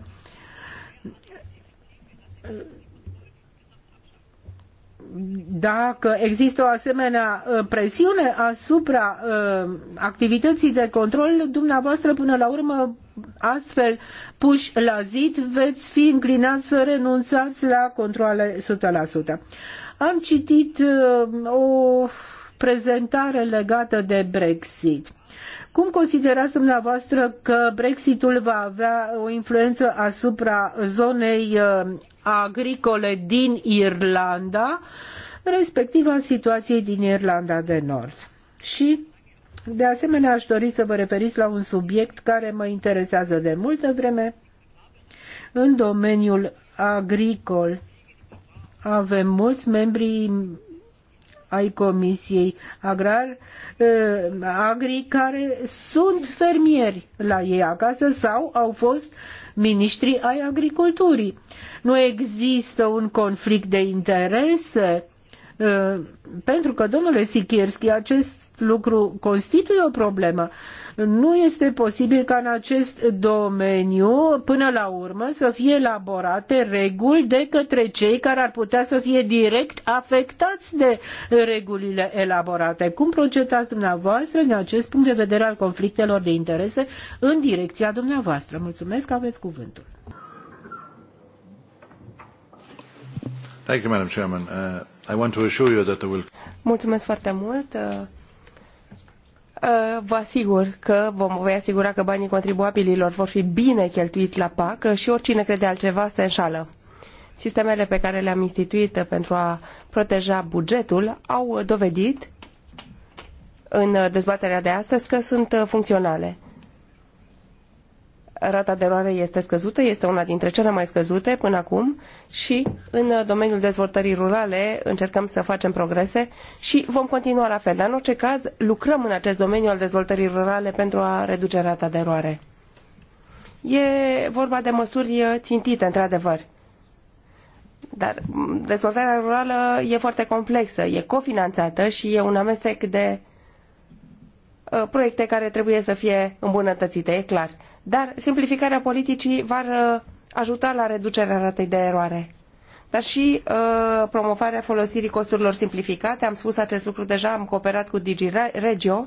Dacă există o asemenea uh, presiune asupra uh, activității de control, dumneavoastră până la urmă astfel puși la zid, veți fi înclinați să renunțați la controle 100%. Am citit uh, o prezentare legată de Brexit. Cum considerați dumneavoastră că Brexitul va avea o influență asupra zonei uh, agricole din Irlanda, respectiv a situației din Irlanda de Nord? Și de asemenea, aș dori să vă referiți la un subiect care mă interesează de multă vreme. În domeniul agricol avem mulți membri ai Comisiei Agrar Uh, agri care sunt fermieri la ei acasă sau au fost miniștri ai agriculturii. Nu există un conflict de interese uh, pentru că, domnule Sikirski, acest lucru constituie o problemă. Nu este posibil ca în acest domeniu, până la urmă, să fie elaborate reguli de către cei care ar putea să fie direct afectați de regulile elaborate. Cum procedați dumneavoastră din acest punct de vedere al conflictelor de interese în direcția dumneavoastră? Mulțumesc că aveți cuvântul. Mulțumesc foarte mult. Uh, Uh, vă asigur că vom voi asigura că banii contribuabililor vor fi bine cheltuiți la PAC uh, și oricine crede altceva se înșală. Sistemele pe care le-am instituit uh, pentru a proteja bugetul au dovedit în dezbaterea de astăzi că sunt funcționale rata de eroare este scăzută, este una dintre cele mai scăzute până acum și în domeniul dezvoltării rurale încercăm să facem progrese și vom continua la fel. Dar în orice caz lucrăm în acest domeniu al dezvoltării rurale pentru a reduce rata de eroare. E vorba de măsuri țintite, într-adevăr. Dar dezvoltarea rurală e foarte complexă, e cofinanțată și e un amestec de uh, proiecte care trebuie să fie îmbunătățite, e clar. Dar simplificarea politicii va uh, ajuta la reducerea ratei de eroare dar și uh, promovarea folosirii costurilor simplificate. Am spus acest lucru deja, am cooperat cu Digi Regio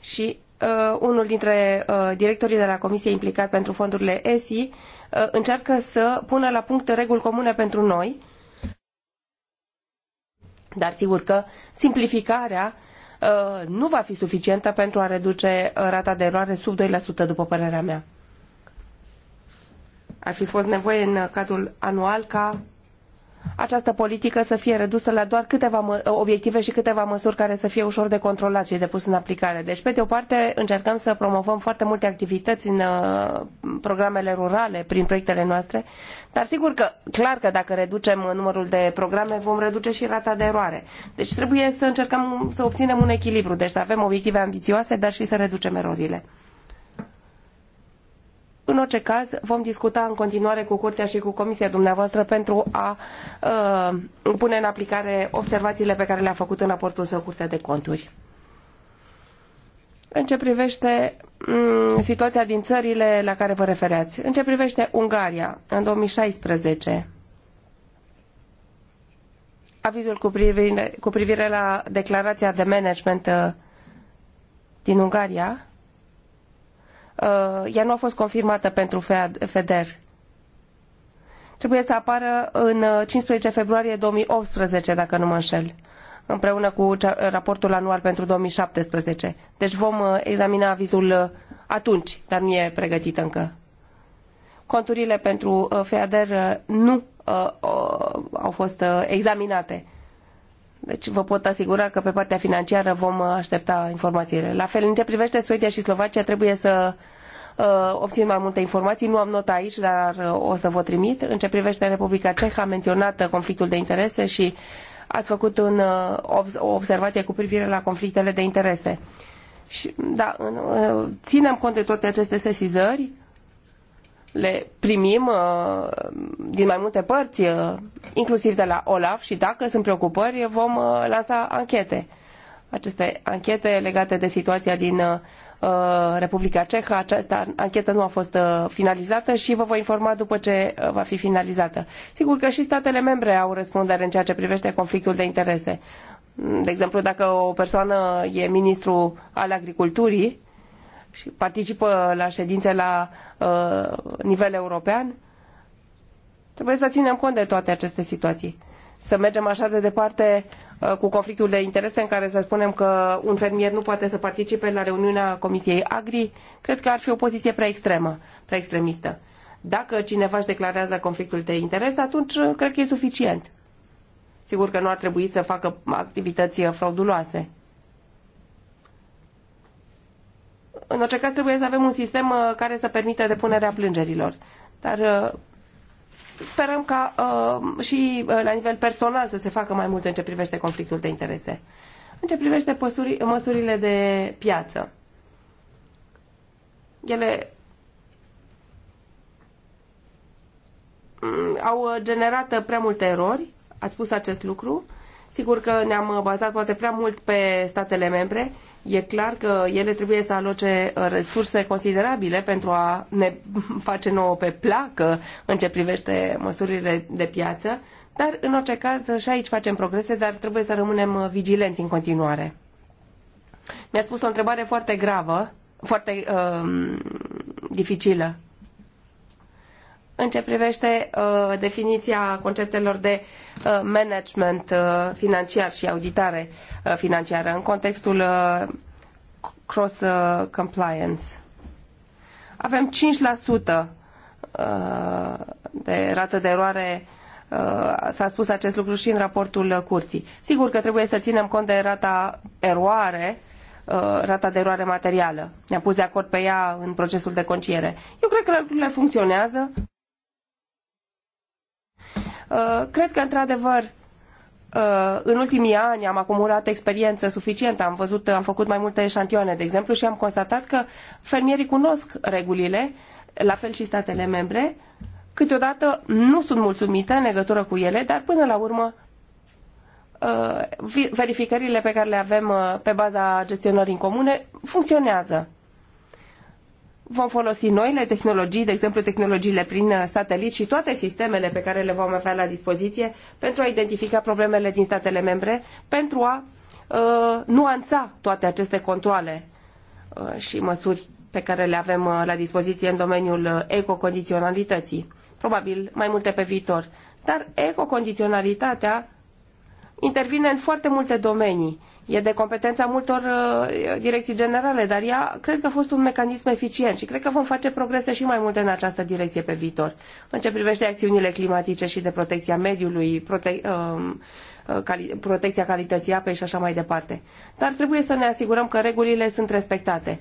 și uh, unul dintre uh, directorii de la Comisie implicat pentru fondurile ESI uh, încearcă să pună la punct reguli comune pentru noi, dar sigur că simplificarea uh, Uh, nu va fi suficientă pentru a reduce uh, rata de eroare sub 2%, după părerea mea. Ar fi fost nevoie în uh, cadrul anual ca această politică să fie redusă la doar câteva obiective și câteva măsuri care să fie ușor de controlat și de pus în aplicare. Deci, pe de o parte, încercăm să promovăm foarte multe activități în uh, programele rurale prin proiectele noastre, dar sigur că, clar că dacă reducem numărul de programe, vom reduce și rata de eroare. Deci trebuie să încercăm să obținem un echilibru, deci să avem obiective ambițioase, dar și să reducem erorile. În orice caz, vom discuta în continuare cu Curtea și cu Comisia dumneavoastră pentru a uh, pune în aplicare observațiile pe care le-a făcut în raportul său Curtea de Conturi. În ce privește um, situația din țările la care vă refereați, în ce privește Ungaria, în 2016, avizul cu privire, cu privire la declarația de management uh, din Ungaria, Uh, ea nu a fost confirmată pentru FEDER. Trebuie să apară în 15 uh, februarie 2018, dacă nu mă înșel, împreună cu raportul anual pentru 2017. Deci vom uh, examina avizul atunci, dar nu e pregătit încă. Conturile pentru FEADER nu au fost examinate deci vă pot asigura că pe partea financiară vom uh, aștepta informațiile. La fel, în ce privește Suedia și Slovacia, trebuie să uh, obțin mai multe informații. Nu am notat aici, dar uh, o să vă trimit. În ce privește Republica Cehă, am menționat uh, conflictul de interese și ați făcut un, o observație cu privire la conflictele de interese. Și, da, ținem cont de toate aceste sesizări le primim uh, din mai multe părți, uh, inclusiv de la OLAF și dacă sunt preocupări, vom uh, lansa anchete. Aceste anchete legate de situația din Republica Cehă. Această anchetă nu a fost finalizată și vă voi informa după ce va fi finalizată. Sigur că și statele membre au răspundere în ceea ce privește conflictul de interese. De exemplu, dacă o persoană e ministru al agriculturii, și participă la ședințe la uh, nivel european. Trebuie să ținem cont de toate aceste situații. Să mergem așa de departe uh, cu conflictul de interese în care să spunem că un fermier nu poate să participe la reuniunea Comisiei Agri, cred că ar fi o poziție prea extremă, prea extremistă. Dacă cineva își declarează conflictul de interese, atunci uh, cred că e suficient. Sigur că nu ar trebui să facă activități uh, frauduloase. în orice caz trebuie să avem un sistem uh, care să permită depunerea plângerilor. Dar uh, sperăm ca uh, și la nivel personal să se facă mai mult în ce privește conflictul de interese. În ce privește măsurile de piață. Ele mm, au generat prea multe erori, ați spus acest lucru, Sigur că ne-am uh, bazat poate prea mult pe statele membre. E clar că ele trebuie să aloce uh, resurse considerabile pentru a ne face nouă pe placă în ce privește măsurile de piață, dar în orice caz și aici facem progrese, dar trebuie să rămânem uh, vigilenți în continuare. Mi-a spus o întrebare foarte gravă, foarte uh, dificilă în ce privește uh, definiția conceptelor de uh, management uh, financiar și auditare uh, financiară în contextul uh, cross uh, compliance. Avem 5% de rată de eroare s-a spus acest lucru și în raportul curții. Sigur că trebuie să ținem cont de rata eroare, rata de eroare materială. Ne-am pus de acord pe ea în procesul de conciere. Eu cred că lucrurile funcționează. Uh, cred că, într-adevăr, uh, în ultimii ani am acumulat experiență suficientă, am văzut, am făcut mai multe eșantioane, de exemplu, și am constatat că fermierii cunosc regulile, la fel și statele membre, câteodată nu sunt mulțumite în legătură cu ele, dar până la urmă uh, verificările pe care le avem pe baza gestionării în comune funcționează vom folosi noile tehnologii, de exemplu tehnologiile prin uh, satelit și toate sistemele pe care le vom avea la dispoziție pentru a identifica problemele din statele membre, pentru a uh, nuanța toate aceste controle uh, și măsuri pe care le avem uh, la dispoziție în domeniul uh, ecocondiționalității. Probabil mai multe pe viitor. Dar ecocondiționalitatea intervine în foarte multe domenii e de competența multor uh, direcții generale, dar ea cred că a fost un mecanism eficient și cred că vom face progrese și mai multe în această direcție pe viitor. În ce privește acțiunile climatice și de protecția mediului, prote- uh, uh, cali- protecția calității apei și așa mai departe. Dar trebuie să ne asigurăm că regulile sunt respectate.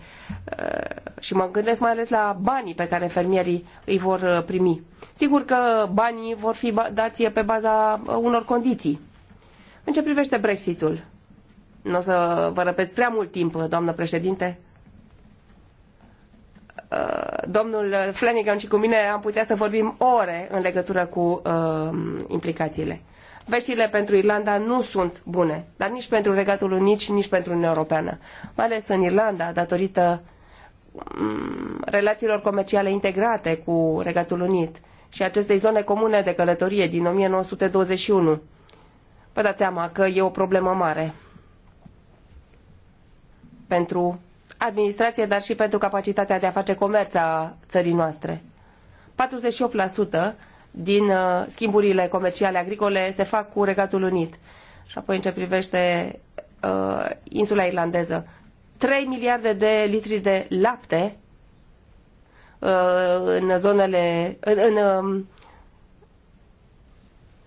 Și mă gândesc mai ales la banii pe care fermierii îi vor primi. Sigur că banii vor fi dați pe baza unor condiții. În ce privește Brexitul, nu o să vă răpesc prea mult timp, doamnă președinte. Uh, domnul Flanagan și cu mine am putea să vorbim ore în legătură cu uh, implicațiile. Veștile pentru Irlanda nu sunt bune, dar nici pentru Regatul Unic, nici pentru Uniunea Europeană. Mai ales în Irlanda, datorită um, relațiilor comerciale integrate cu Regatul Unit și acestei zone comune de călătorie din 1921. Vă dați seama că e o problemă mare pentru administrație, dar și pentru capacitatea de a face comerț a țării noastre. 48% din uh, schimburile comerciale agricole se fac cu Regatul Unit. Și apoi în ce privește uh, insula irlandeză, 3 miliarde de litri de lapte uh, în zonele, în, în um,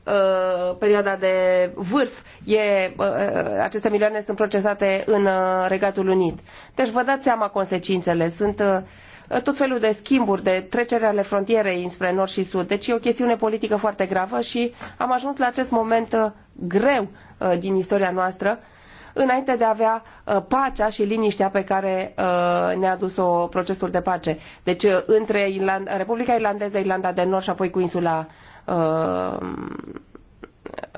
Uh, perioada de vârf, e, uh, aceste milioane sunt procesate în uh, Regatul Unit. Deci vă dați seama consecințele. Sunt tot felul de schimburi, de trecere ale frontierei înspre nord și sud. Deci e o chestiune politică foarte gravă și am ajuns la acest moment greu din istoria noastră, înainte de a avea pacea și liniștea pe care ne-a dus-o procesul de pace. Deci între Irland Republica Irlandeză, Irlanda de Nord și apoi cu insula Uh,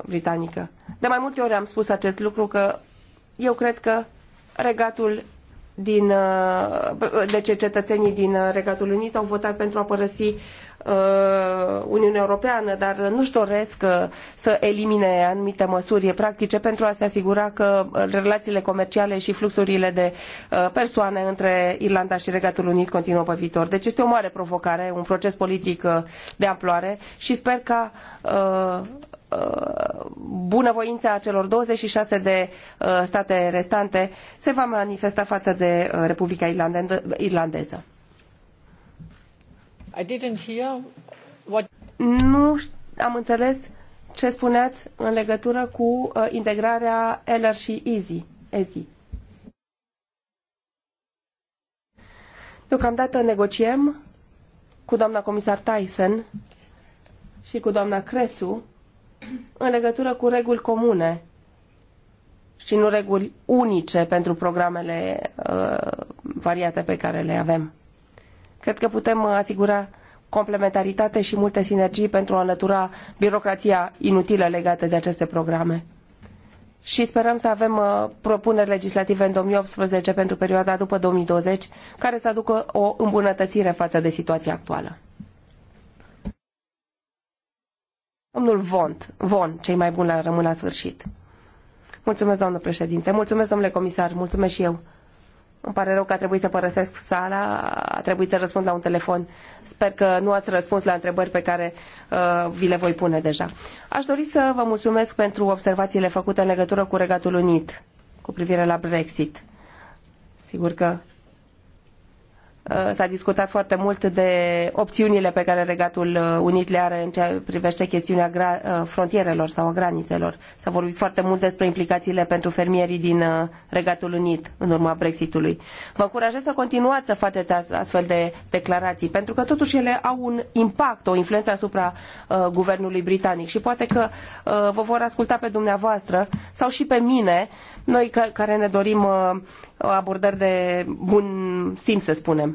britanică. De mai multe ori am spus acest lucru că eu cred că regatul din, uh, de ce cetățenii din uh, Regatul Unit au votat pentru a părăsi uh, Uniunea Europeană, dar nu-și doresc să elimine anumite măsuri practice pentru a se asigura că relațiile comerciale și fluxurile de persoane între Irlanda și Regatul Unit continuă pe viitor. Deci este o mare provocare, un proces politic de amploare și sper ca Uh, bunăvoința celor 26 de uh, state restante se va manifesta față de uh, Republica Irlandeză. What... Nu am înțeles ce spuneați în legătură cu integrarea Eller și Easy. Easy. Deocamdată negociem cu doamna comisar Tyson și cu doamna Crețu în legătură cu reguli comune și nu reguli unice pentru programele uh, variate pe care le avem. Cred că putem uh, asigura complementaritate și multe sinergii pentru a înlătura birocrația inutilă legată de aceste programe. Și sperăm să avem uh, propuneri legislative în 2018 pentru perioada după 2020 care să aducă o îmbunătățire față de situația actuală. Domnul Vont, Von, cei mai buni la rămân la sfârșit. Mulțumesc, doamnă președinte. Mulțumesc, domnule comisar. Mulțumesc și eu. Îmi pare rău că a trebuit să părăsesc sala, a trebuit să răspund la un telefon. Sper că nu ați răspuns la întrebări pe care uh, vi le voi pune deja. Aș dori să vă mulțumesc pentru observațiile făcute în legătură cu Regatul Unit cu privire la Brexit. Sigur că Uh, s-a discutat foarte mult de opțiunile pe care Regatul uh, Unit le are în ce privește chestiunea uh, frontierelor sau a granițelor. S-a vorbit foarte mult despre implicațiile pentru fermierii din Regatul Unit în urma Brexitului. Vă încurajez să continuați să faceți astfel de declarații, pentru că totuși ele au un impact, o influență asupra guvernului britanic și poate că vă vor asculta pe dumneavoastră sau și pe mine, noi care ne dorim abordări de bun simț, să spunem.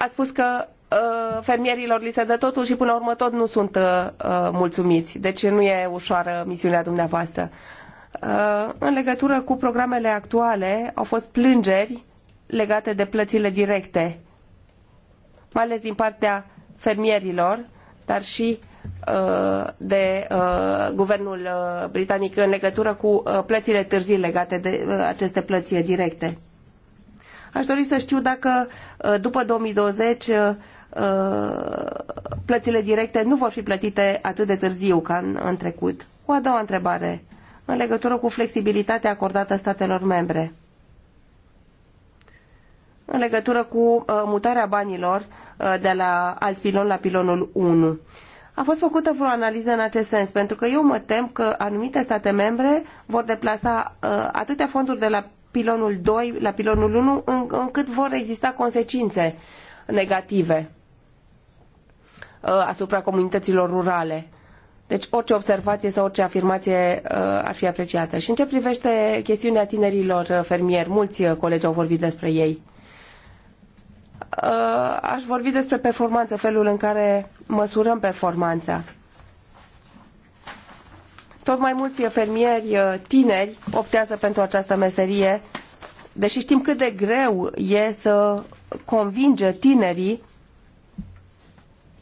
Ați spus că uh, fermierilor li se dă totul și până la urmă tot nu sunt uh, uh mulțumiți. Deci nu e ușoară misiunea dumneavoastră. Uh, în legătură cu programele actuale au fost plângeri legate de plățile directe, mai ales din partea fermierilor, dar și de guvernul britanic în legătură cu plățile târzii legate de aceste plăți directe Aș dori să știu dacă uh, după 2020 uh, plățile directe nu vor fi plătite atât de târziu ca în, în trecut. O a doua întrebare, în legătură cu flexibilitatea acordată statelor membre în legătură cu uh, mutarea banilor de la alt pilon la pilonul 1. A fost făcută vreo analiză în acest sens, pentru că eu mă tem că anumite state membre vor deplasa atâtea fonduri de la pilonul 2 la pilonul 1, încât vor exista consecințe negative uh, asupra comunităților rurale. Deci orice observație sau orice afirmație uh, ar fi apreciată. Și în ce privește chestiunea tinerilor uh, fermieri, mulți colegi au vorbit despre ei. Aș vorbi despre performanță, felul în care măsurăm performanța. Tot mai mulți fermieri uh, tineri optează pentru această meserie, deși știm cât de greu e să convinge tinerii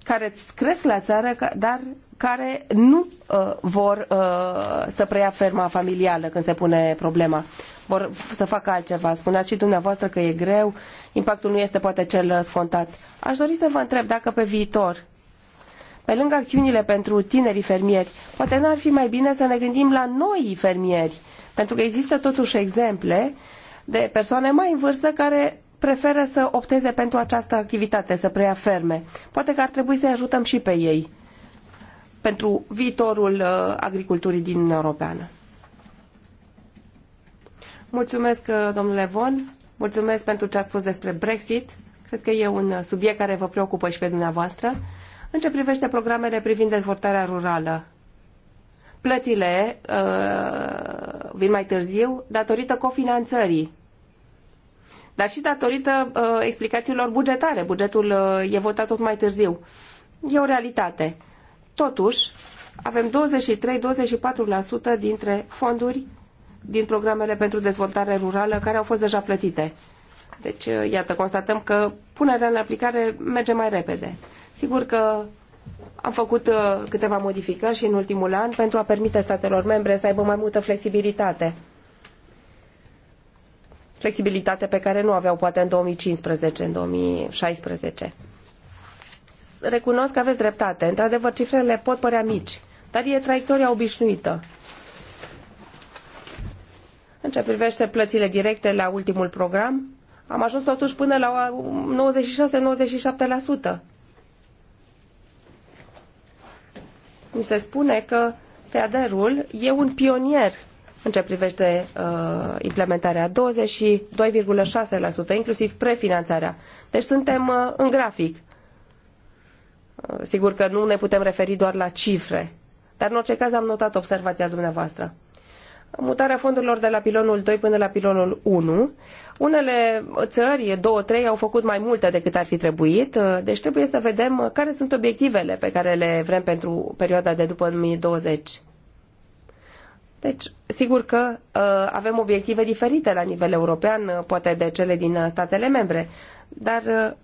care cresc la țară, dar care nu uh, vor uh, să preia ferma familială când se pune problema. Vor să facă altceva. Spuneați și dumneavoastră că e greu, impactul nu este poate cel scontat. Aș dori să vă întreb dacă pe viitor pe lângă acțiunile pentru tinerii fermieri, poate n-ar fi mai bine să ne gândim la noi fermieri, pentru că există totuși exemple de persoane mai în vârstă care preferă să opteze pentru această activitate, să preia ferme. Poate că ar trebui să-i ajutăm și pe ei pentru viitorul uh, agriculturii din Europeană. Mulțumesc, uh, domnule Von. Mulțumesc pentru ce a spus despre Brexit. Cred că e un uh, subiect care vă preocupă și pe dumneavoastră. În ce privește programele privind dezvoltarea rurală, plățile uh, vin mai târziu datorită cofinanțării, dar și datorită uh, explicațiilor bugetare. Bugetul uh, e votat tot mai târziu. E o realitate. Totuși, avem 23-24% dintre fonduri din programele pentru dezvoltare rurală care au fost deja plătite. Deci, uh, iată, constatăm că punerea în aplicare merge mai repede. Sigur că am făcut uh, câteva modificări și în ultimul an pentru a permite statelor membre să aibă mai multă flexibilitate. Flexibilitate pe care nu aveau poate în 2015, în 2016. Recunosc că aveți dreptate. Într-adevăr, cifrele pot părea mici, dar e traiectoria obișnuită. În ce privește plățile directe la ultimul program, am ajuns totuși până la 96-97%. ni se spune că FEADER-ul e un pionier în ce privește uh, implementarea 22,6%, inclusiv prefinanțarea. Deci suntem uh, în grafic. Uh, sigur că nu ne putem referi doar la cifre, dar în orice caz am notat observația dumneavoastră mutarea fondurilor de la pilonul 2 până la pilonul 1. Unele țări, două, trei, au făcut mai multe decât ar fi trebuit, deci trebuie să vedem care sunt obiectivele pe care le vrem pentru perioada de după 2020. Deci, sigur că uh, avem obiective diferite la nivel european, uh, poate de cele din statele membre, dar uh,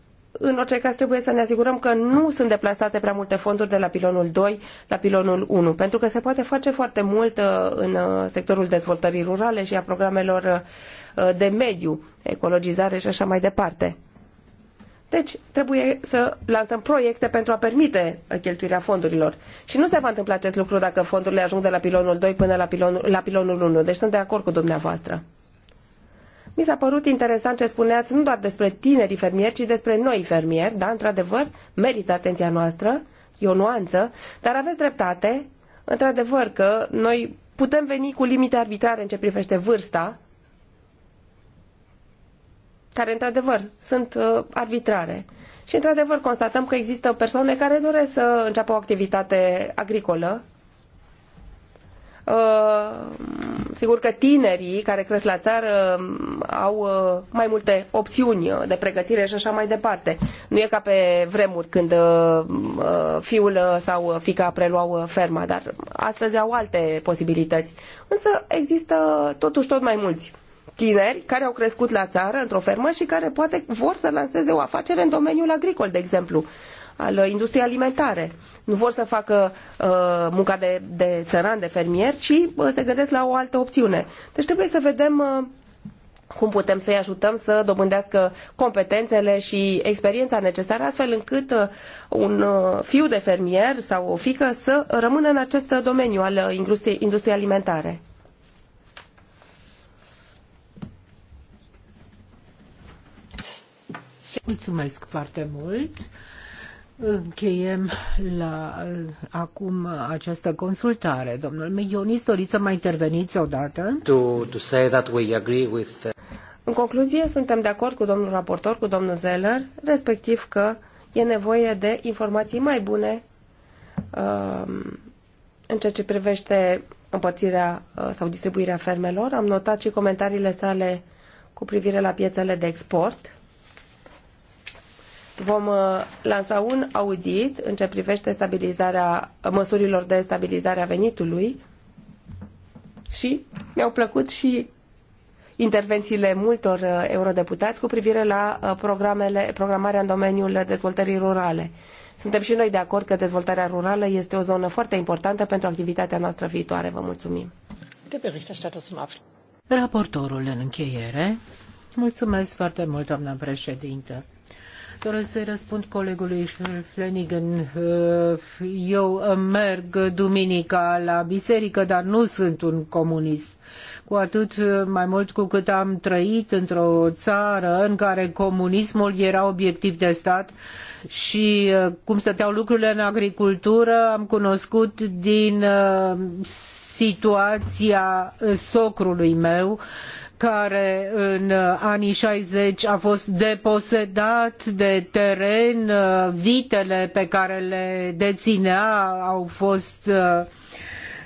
în orice caz trebuie să ne asigurăm că nu sunt deplasate prea multe fonduri de la pilonul 2 la pilonul 1, pentru că se poate face foarte mult uh, în uh, sectorul dezvoltării rurale și a programelor uh, de mediu, ecologizare și așa mai departe. Deci trebuie să lansăm proiecte pentru a permite cheltuirea fondurilor. Și nu se va întâmpla acest lucru dacă fondurile ajung de la pilonul 2 până la pilonul, la pilonul 1. Deci sunt de acord cu dumneavoastră. Mi s-a părut interesant ce spuneați nu doar despre tinerii fermieri, ci despre noi fermieri, da, într-adevăr, merită atenția noastră, e o nuanță, dar aveți dreptate, într-adevăr că noi putem veni cu limite arbitrare în ce privește vârsta, care într-adevăr sunt uh, arbitrare. Și într-adevăr constatăm că există persoane care doresc să înceapă o activitate agricolă, Uh, sigur că tinerii care cresc la țară um, au uh, mai multe opțiuni de pregătire și așa mai departe. Nu e ca pe vremuri când uh, fiul sau fica preluau ferma, dar astăzi au alte posibilități. Însă există totuși tot mai mulți tineri care au crescut la țară într-o fermă și care poate vor să lanseze o afacere în domeniul agricol, de exemplu al uh, industriei alimentare. Nu vor să facă uh, munca de, de țăran, de fermier, ci uh, se gândesc la o altă opțiune. Deci trebuie să vedem uh, cum putem să-i ajutăm să dobândească competențele și experiența necesară, astfel încât uh, un uh, fiu de fermier sau o fică să rămână în acest domeniu al industriei, industriei alimentare. Mulțumesc foarte mult. Încheiem la acum această consultare. Domnul Milionis, doriți să mai interveniți odată? To, to say that we agree with uh, În concluzie, suntem de acord cu domnul raportor, cu domnul Zeller, respectiv că e nevoie de informații mai bune um, în ceea ce privește împărțirea uh, sau distribuirea fermelor. Am notat și comentariile sale cu privire la piețele de export vom uh, lansa un audit în ce privește stabilizarea măsurilor de stabilizare a venitului și mi-au plăcut și intervențiile multor uh, eurodeputați cu privire la uh, programele, programarea în domeniul dezvoltării rurale. Suntem și noi de acord că dezvoltarea rurală este o zonă foarte importantă pentru activitatea noastră viitoare. Vă mulțumim. Raportorul în încheiere. Mulțumesc foarte mult, doamna președintă. Doresc să-i răspund colegului Flanagan. Uh, eu merg duminica la biserică, dar nu sunt un comunist. Cu atât uh, mai mult cu cât am trăit într-o țară în care comunismul era obiectiv de stat și uh, cum stăteau lucrurile în agricultură, am cunoscut din situația socrului meu care în anii 60 a fost deposedat de teren, vitele pe care le deținea au fost uh,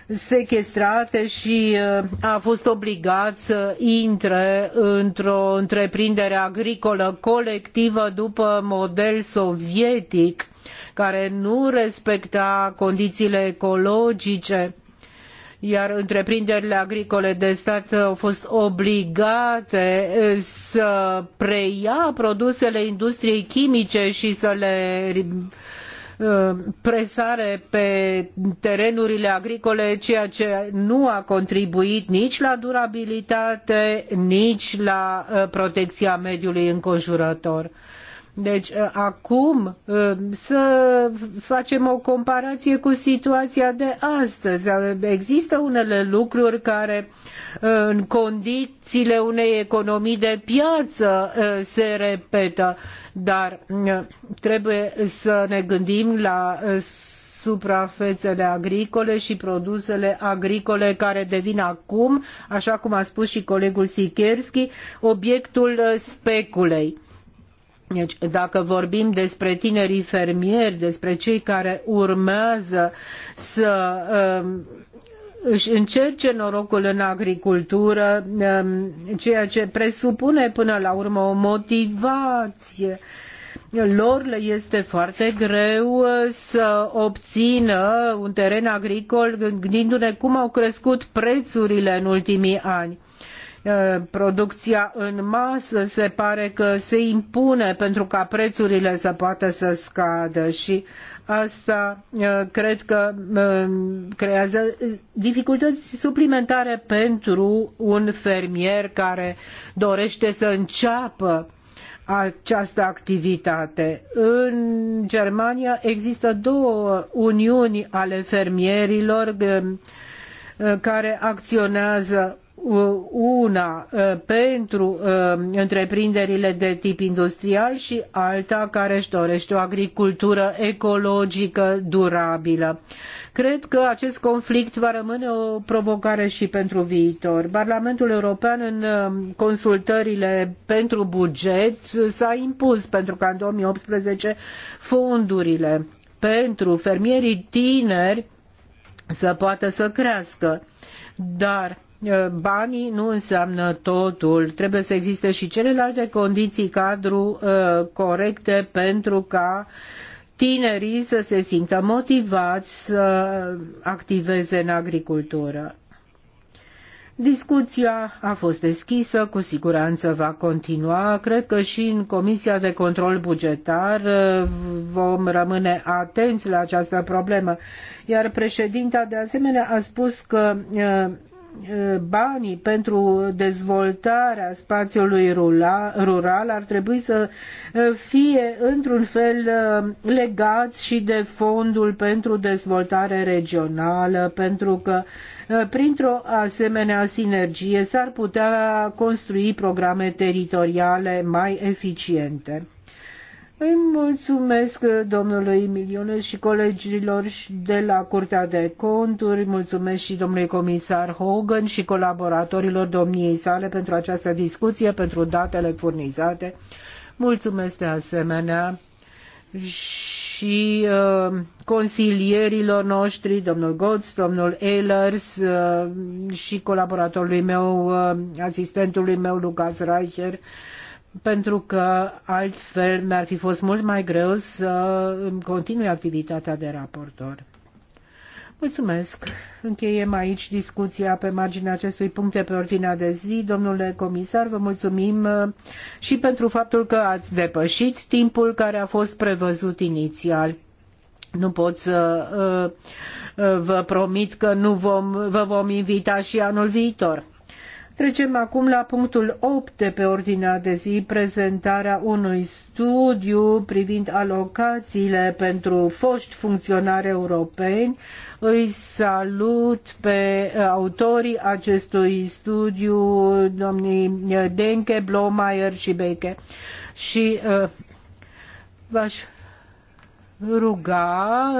sechestrate și uh, a fost obligat să intre într-o întreprindere agricolă colectivă după model sovietic care nu respecta condițiile ecologice iar întreprinderile agricole de stat au fost obligate eh, să preia produsele industriei chimice și să le eh, presare pe terenurile agricole, ceea ce nu a contribuit nici la durabilitate, nici la eh, protecția mediului înconjurător. Deci uh, acum uh, să facem o comparație cu situația de astăzi. Uh, există unele lucruri care în condițiile unei economii de piață se repetă, dar trebuie să ne gândim la suprafețele agricole și produsele agricole care devin acum, așa cum a spus și colegul Sikerski, obiectul speculei. Deci, dacă vorbim despre tinerii fermieri, despre cei care urmează să um, își încerce norocul în agricultură, um, ceea ce presupune până la urmă o motivație, lor le este foarte greu uh, să obțină un teren agricol gândindu-ne cum au crescut prețurile în ultimii ani. Uh, Uh, producția în masă se pare că se impune pentru ca prețurile să poată să scadă și asta uh, cred că uh, creează dificultăți suplimentare pentru un fermier care dorește să înceapă această activitate. În Germania există două uniuni ale fermierilor care acționează una uh, pentru uh, întreprinderile de tip industrial și alta care își dorește o agricultură ecologică durabilă. Cred că acest conflict va rămâne o provocare și pentru viitor. Parlamentul European în uh, consultările pentru buget s-a impus pentru ca în 2018 fondurile pentru fermierii tineri să poată să crească. Dar Eh, banii nu înseamnă totul. Trebuie să existe și celelalte condiții cadru eh, corecte pentru ca tinerii să se simtă motivați să activeze în agricultură. Discuția a fost deschisă, cu siguranță va continua. Cred că și în Comisia de Control Bugetar eh, vom rămâne atenți la această problemă. Iar președinta de asemenea a spus că banii pentru dezvoltarea spațiului rural ar trebui să uh, fie într-un fel uh, legați și de fondul pentru dezvoltare regională, pentru că uh, printr-o asemenea sinergie s-ar putea construi programe teritoriale mai eficiente. Îi mulțumesc domnului Milionez și colegilor de la Curtea de Conturi, mulțumesc și domnului comisar Hogan și colaboratorilor domniei sale pentru această discuție, pentru datele furnizate. Mulțumesc de asemenea și uh, consilierilor noștri, domnul Goetz, domnul Ehlers uh, și colaboratorului meu, uh, asistentului meu, Lucas Reicher, uh, pentru că altfel mi-ar fi fost mult mai greu să îmi continui activitatea de raportor. Mulțumesc. Încheiem aici discuția pe marginea acestui punct de pe ordinea de zi. Domnule comisar, vă mulțumim uh, și pentru faptul că ați depășit timpul care a fost prevăzut inițial. Nu pot să uh, uh, vă promit că nu vom, vă vom invita și anul viitor. Trecem acum la punctul 8 de pe ordinea de zi, prezentarea unui studiu privind alocațiile pentru foști funcționari europeni. Îi salut pe uh, autorii acestui studiu, domnii uh, Denke, Blomayer și Beke, Și uh, v-aș ruga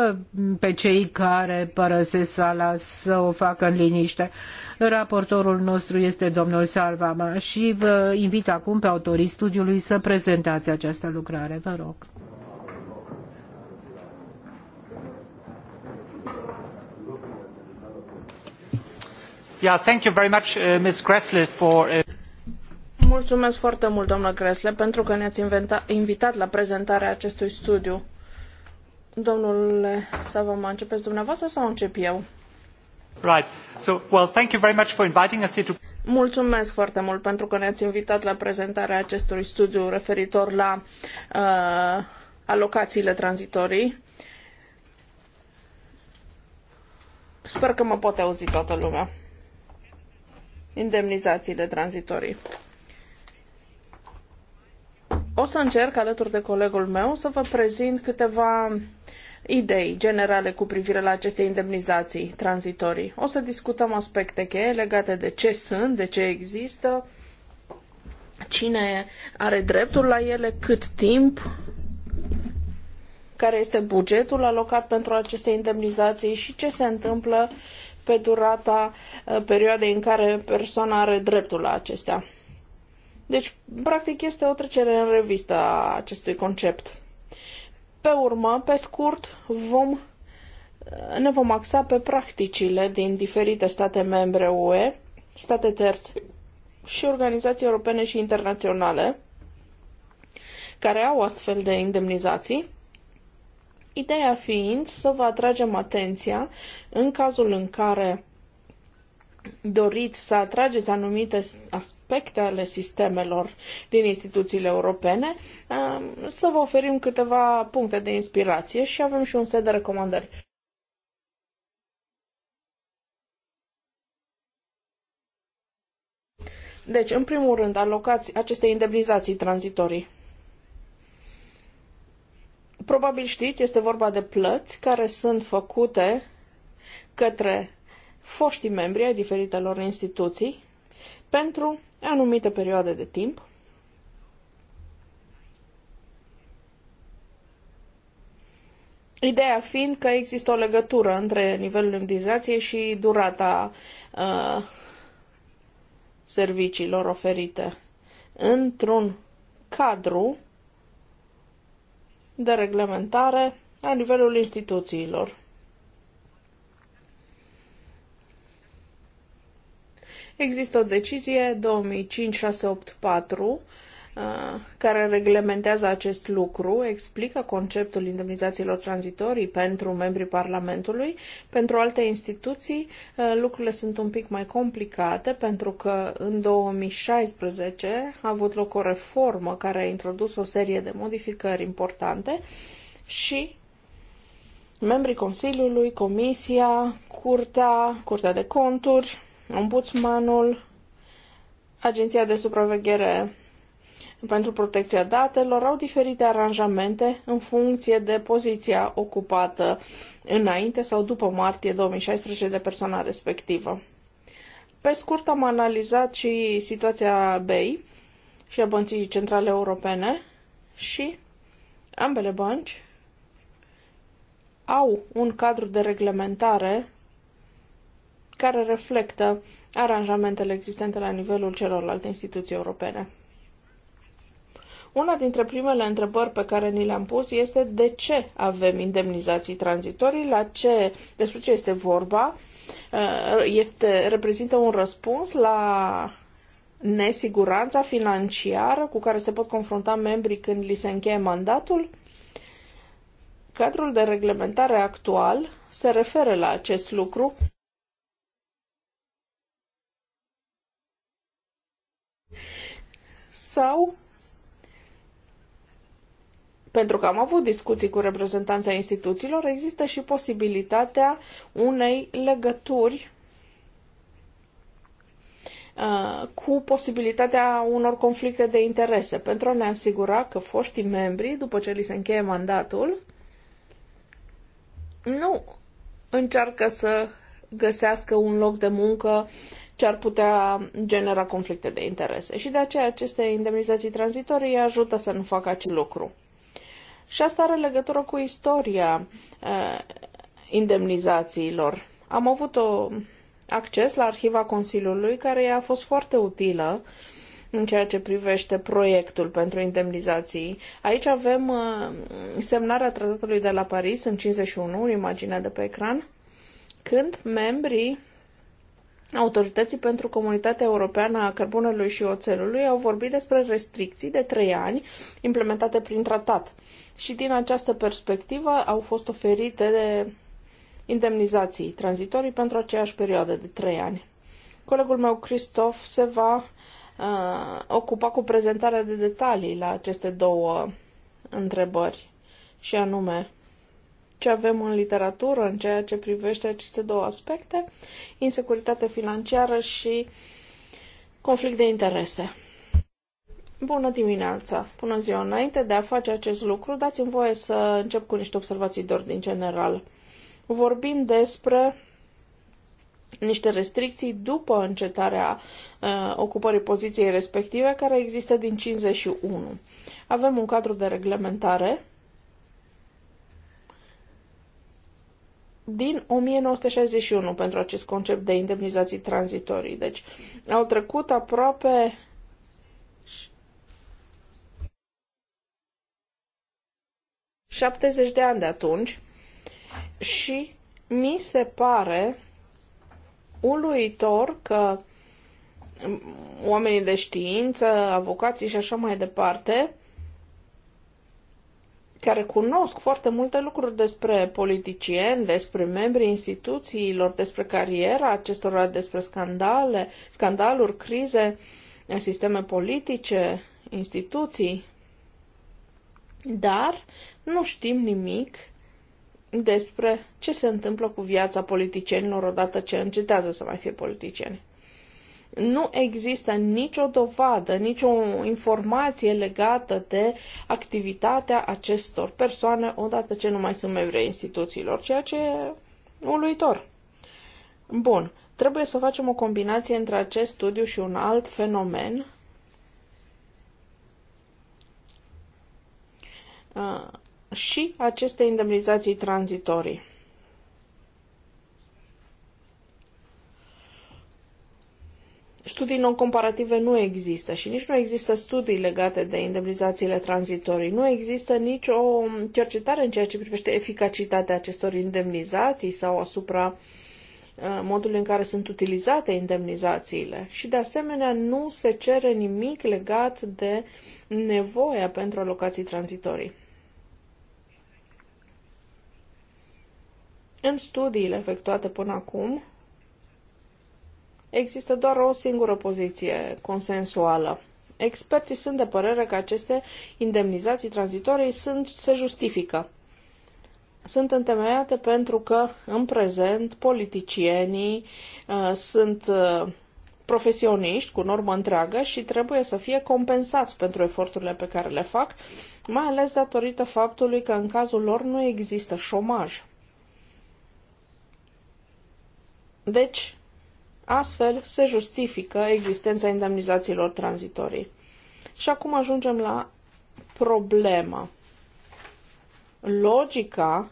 pe cei care părăsesc sala să o facă în liniște. Raportorul nostru este domnul Salvama și vă invit acum pe autorii studiului să prezentați această lucrare. Vă rog. Yeah, thank you very much, uh, Ms. Gressle, for uh... Mulțumesc foarte mult, doamnă Gresle, pentru că ne-ați invitat la prezentarea acestui studiu. Domnule Savama, începeți dumneavoastră sau încep eu? Right. So, well, thank you very much for inviting us here to... Mulțumesc foarte mult pentru că ne-ați invitat la prezentarea acestui studiu referitor la uh, alocațiile tranzitorii. Sper că mă poate auzi toată lumea. Indemnizațiile tranzitorii. O să încerc, alături de colegul meu, să vă prezint câteva idei generale cu privire la aceste indemnizații tranzitorii. O să discutăm aspecte cheie legate de ce sunt, de ce există, cine are dreptul la ele, cât timp, care este bugetul alocat pentru aceste indemnizații și ce se întâmplă pe durata ă, perioadei în care persoana are dreptul la acestea. Deci, practic, este o trecere în revistă a acestui concept. Pe urmă, pe scurt, vom, ne vom axa pe practicile din diferite state membre UE, state terțe și organizații europene și internaționale care au astfel de indemnizații, ideea fiind să vă atragem atenția în cazul în care doriți să atrageți anumite aspecte ale sistemelor din instituțiile europene, să vă oferim câteva puncte de inspirație și avem și un set de recomandări. Deci, în primul rând, alocați aceste indemnizații tranzitorii. Probabil știți, este vorba de plăți care sunt făcute către foștii membri ai diferitelor instituții pentru anumite perioade de timp. Ideea fiind că există o legătură între nivelul indizației și durata uh, serviciilor oferite într-un cadru de reglementare a nivelul instituțiilor. Există o decizie 2005-684 uh, care reglementează acest lucru, explică conceptul indemnizațiilor tranzitorii pentru membrii Parlamentului. Pentru alte instituții uh, lucrurile sunt un pic mai complicate pentru că în 2016 a avut loc o reformă care a introdus o serie de modificări importante și membrii Consiliului, Comisia, Curtea, Curtea de Conturi, ombudsmanul, Agenția de Supraveghere pentru Protecția Datelor au diferite aranjamente în funcție de poziția ocupată înainte sau după martie 2016 de persoana respectivă. Pe scurt, am analizat și situația BEI și a Băncii Centrale Europene și ambele bănci au un cadru de reglementare care reflectă aranjamentele existente la nivelul celorlalte instituții europene. Una dintre primele întrebări pe care ni le-am pus este de ce avem indemnizații tranzitorii, la ce, despre ce este vorba, uh, este, reprezintă un răspuns la nesiguranța financiară cu care se pot confrunta membrii când li se încheie mandatul? Cadrul de reglementare actual se referă la acest lucru sau pentru că am avut discuții cu reprezentanța instituțiilor, există și posibilitatea unei legături uh, cu posibilitatea unor conflicte de interese, pentru a ne asigura că foștii membri, după ce li se încheie mandatul, nu încearcă să găsească un loc de muncă uh, ce ar putea genera conflicte de interese. Și de aceea aceste indemnizații tranzitorii ajută să nu facă acest lucru. Și asta are legătură cu istoria uh, indemnizațiilor. Am avut o acces la arhiva Consiliului, care a fost foarte utilă în ceea ce privește proiectul pentru indemnizații. Aici avem uh, semnarea tratatului de la Paris în 51, imaginea de pe ecran, când membrii autorității pentru Comunitatea Europeană a Cărbunelui și Oțelului au vorbit despre restricții de trei ani implementate prin tratat. Și din această perspectivă au fost oferite de indemnizații tranzitorii pentru aceeași perioadă de trei ani. Colegul meu, Cristof, se va uh, ocupa cu prezentarea de detalii la aceste două întrebări, și anume ce avem în literatură în ceea ce privește aceste două aspecte, insecuritate financiară și conflict de interese. Bună dimineața! Bună ziua! Înainte de a face acest lucru, dați-mi voie să încep cu niște observații de ordin general. Vorbim despre niște restricții după încetarea uh, ocupării poziției respective, care există din 51. Avem un cadru de reglementare din 1961 pentru acest concept de indemnizații tranzitorii. Deci au trecut aproape ...70 de ani de atunci și mi se pare uluitor că oamenii de știință, avocații și așa mai departe, care cunosc foarte multe lucruri despre politicieni, despre membrii instituțiilor, despre cariera acestora, despre scandale, scandaluri, crize, sisteme politice, instituții. Dar nu știm nimic despre ce se întâmplă cu viața politicienilor odată ce încetează să mai fie politicieni nu există nicio dovadă, nicio informație legată de activitatea acestor persoane odată ce nu mai sunt membri instituțiilor, ceea ce e uluitor. Bun, trebuie să facem o combinație între acest studiu și un alt fenomen. Uh, și aceste indemnizații tranzitorii. Studii non-comparative nu există și nici nu există studii legate de indemnizațiile tranzitorii. Nu există nicio cercetare în ceea ce privește eficacitatea acestor indemnizații sau asupra uh, modul în care sunt utilizate indemnizațiile și, de asemenea, nu se cere nimic legat de nevoia pentru alocații tranzitorii. În studiile efectuate până acum, există doar o singură poziție consensuală. Experții sunt de părere că aceste indemnizații tranzitorii sunt, se justifică. Sunt întemeiate pentru că, în prezent, politicienii uh, sunt uh, profesioniști cu normă întreagă și trebuie să fie compensați pentru eforturile pe care le fac, mai ales datorită faptului că în cazul lor nu există șomaj. Deci, Astfel, se justifică existența indemnizațiilor tranzitorii. Și acum ajungem la problema. Logica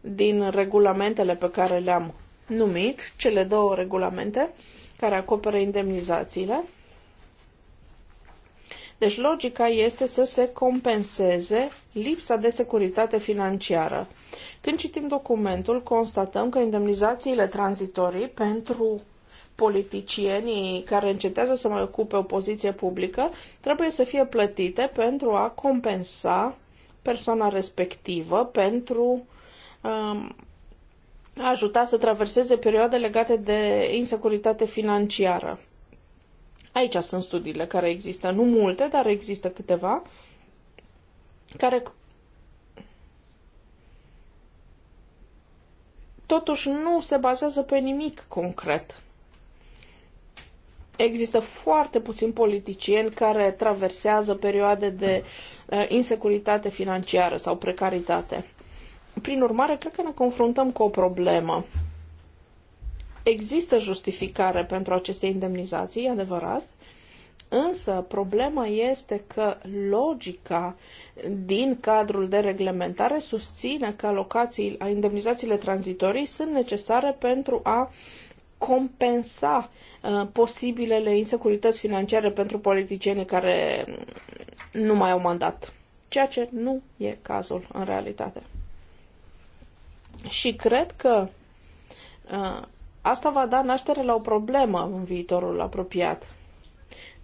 din regulamentele pe care le-am numit, cele două regulamente care acoperă indemnizațiile, deci logica este să se compenseze lipsa de securitate financiară. Când citim documentul, constatăm că indemnizațiile tranzitorii pentru politicienii care încetează să mai ocupe o poziție publică trebuie să fie plătite pentru a compensa persoana respectivă pentru um, a ajuta să traverseze perioade legate de insecuritate financiară. Aici sunt studiile care există, nu multe, dar există câteva, care totuși nu se bazează pe nimic concret. Există foarte puțini politicieni care traversează perioade de uh, insecuritate financiară sau precaritate. Prin urmare, cred că ne confruntăm cu o problemă. Există justificare pentru aceste indemnizații, e adevărat, Însă, problema este că logica din cadrul de reglementare susține că alocații, indemnizațiile tranzitorii sunt necesare pentru a compensa uh, posibilele insecurități financiare pentru politicienii care mm, nu mai au mandat, ceea ce nu e cazul în realitate. Și cred că uh, asta va da naștere la o problemă în viitorul apropiat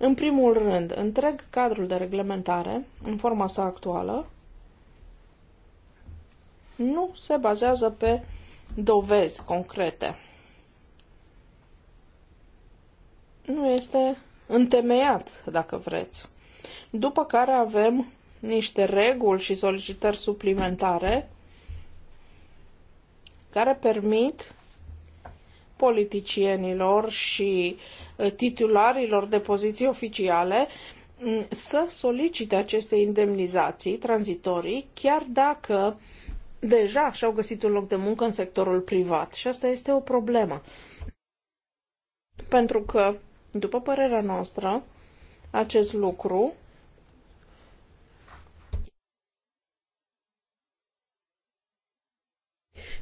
în primul rând, întreg cadrul de reglementare, în forma sa actuală, nu se bazează pe dovezi concrete. Nu este întemeiat, dacă vreți. După care avem niște reguli și solicitări suplimentare care permit politicienilor și uh, titularilor de poziții oficiale mm, să solicite aceste indemnizații tranzitorii, chiar dacă deja și-au găsit un loc de muncă în sectorul privat. Și asta este o problemă. Pentru că, după părerea noastră, acest lucru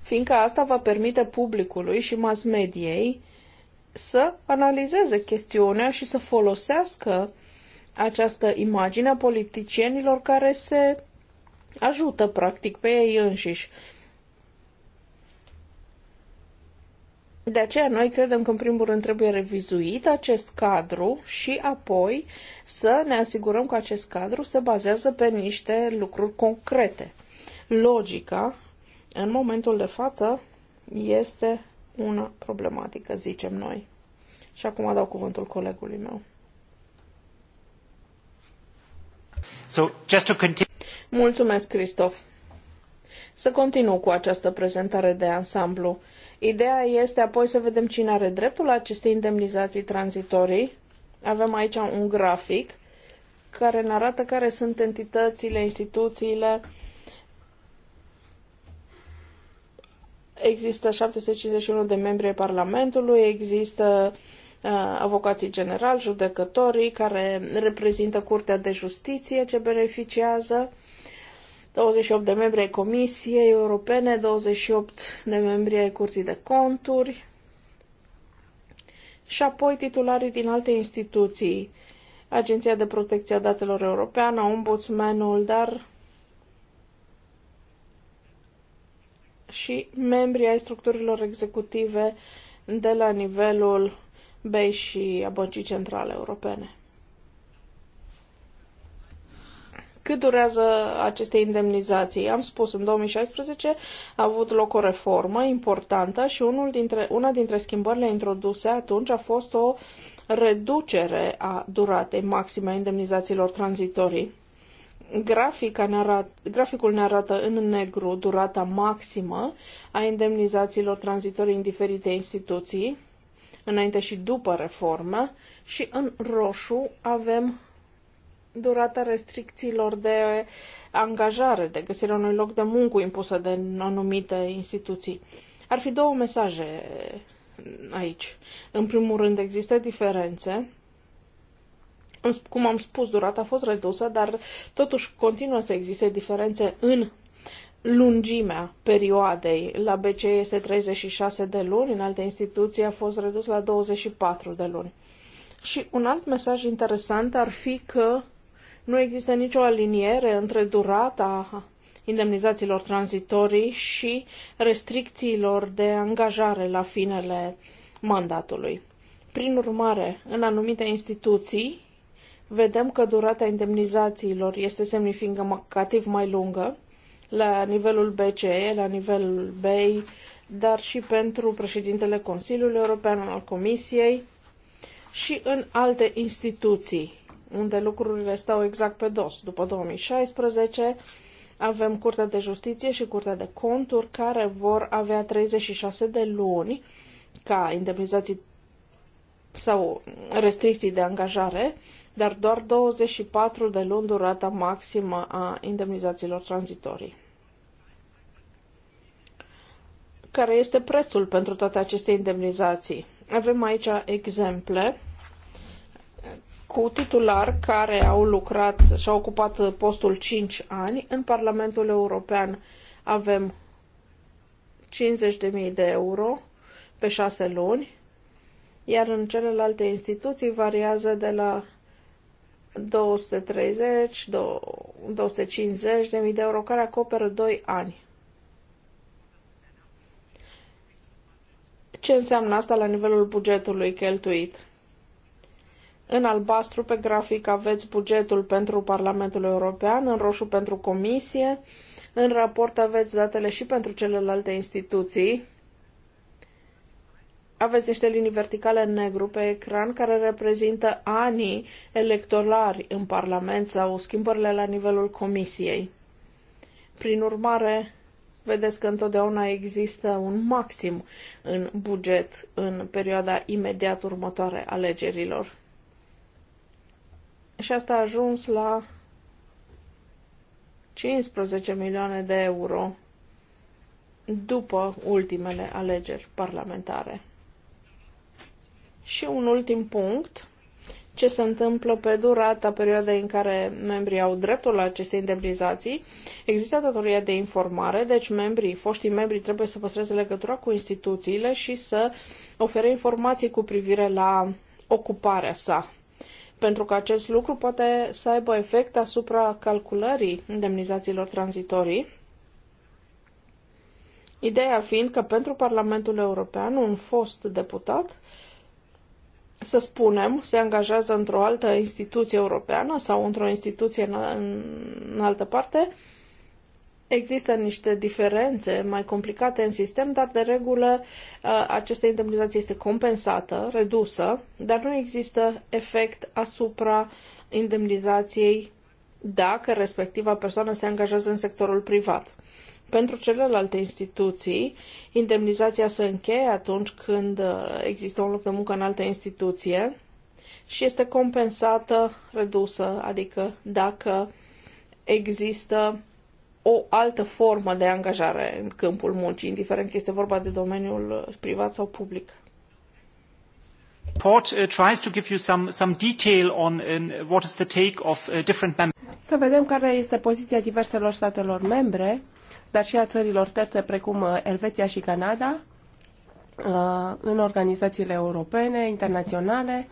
fiindcă asta va permite publicului și mass mediei să analizeze chestiunea și să folosească această imagine a politicienilor care se ajută practic pe ei înșiși. De aceea noi credem că în primul rând trebuie revizuit acest cadru și apoi să ne asigurăm că acest cadru se bazează pe niște lucruri concrete. Logica în momentul de față este una problematică, zicem noi. Și acum dau cuvântul colegului meu. So, just to continue... Mulțumesc, Cristof. Să continu cu această prezentare de ansamblu. Ideea este apoi să vedem cine are dreptul la aceste indemnizații tranzitorii. Avem aici un grafic care ne arată care sunt entitățile, instituțiile Există 751 de membri ai Parlamentului, există uh, avocații generali, judecătorii care reprezintă Curtea de Justiție ce beneficiază, 28 de membri ai Comisiei Europene, 28 de membri ai Curții de Conturi și apoi titularii din alte instituții, Agenția de Protecție a Datelor Europeană, Ombudsmanul, dar și membrii ai structurilor executive de la nivelul BEI și a Băncii Centrale Europene. Cât durează aceste indemnizații? Am spus, în 2016 a avut loc o reformă importantă și unul dintre, una dintre schimbările introduse atunci a fost o reducere a duratei maxime a indemnizațiilor tranzitorii. Grafica ne arată, graficul ne arată în negru durata maximă a indemnizațiilor tranzitorii în diferite instituții, înainte și după reformă, și în roșu avem durata restricțiilor de angajare, de găsirea unui loc de muncă impusă de anumite instituții. Ar fi două mesaje aici. În primul rând, există diferențe cum am spus, durata a fost redusă, dar totuși continuă să existe diferențe în lungimea perioadei. La BCE este 36 de luni, în alte instituții a fost redus la 24 de luni. Și un alt mesaj interesant ar fi că nu există nicio aliniere între durata indemnizațiilor tranzitorii și restricțiilor de angajare la finele mandatului. Prin urmare, în anumite instituții, vedem că durata indemnizațiilor este semnificativ mai lungă la nivelul BCE, la nivelul BEI, dar și pentru președintele Consiliului European al Comisiei și în alte instituții, unde lucrurile stau exact pe dos. După 2016 avem Curtea de Justiție și Curtea de Conturi care vor avea 36 de luni ca indemnizații sau restricții de angajare dar doar 24 de luni durata maximă a indemnizațiilor tranzitorii. Care este prețul pentru toate aceste indemnizații? Avem aici exemple cu titular care au lucrat și au ocupat postul 5 ani. În Parlamentul European avem 50.000 de euro pe 6 luni, iar în celelalte instituții variază de la 230, 250 de mii de euro care acoperă 2 ani. Ce înseamnă asta la nivelul bugetului cheltuit? În albastru pe grafic aveți bugetul pentru Parlamentul European, în roșu pentru Comisie, în raport aveți datele și pentru celelalte instituții, aveți niște linii verticale în negru pe ecran care reprezintă anii electorali în Parlament sau schimbările la nivelul Comisiei. Prin urmare, vedeți că întotdeauna există un maxim în buget în perioada imediat următoare alegerilor. Și asta a ajuns la 15 milioane de euro după ultimele alegeri parlamentare. Și un ultim punct, ce se întâmplă pe durata perioadei în care membrii au dreptul la aceste indemnizații. Există datoria de informare, deci membrii, foștii membri trebuie să păstreze legătura cu instituțiile și să ofere informații cu privire la ocuparea sa. Pentru că acest lucru poate să aibă efect asupra calculării indemnizațiilor tranzitorii. Ideea fiind că pentru Parlamentul European un fost deputat să spunem, se angajează într-o altă instituție europeană sau într-o instituție în, în altă parte, Există niște diferențe mai complicate în sistem, dar de regulă această indemnizație este compensată, redusă, dar nu există efect asupra indemnizației dacă respectiva persoană se angajează în sectorul privat. Pentru celelalte instituții, indemnizația se încheie atunci când uh, există un loc de muncă în altă instituție și este compensată, redusă, adică dacă există o altă formă de angajare în câmpul muncii, indiferent că este vorba de domeniul privat sau public. Port uh, tries to give you some, some detail on uh, what is the take of uh, different members. Să vedem care este poziția diverselor statelor membre dar și a țărilor terțe precum uh, Elveția și Canada uh, în organizațiile europene, internaționale,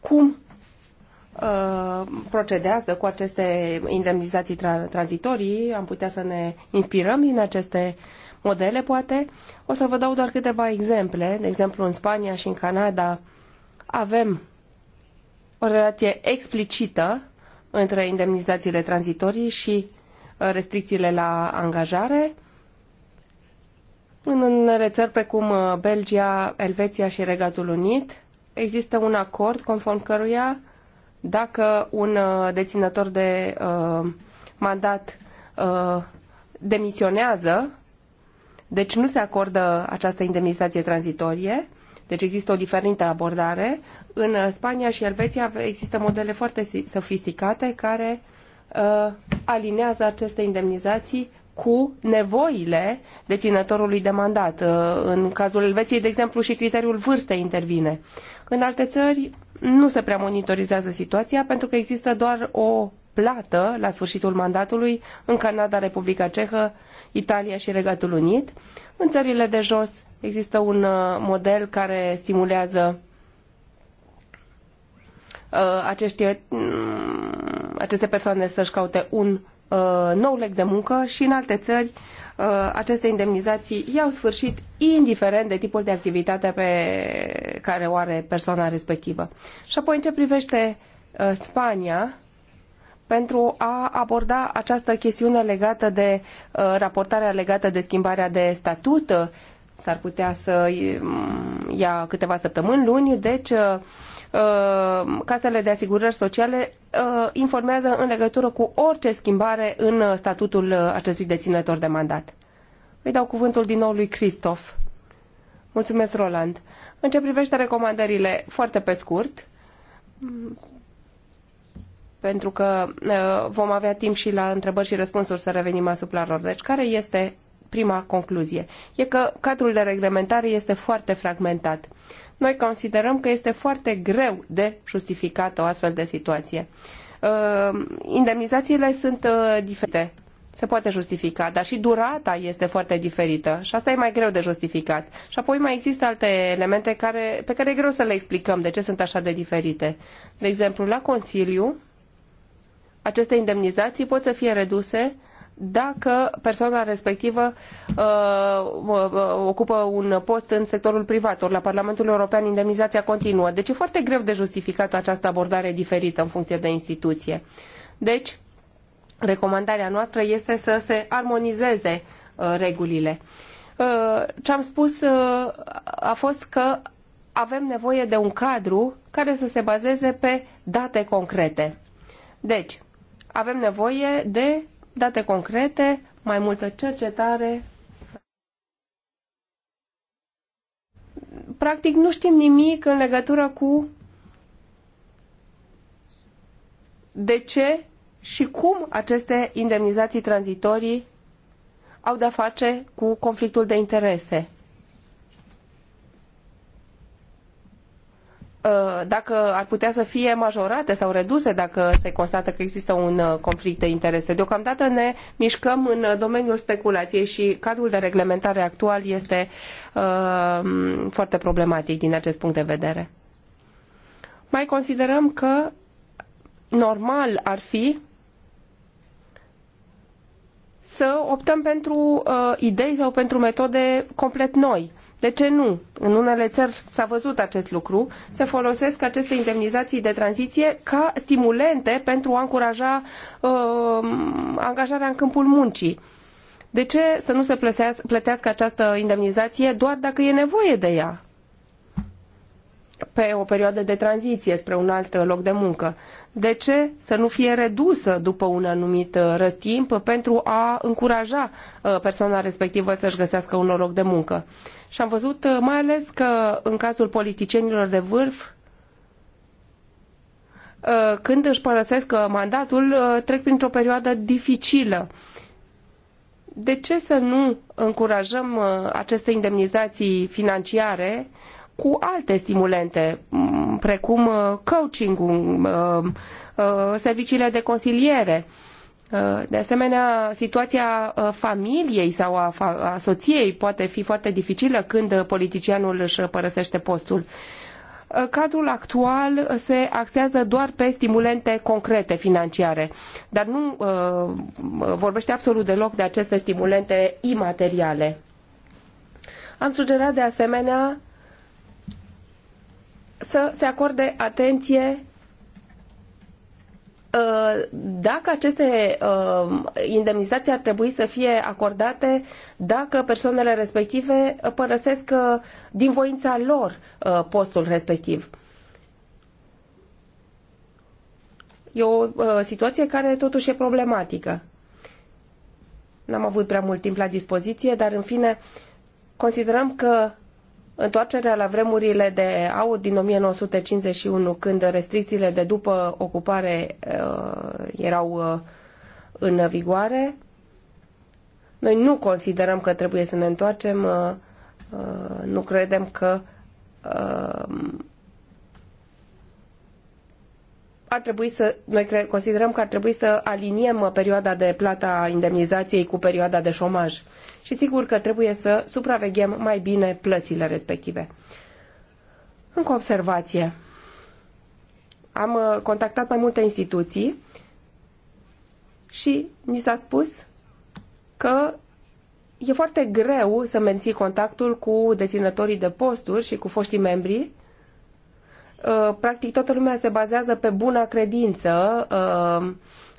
cum uh, procedează cu aceste indemnizații tra- tranzitorii, am putea să ne inspirăm din aceste modele, poate. O să vă dau doar câteva exemple. De exemplu, în Spania și în Canada avem o relație explicită între indemnizațiile tranzitorii și restricțiile la angajare. În unele țări precum uh, Belgia, Elveția și Regatul Unit există un acord conform căruia dacă un uh, deținător de uh, mandat uh, demisionează, deci nu se acordă această indemnizație tranzitorie, deci există o diferită abordare. În Spania și Elveția există modele foarte sofisticate care Uh, alinează aceste indemnizații cu nevoile deținătorului de mandat. Uh, în cazul Elveției, de exemplu, și criteriul vârstei intervine. În alte țări nu se prea monitorizează situația pentru că există doar o plată la sfârșitul mandatului în Canada, Republica Cehă, Italia și Regatul Unit. În țările de jos există un uh, model care stimulează Uh, acești, mm, aceste persoane să-și caute un uh, nou lec de muncă și în alte țări uh, aceste indemnizații i-au sfârșit indiferent de tipul de activitate pe care o are persoana respectivă. Și apoi în ce privește Spania, pentru a aborda această chestiune legată de raportarea legată de schimbarea de statut, s-ar putea să mm, ia câteva săptămâni, luni, deci Uh, casele de asigurări sociale uh, informează în legătură cu orice schimbare în uh, statutul acestui deținător de mandat. Îi dau cuvântul din nou lui Cristof. Mulțumesc, Roland. În ce privește recomandările, foarte pe scurt, pentru că vom avea timp și la întrebări și răspunsuri să revenim asupra lor. Deci, care este prima concluzie. E că cadrul de reglementare este foarte fragmentat. Noi considerăm că este foarte greu de justificat o astfel de situație. Uh, indemnizațiile sunt uh, diferite se poate justifica, dar și durata este foarte diferită și asta e mai greu de justificat. Și apoi mai există alte elemente care, pe care e greu să le explicăm de ce sunt așa de diferite. De exemplu, la Consiliu, aceste indemnizații pot să fie reduse dacă persoana respectivă uh, uh, ocupă un post în sectorul privat, ori la Parlamentul European indemnizația continuă. Deci e foarte greu de justificat această abordare diferită în funcție de instituție. Deci, recomandarea noastră este să se armonizeze uh, regulile. Uh, Ce am spus uh, a fost că avem nevoie de un cadru care să se bazeze pe date concrete. Deci, avem nevoie de date concrete, mai multă cercetare. Practic nu știm nimic în legătură cu de ce și cum aceste indemnizații tranzitorii au de-a face cu conflictul de interese. Uh, dacă ar putea să fie majorate sau reduse dacă se constată că există un uh, conflict de interese. Deocamdată ne mișcăm în uh, domeniul speculației și cadrul de reglementare actual este foarte problematic din acest punct de vedere. Mai considerăm că normal ar fi să optăm pentru idei sau pentru metode complet noi de ce nu? În unele țări s-a văzut acest lucru. Se folosesc aceste indemnizații de tranziție ca stimulente pentru a încuraja uh, angajarea în câmpul muncii. De ce să nu se plătească această indemnizație doar dacă e nevoie de ea? pe o perioadă de tranziție spre un alt loc de muncă. De ce să nu fie redusă după un anumit uh, răstimp pentru a încuraja uh, persoana respectivă să-și găsească un loc de muncă? Și am văzut uh, mai ales că în cazul politicienilor de vârf, când își părăsesc mandatul, trec printr-o perioadă dificilă. De ce să nu încurajăm aceste indemnizații financiare uh, cu alte stimulente, precum uh, coaching-ul, uh, uh, serviciile de consiliere. De asemenea, situația familiei sau a, a soției poate fi foarte dificilă când politicianul își părăsește postul. Cadrul actual se axează doar pe stimulente concrete financiare, dar nu uh, vorbește absolut deloc de aceste stimulente imateriale. Am sugerat de asemenea să se acorde atenție uh, dacă aceste uh, indemnizații ar trebui să fie acordate dacă persoanele respective părăsesc uh, din voința lor postul respectiv. E o situație care totuși e problematică. N-am avut prea mult timp la dispoziție, dar în fine considerăm că întoarcerea la vremurile de aur din 1951, când restricțiile de după ocupare uh, erau uh, în vigoare. Noi nu considerăm că trebuie să ne întoarcem, uh, uh nu credem că uh, ar trebui să, noi considerăm că ar trebui să aliniem uh, perioada de plată a indemnizației cu perioada de șomaj. Și sigur că trebuie să supraveghem mai bine plățile respective. Încă o observație. Am uh, contactat mai multe instituții și ni s-a spus că e foarte greu să menții contactul cu deținătorii de posturi și cu foștii membri Uh, practic toată lumea se bazează pe buna credință uh,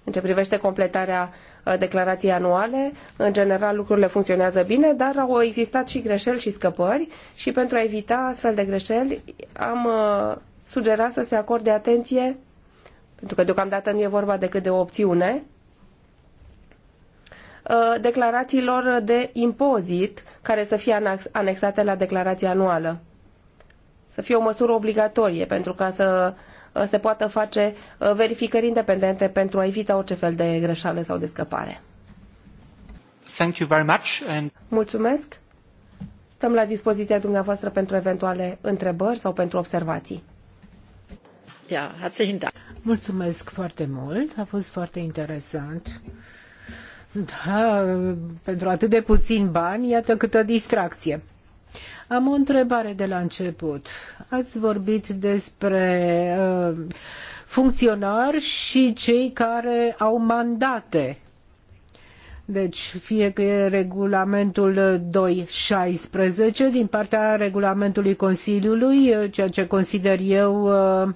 în ce privește completarea uh, declarației anuale. În general lucrurile funcționează bine, dar au existat și greșeli și scăpări și pentru a evita astfel de greșeli am sugerat să se acorde atenție, pentru că deocamdată nu e vorba decât de o opțiune, declarațiilor de impozit care să fie anexate la declarația anuală să fie o măsură obligatorie pentru ca să uh, se poată face uh, verificări independente pentru a evita orice fel de greșeală sau de scăpare. Thank you very much and... Mulțumesc. Stăm la dispoziția dumneavoastră pentru eventuale întrebări sau pentru observații. Mulțumesc foarte mult, a fost foarte interesant. Da, pentru atât de puțin bani, iată câtă distracție. Am o întrebare de la început. Ați vorbit despre uh, funcționari și cei care au mandate. Deci, fie că e regulamentul 216 din partea regulamentului Consiliului, uh, ceea ce consider eu uh,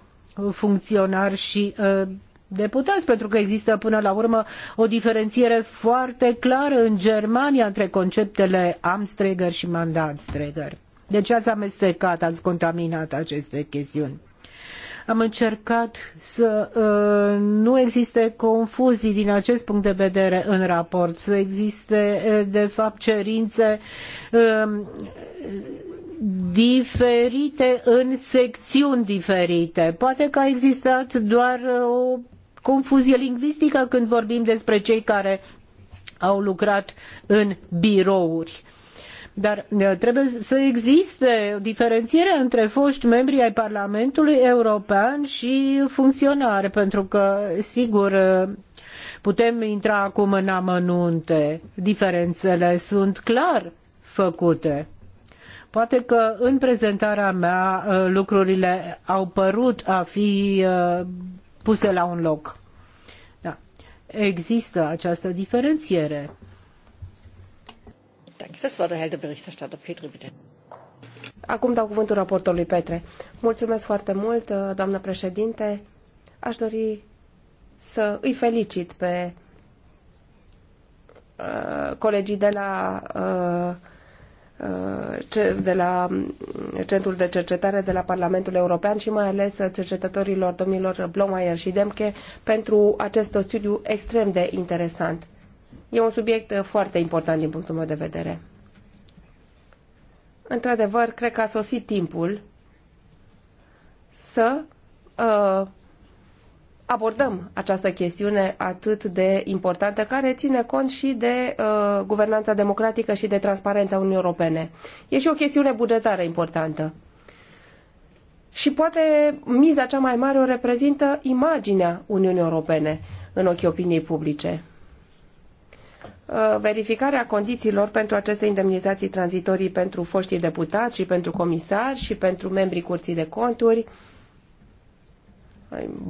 funcționar și uh, deputați, pentru că există până la urmă o diferențiere foarte clară în Germania între conceptele Amstreger și Mandatstreger. Deci ați amestecat, ați contaminat aceste chestiuni. Am încercat să uh, nu existe confuzii din acest punct de vedere în raport, să existe, uh, de fapt, cerințe uh, diferite în secțiuni diferite. Poate că a existat doar uh, o confuzie lingvistică când vorbim despre cei care au lucrat în birouri. Dar uh, trebuie să existe o diferențiere între foști membri ai Parlamentului European și funcționari, pentru că, sigur, uh, putem intra acum în amănunte. Diferențele sunt clar făcute. Poate că în prezentarea mea uh, lucrurile au părut a fi puse la un loc. Da. Există această diferențiere. Das Wort erhält der Berichterstatter Petri, bitte. Acum dau cuvântul raportorului Petre. Mulțumesc foarte mult, uh, doamnă președinte. Aș dori să îi felicit pe uh, colegii de la uh, uh de la mm, Centrul de Cercetare de la Parlamentul European și mai ales uh, cercetătorilor domnilor Blomayer și Demke pentru acest studiu extrem de interesant. E un subiect uh, foarte important din punctul meu de vedere. Într-adevăr, cred că a sosit timpul să uh, abordăm această chestiune atât de importantă, care ține cont și de uh, guvernanța democratică și de transparența Uniunii Europene. E și o chestiune bugetară importantă. Și poate miza cea mai mare o reprezintă imaginea Uniunii Europene în ochii opiniei publice. Uh, verificarea condițiilor pentru aceste indemnizații tranzitorii pentru foștii deputați și pentru comisari și pentru membrii Curții de Conturi,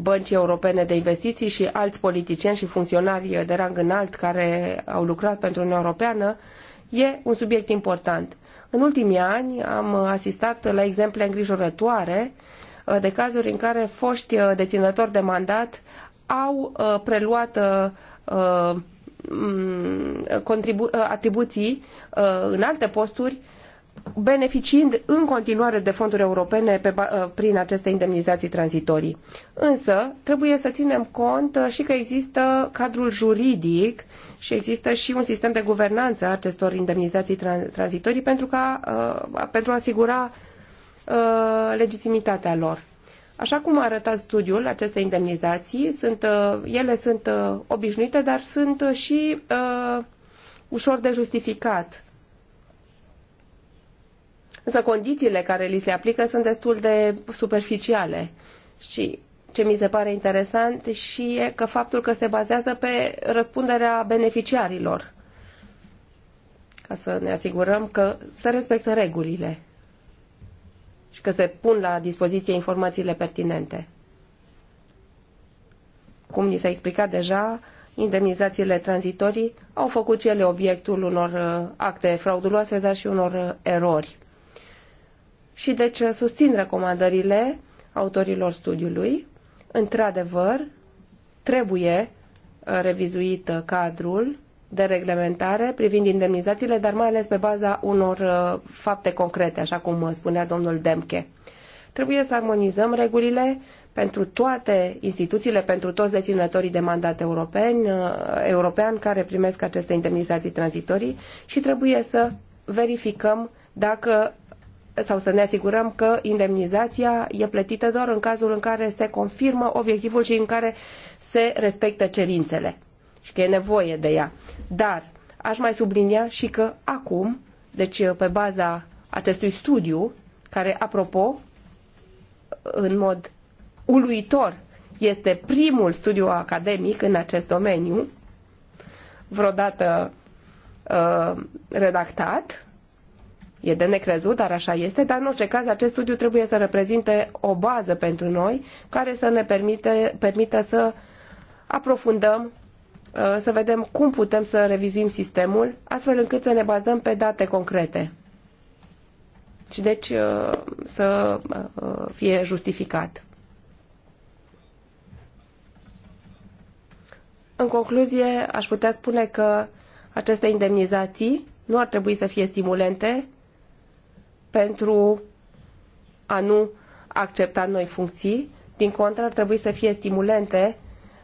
Băncii Europene de Investiții și alți politicieni și funcționari de rang înalt care au lucrat pentru Uniunea Europeană, e un subiect important. În ultimii ani am asistat la exemple îngrijorătoare uh, de cazuri în care foști uh, deținători de mandat au preluat Mm, contribu- uh, atribuții uh, în alte posturi, beneficiind în continuare de fonduri europene pe, uh, prin aceste indemnizații tranzitorii. Însă, trebuie să ținem cont și că există cadrul juridic și există și un sistem de guvernanță a acestor indemnizații tran- tranzitorii pentru, ca, pentru a asigura legitimitatea lor. Așa cum arăta studiul, aceste indemnizații, sunt, uh, ele sunt uh, obișnuite, dar sunt uh, și uh, ușor de justificat. Însă condițiile care li se aplică sunt destul de superficiale și ce mi se pare interesant și e că faptul că se bazează pe răspunderea beneficiarilor ca să ne asigurăm că se respectă regulile și că se pun la dispoziție informațiile pertinente. Cum ni s-a explicat deja, indemnizațiile tranzitorii au făcut cele obiectul unor uh, acte frauduloase, dar și unor uh, erori. Și deci uh, susțin recomandările autorilor studiului. Într-adevăr, trebuie revizuit cadrul de reglementare privind indemnizațiile, dar mai ales pe baza unor uh, fapte concrete, așa cum uh, spunea domnul Demche. Trebuie să armonizăm regulile pentru toate instituțiile, pentru toți deținătorii de mandat european, uh, european care primesc aceste indemnizații tranzitorii și trebuie să verificăm dacă sau să ne asigurăm că indemnizația e plătită doar în cazul în care se confirmă obiectivul și în care se respectă cerințele și că e nevoie de ea. Dar aș mai sublinia și că acum, deci pe baza acestui studiu, care, apropo, în mod uluitor, este primul studiu academic în acest domeniu, vreodată uh, redactat, e de necrezut, dar așa este, dar în orice caz acest studiu trebuie să reprezinte o bază pentru noi care să ne permite, permită să aprofundăm Uh, să vedem cum putem să revizuim sistemul, astfel încât să ne bazăm pe date concrete. Și deci uh, să uh, fie justificat. În concluzie, aș putea spune că aceste indemnizații nu ar trebui să fie stimulente pentru a nu accepta noi funcții, din contră ar trebui să fie stimulente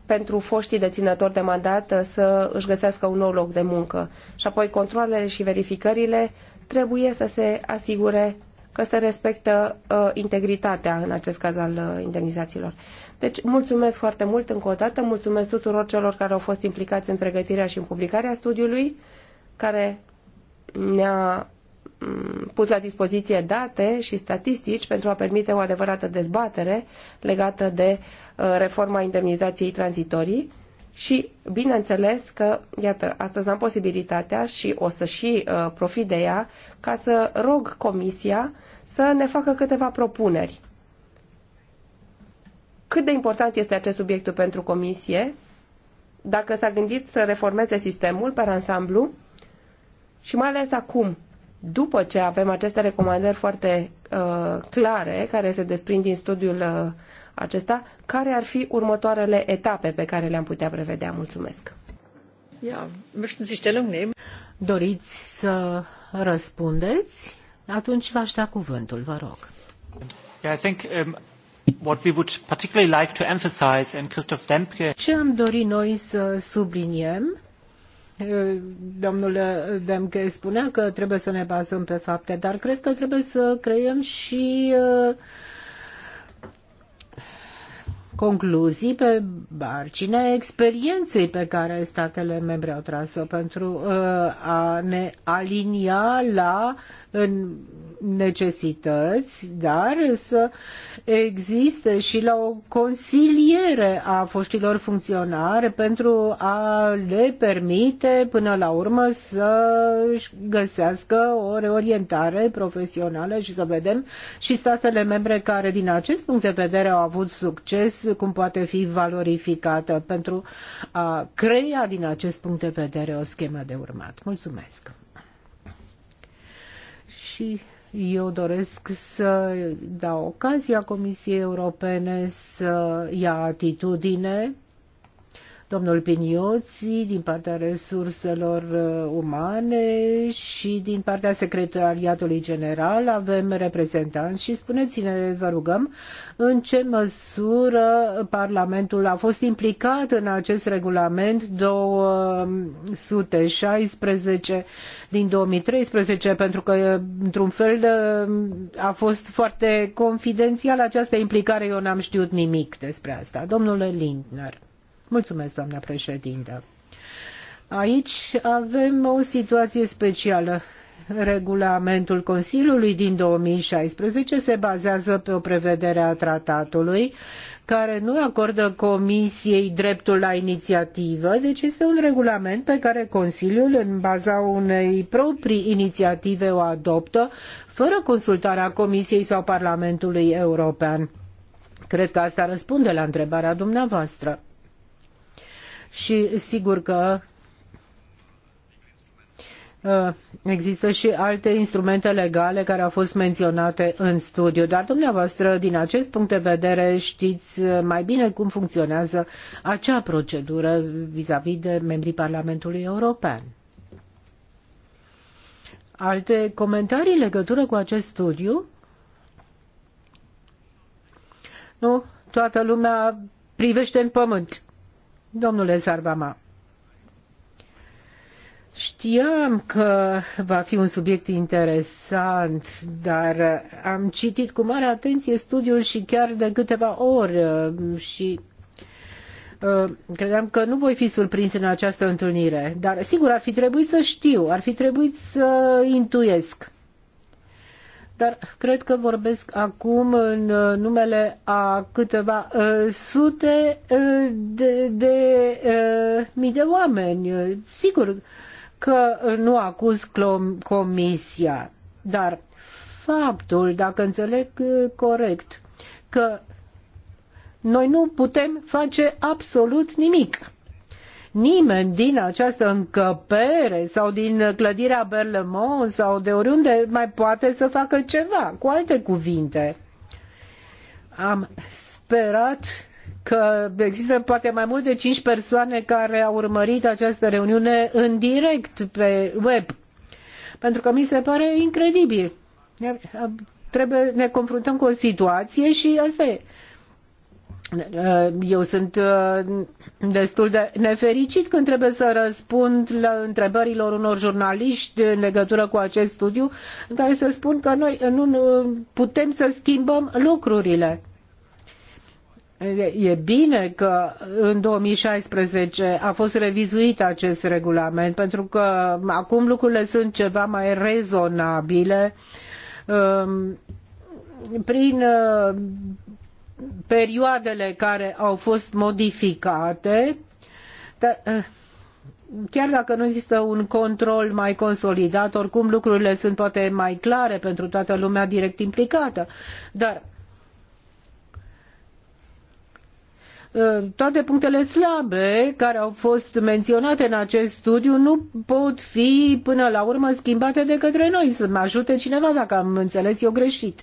pentru foștii deținători de mandat uh, să își găsească un nou loc de muncă. Și apoi controlele și verificările trebuie să se asigure că se respectă uh, integritatea, în acest caz, al uh, indemnizațiilor. Deci, mulțumesc foarte mult încă o dată, mulțumesc tuturor celor care au fost implicați în pregătirea și în publicarea studiului, care ne-a pus la dispoziție date și statistici pentru a permite o adevărată dezbatere legată de uh, reforma indemnizației tranzitorii și bineînțeles că, iată, astăzi am posibilitatea și o să și uh, profit de ea ca să rog Comisia să ne facă câteva propuneri. Cât de important este acest subiect pentru Comisie? Dacă s-a gândit să reformeze sistemul pe ansamblu și mai ales acum, după ce avem aceste recomandări foarte uh, clare, care se desprind din studiul uh, acesta, care ar fi următoarele etape pe care le-am putea prevedea? Mulțumesc! Ja, möchten Sie Stellung nehmen? Doriți să răspundeți? Atunci v-aș da cuvântul, vă rog. Yeah, I think, um... What we would particularly like to emphasize, and Christoph Dempke... Ce am dorit noi să subliniem Domnul Demke spunea că trebuie să ne bazăm pe fapte, dar cred că trebuie să creăm și uh, concluzii pe marginea experienței pe care statele membre au tras-o pentru uh, a ne alinia la necesități, dar să existe și la o consiliere a foștilor funcționari pentru a le permite până la urmă să își găsească o reorientare profesională și să vedem și statele membre care din acest punct de vedere au avut succes, cum poate fi valorificată pentru a crea din acest punct de vedere o schemă de urmat. Mulțumesc! și eu doresc să dau ocazia Comisiei Europene să ia atitudine domnul Pinioți din partea resurselor uh, umane și din partea secretariatului general avem reprezentanți și spuneți-ne, vă rugăm, în ce măsură Parlamentul a fost implicat în acest regulament 216 din 2013, pentru că, într-un fel, uh, a fost foarte confidențial această implicare, eu n-am știut nimic despre asta. Domnule Lindner. Mulțumesc, doamna președintă. Aici avem o situație specială. Regulamentul Consiliului din 2016 se bazează pe o prevedere a tratatului care nu acordă Comisiei dreptul la inițiativă, deci este un regulament pe care Consiliul, în baza unei proprii inițiative, o adoptă fără consultarea Comisiei sau Parlamentului European. Cred că asta răspunde la întrebarea dumneavoastră și sigur că uh, Există și alte instrumente legale care au fost menționate în studiu, dar dumneavoastră, din acest punct de vedere, știți uh, mai bine cum funcționează acea procedură vizavi de membrii Parlamentului European. Alte comentarii în legătură cu acest studiu? Nu? Toată lumea privește în pământ. Domnule Zarvama, Știam că va fi un subiect interesant, dar am citit cu mare atenție studiul și chiar de câteva ori uh, și uh, credeam că nu voi fi surprins în această întâlnire. Dar sigur, ar fi trebuit să știu, ar fi trebuit să intuiesc. Dar cred că vorbesc acum în uh, numele a câteva uh, sute uh, de, de mii de oameni. Sigur că nu acuz comisia, dar faptul, dacă înțeleg corect, că noi nu putem face absolut nimic nimeni din această încăpere sau din clădirea Berlemont sau de oriunde mai poate să facă ceva. Cu alte cuvinte, am sperat că există poate mai mult de cinci persoane care au urmărit această reuniune în direct pe web. Pentru că mi se pare incredibil. Trebuie, ne confruntăm cu o situație și asta e. Eh, eu sunt eh, destul de nefericit când trebuie să răspund la întrebărilor unor jurnaliști în legătură cu acest studiu, în care să spun că noi eh, nu putem să schimbăm lucrurile. E bine că în 2016 a fost revizuit acest regulament, pentru că acum lucrurile sunt ceva mai rezonabile prin perioadele care au fost modificate, eh, chiar dacă nu există un control mai consolidat, oricum lucrurile sunt poate mai clare pentru toată lumea direct implicată, dar eh, toate punctele slabe care au fost menționate în acest studiu nu pot fi până la urmă schimbate de către noi. Să mă ajute cineva dacă am înțeles eu greșit.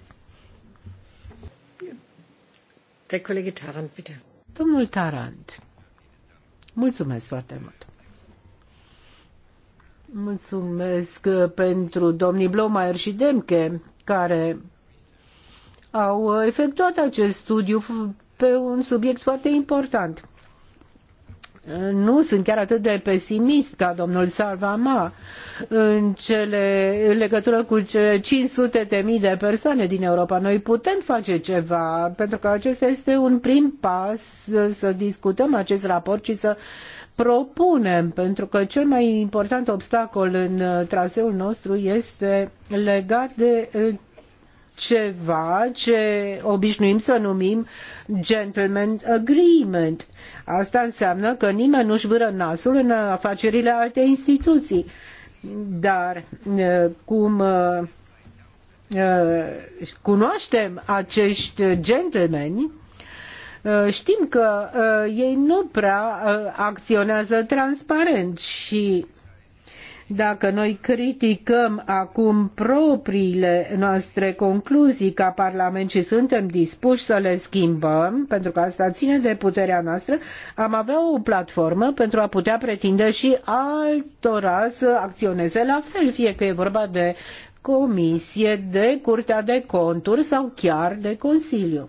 Der Kollege Tarant, bitte. Domnul Tarant, mulțumesc foarte mult. Mulțumesc uh, pentru domnii Blomayer și Demke, care au uh, efectuat acest studiu pe un subiect foarte important nu sunt chiar atât de pesimist ca domnul Salvama în cele, în legătură cu cele de mii de persoane din Europa. Noi putem face ceva, pentru că acesta este un prim pas să discutăm acest raport și să propunem, pentru că cel mai important obstacol în traseul nostru este legat de ceva ce obișnuim să numim gentleman agreement. Asta înseamnă că nimeni nu-și vâră nasul în afacerile alte instituții. Dar cum cunoaștem acești gentlemani, știm că ei nu prea acționează transparent și dacă noi criticăm acum propriile noastre concluzii ca Parlament și suntem dispuși să le schimbăm, pentru că asta ține de puterea noastră, am avea o platformă pentru a putea pretinde și altora să acționeze la fel, fie că e vorba de comisie, de curtea de conturi sau chiar de Consiliu.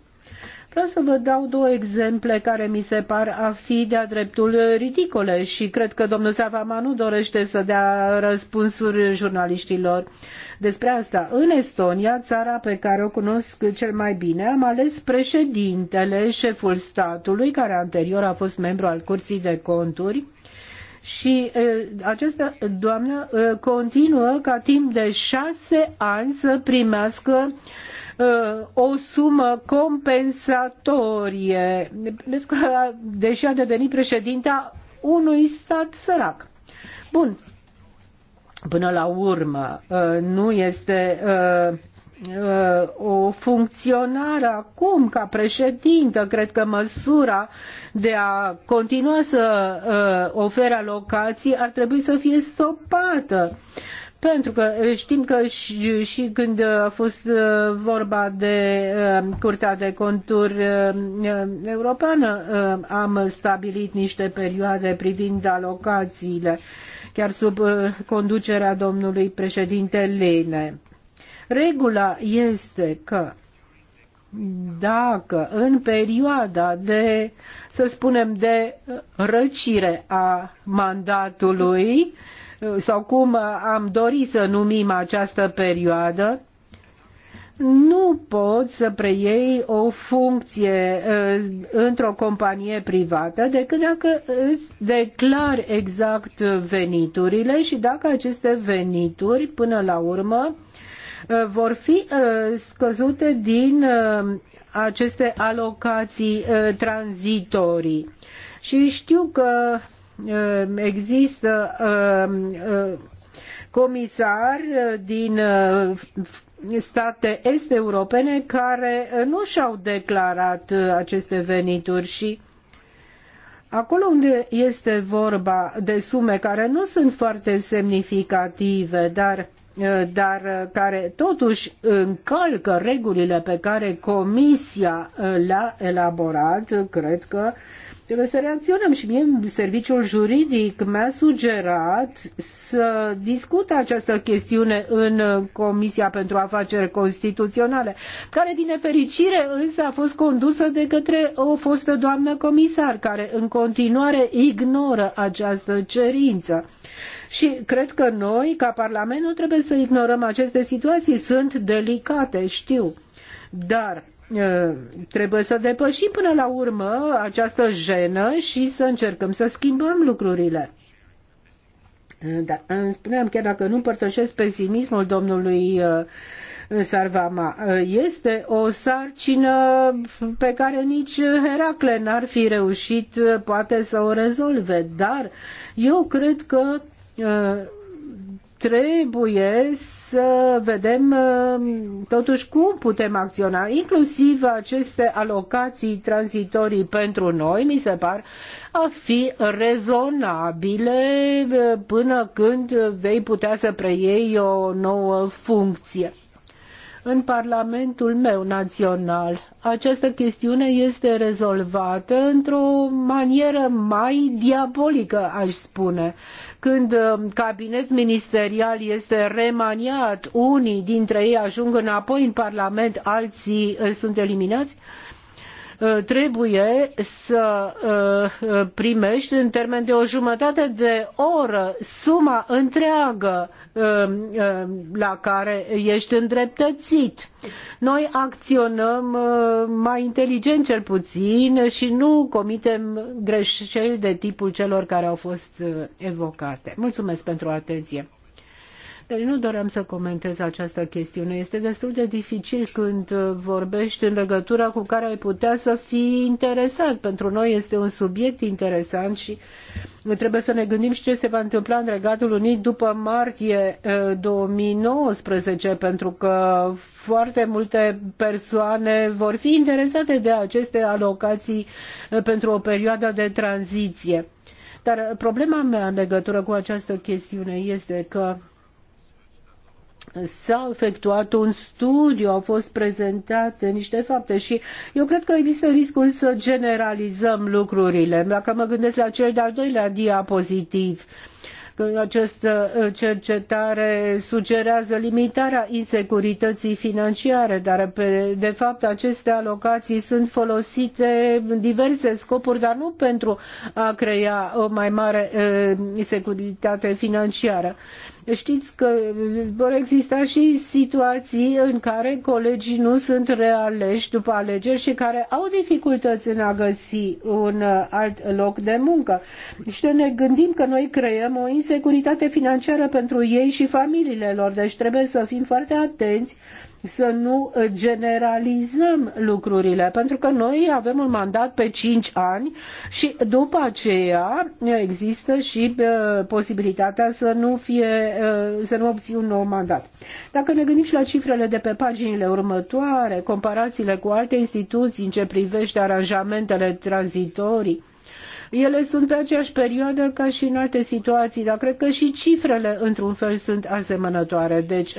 Vreau să vă dau două exemple care mi se par a fi de-a dreptul ridicole și cred că domnul Savama nu dorește să dea răspunsuri jurnaliștilor despre asta. În Estonia, țara pe care o cunosc cel mai bine, am ales președintele, șeful statului, care anterior a fost membru al Curții de Conturi, și această doamnă continuă ca timp de șase ani să primească o sumă compensatorie, pentru că deși a devenit președinta unui stat sărac. Bun, până la urmă uh, nu este uh, uh, o funcționare acum ca președintă, cred că măsura de a continua să ofere alocații ar trebui să fie stopată. Pentru că eh, știm că și, și când eh, a fost eh, vorba de Curtea de Conturi Europeană, am stabilit niște perioade privind alocațiile, chiar sub conducerea domnului președinte Lene. Regula este că dacă în perioada de, să spunem, de răcire a mandatului, uh, sau cum am dorit să numim această perioadă, nu poți să preiei o funcție uh, într-o companie privată decât dacă îți declari exact veniturile și dacă aceste venituri până la urmă uh, vor fi uh, scăzute din aceste alocații tranzitorii. Și știu că Eh, există eh, eh, comisari din state est-europene care nu și-au declarat aceste venituri și Acolo unde este vorba de sume care nu sunt foarte semnificative, dar, dar care totuși încalcă regulile pe care Comisia le-a elaborat, cred că Trebuie să reacționăm și mie serviciul juridic mi-a sugerat să discut această chestiune în uh, Comisia pentru Afaceri Constituționale, care din nefericire însă a fost condusă de către o fostă doamnă comisar, care în continuare ignoră această cerință. Și cred că noi, ca Parlament, nu trebuie să ignorăm aceste situații, sunt delicate, știu. Dar trebuie să depășim până la urmă această jenă și să încercăm să schimbăm lucrurile. Da, îmi spuneam chiar dacă nu împărtășesc pesimismul domnului Sarvama, este o sarcină pe care nici Heracle n-ar fi reușit poate să o rezolve, dar eu cred că trebuie să vedem uh, totuși cum putem acționa. Inclusiv aceste alocații tranzitorii pentru noi, mi se par a fi rezonabile uh, până când vei putea să preiei o nouă funcție. În Parlamentul meu național, această chestiune este rezolvată într-o manieră mai diabolică, aș spune când uh, cabinet ministerial este remaniat, unii dintre ei ajung înapoi în Parlament, alții uh, sunt eliminați uh, trebuie să primești în termen de o jumătate de oră suma întreagă Um, um, la care ești îndreptățit. Noi acționăm uh, mai inteligent cel puțin și nu comitem greșeli de tipul celor care au fost uh, evocate. Mulțumesc pentru atenție. Deci nu doream să comentez această chestiune. Este destul de dificil când uh, vorbești în legătura cu care ai putea să fii interesat. Pentru noi este un subiect interesant și uh, trebuie să ne gândim și ce se va întâmpla în Regatul Unit după martie 2019, uh, pentru că foarte multe persoane vor fi interesate de aceste alocații pentru o perioadă de tranziție. Dar problema mea în legătură cu această chestiune este că s-a efectuat un studiu, au fost prezentate niște fapte și eu cred că există riscul să generalizăm lucrurile. Dacă mă gândesc la cel de-al doilea diapozitiv, această uh, cercetare sugerează limitarea insecurității financiare, dar de fapt aceste alocații sunt folosite în diverse scopuri, dar nu pentru a crea o mai mare uh, securitate financiară. Știți că vor exista și situații în care colegii nu sunt realeși după alegeri și care au dificultăți în a găsi un uh, alt loc de muncă. Și deci ne gândim că noi creăm o insecuritate financiară pentru ei și familiile lor, deci trebuie să fim foarte atenți să nu uh, generalizăm lucrurile, pentru că noi avem un mandat pe 5 ani și după aceea uh, există și uh, posibilitatea să nu, fie, să nu obții un nou mandat. Dacă ne gândim și la cifrele de pe paginile următoare, comparațiile cu alte instituții în ce privește aranjamentele tranzitorii, ele sunt pe aceeași perioadă ca și în alte situații, dar cred că și cifrele, într-un fel, sunt asemănătoare. Deci,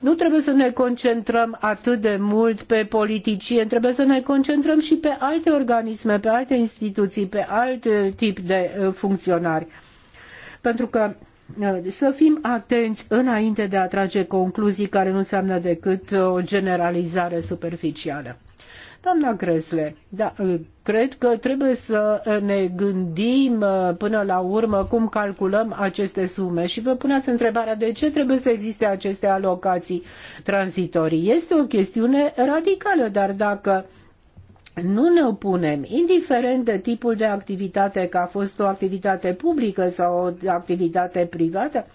nu trebuie să ne concentrăm atât de mult pe politicieni, trebuie să ne concentrăm și pe alte organisme, pe alte instituții, pe alt uh, tip de uh, funcționari. Pentru că uh, să fim atenți înainte de a trage concluzii care nu înseamnă decât o generalizare superficială. Doamna Gresle, da, uh, cred că trebuie să uh, ne gândim uh, până la urmă cum calculăm aceste sume și vă puneți întrebarea de ce trebuie să existe aceste alocații tranzitorii. Este o chestiune radicală, dar dacă nu ne opunem, indiferent de tipul de activitate, că a fost o activitate publică sau o activitate privată,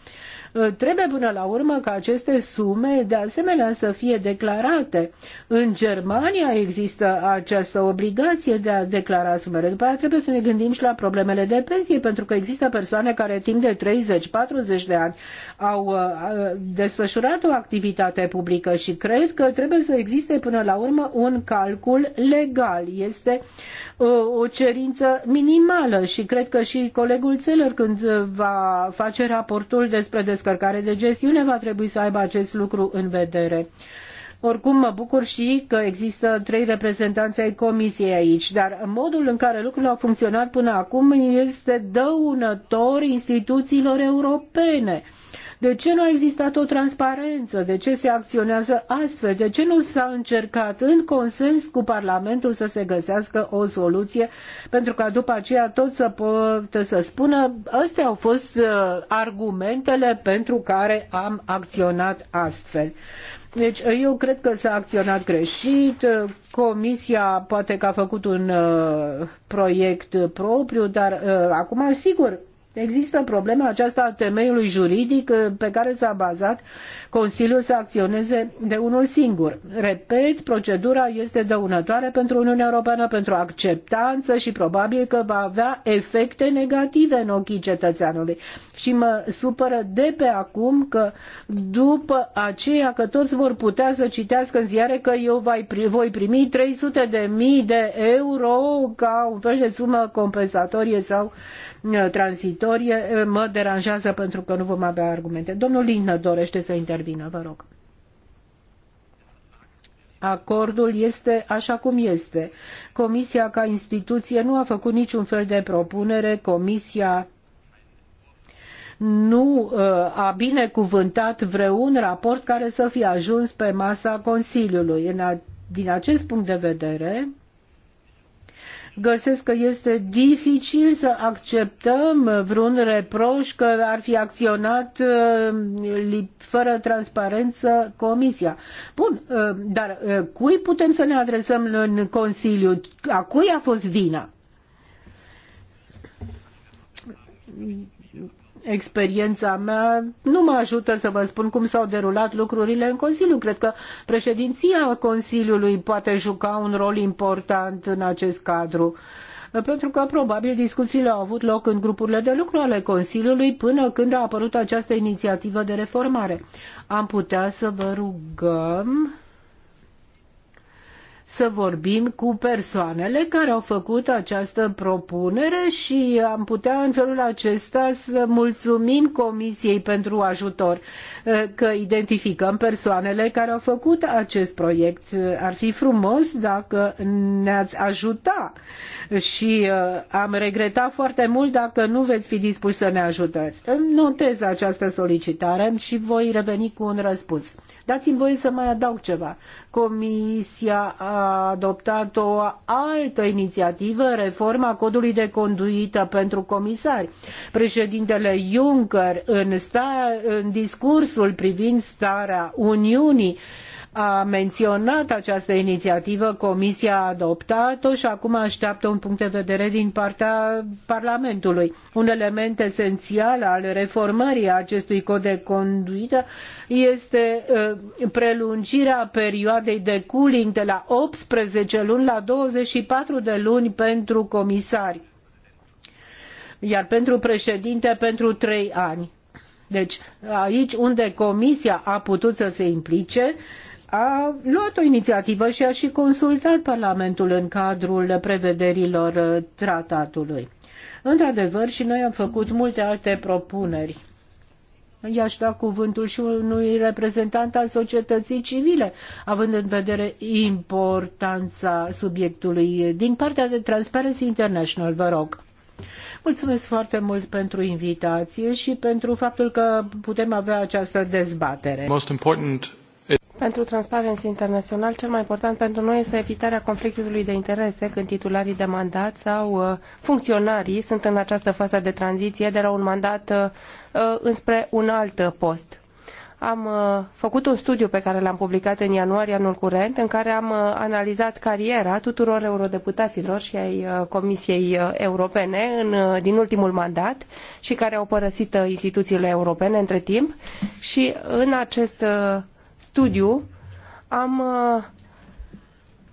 Uh, trebuie până la urmă ca aceste sume de asemenea să fie declarate. În Germania există această obligație de a declara sumele. După aceea trebuie să ne gândim și la problemele de pensie, pentru că există persoane care timp de 30-40 de ani au uh, uh, desfășurat o activitate publică și cred că trebuie să existe până la urmă un calcul legal. Este o cerință minimală și cred că și colegul Țeler când va face raportul despre descărcare de gestiune va trebui să aibă acest lucru în vedere. Oricum mă bucur și că există trei reprezentanți ai comisiei aici, dar modul în care lucrurile au funcționat până acum este dăunător instituțiilor europene. Uh, de ce nu a existat o transparență? De ce se acționează astfel? De ce nu s-a încercat în consens cu Parlamentul să se găsească o soluție? Pentru ca după aceea tot să poată să spună, astea au fost uh, argumentele pentru care am acționat astfel. Deci uh, eu cred că s-a acționat greșit, uh, comisia poate că a făcut un uh, proiect propriu, dar uh, acum sigur Există problema aceasta a temeiului juridic eh, pe care s-a bazat Consiliul să acționeze de unul singur. Repet, procedura este dăunătoare pentru Uniunea Europeană, pentru acceptanță și probabil că va avea efecte negative în ochii cetățeanului. Și mă supără de pe acum că după aceea că toți vor putea să citească în ziare că eu voi primi 300 de mii de euro ca un fel de sumă compensatorie sau uh, tranzitorie, mă deranjează pentru că nu vom avea argumente. Domnul Lindner dorește să intervină intervină, vă rog. Acordul este așa cum este. Comisia ca instituție nu a făcut niciun fel de propunere, comisia nu uh, a binecuvântat vreun raport care să fie ajuns pe masa Consiliului. din acest punct de vedere, găsesc că este dificil să acceptăm vreun reproș că ar fi acționat uh, fără transparență Comisia. Bun, uh, dar uh, cui putem să ne adresăm în Consiliu? A cui a fost vina? experiența mea nu mă ajută să vă spun cum s-au derulat lucrurile în Consiliu. Cred că președinția Consiliului poate juca un rol important în acest cadru pentru că probabil discuțiile au avut loc în grupurile de lucru ale Consiliului până când a apărut această inițiativă de reformare. Am putea să vă rugăm să vorbim cu persoanele care au făcut această propunere și am putea în felul acesta să mulțumim Comisiei pentru ajutor eh, că identificăm persoanele care au făcut acest proiect. Ar fi frumos dacă ne-ați ajuta și eh, am regretat foarte mult dacă nu veți fi dispuși să ne ajutați. notez această solicitare și voi reveni cu un răspuns. Dați-mi voie să mai adaug ceva. Comisia a adoptat o altă inițiativă, reforma codului de conduită pentru comisari. Președintele Juncker, în, sta, în discursul privind starea Uniunii, uh, a menționat această inițiativă, Comisia a adoptat-o și acum așteaptă un punct de vedere din partea Parlamentului. Un element esențial al reformării acestui cod de conduită este uh, prelungirea perioadei de cooling de la 18 luni la 24 de luni pentru comisari iar pentru președinte pentru trei ani. Deci aici unde comisia a putut să se implice, a luat o inițiativă și a și consultat Parlamentul în cadrul prevederilor uh, tratatului. Într-adevăr, și noi am făcut multe alte propuneri. I-aș da cuvântul și unui reprezentant al societății civile, având în vedere importanța subiectului din partea de Transparency International, vă rog. Mulțumesc foarte mult pentru invitație și pentru faptul că putem avea această dezbatere. Most important pentru Transparency International, cel mai important pentru noi este evitarea conflictului de interese când titularii de mandat sau uh, funcționarii sunt în această fază de tranziție de la un mandat uh, uh, înspre un alt post am făcut un studiu pe care l-am publicat în ianuarie anul curent, în care am analizat cariera tuturor eurodeputaților și ai Comisiei Europene în, din ultimul mandat și care au părăsit instituțiile europene între timp. Și în acest studiu am uh,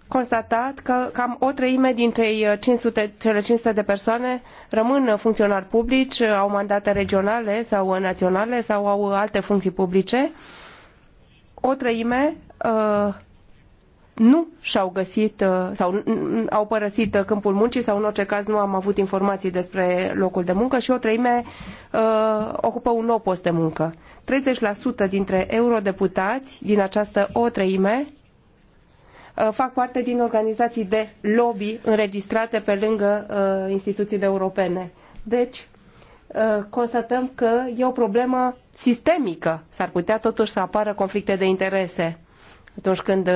constatat că cam o treime dintre uh, 500, cele 500 de persoane rămân funcționari publici, uh, au mandate regionale sau naționale sau au alte funcții publice. O treime uh, nu și-au găsit uh, sau au părăsit uh, câmpul muncii sau în orice caz nu am avut informații despre locul de muncă și o treime uh, ocupă un nou post de muncă. 30% dintre eurodeputați din această o treime uh, fac parte din organizații de lobby înregistrate pe lângă uh, instituțiile europene. Deci, uh, constatăm că e o problemă sistemică. S-ar putea totuși să apară conflicte de interese atunci când uh,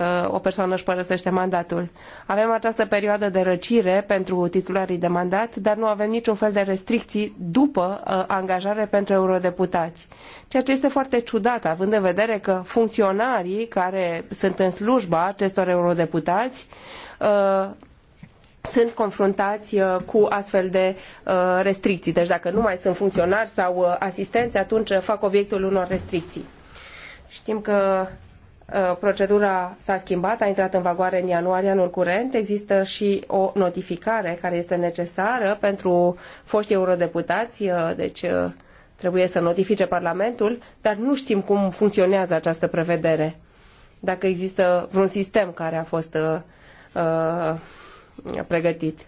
Uh, o persoană își părăsește mandatul. Avem această perioadă de răcire pentru titularii de mandat, dar nu avem niciun fel de restricții după uh, angajare pentru eurodeputați. Ceea ce este foarte ciudat, având în vedere că funcționarii care sunt în slujba acestor eurodeputați uh, sunt confruntați cu astfel de restricții. Deci dacă nu mai sunt funcționari sau asistenți, atunci fac obiectul unor restricții. Știm că Uh, procedura s-a schimbat, a intrat în vagoare în ianuarie anul curent. Există și o notificare care este necesară pentru foștii eurodeputați, uh, deci uh, trebuie să notifice Parlamentul, dar nu știm cum funcționează această prevedere. Dacă există vreun sistem care a fost uh, pregătit.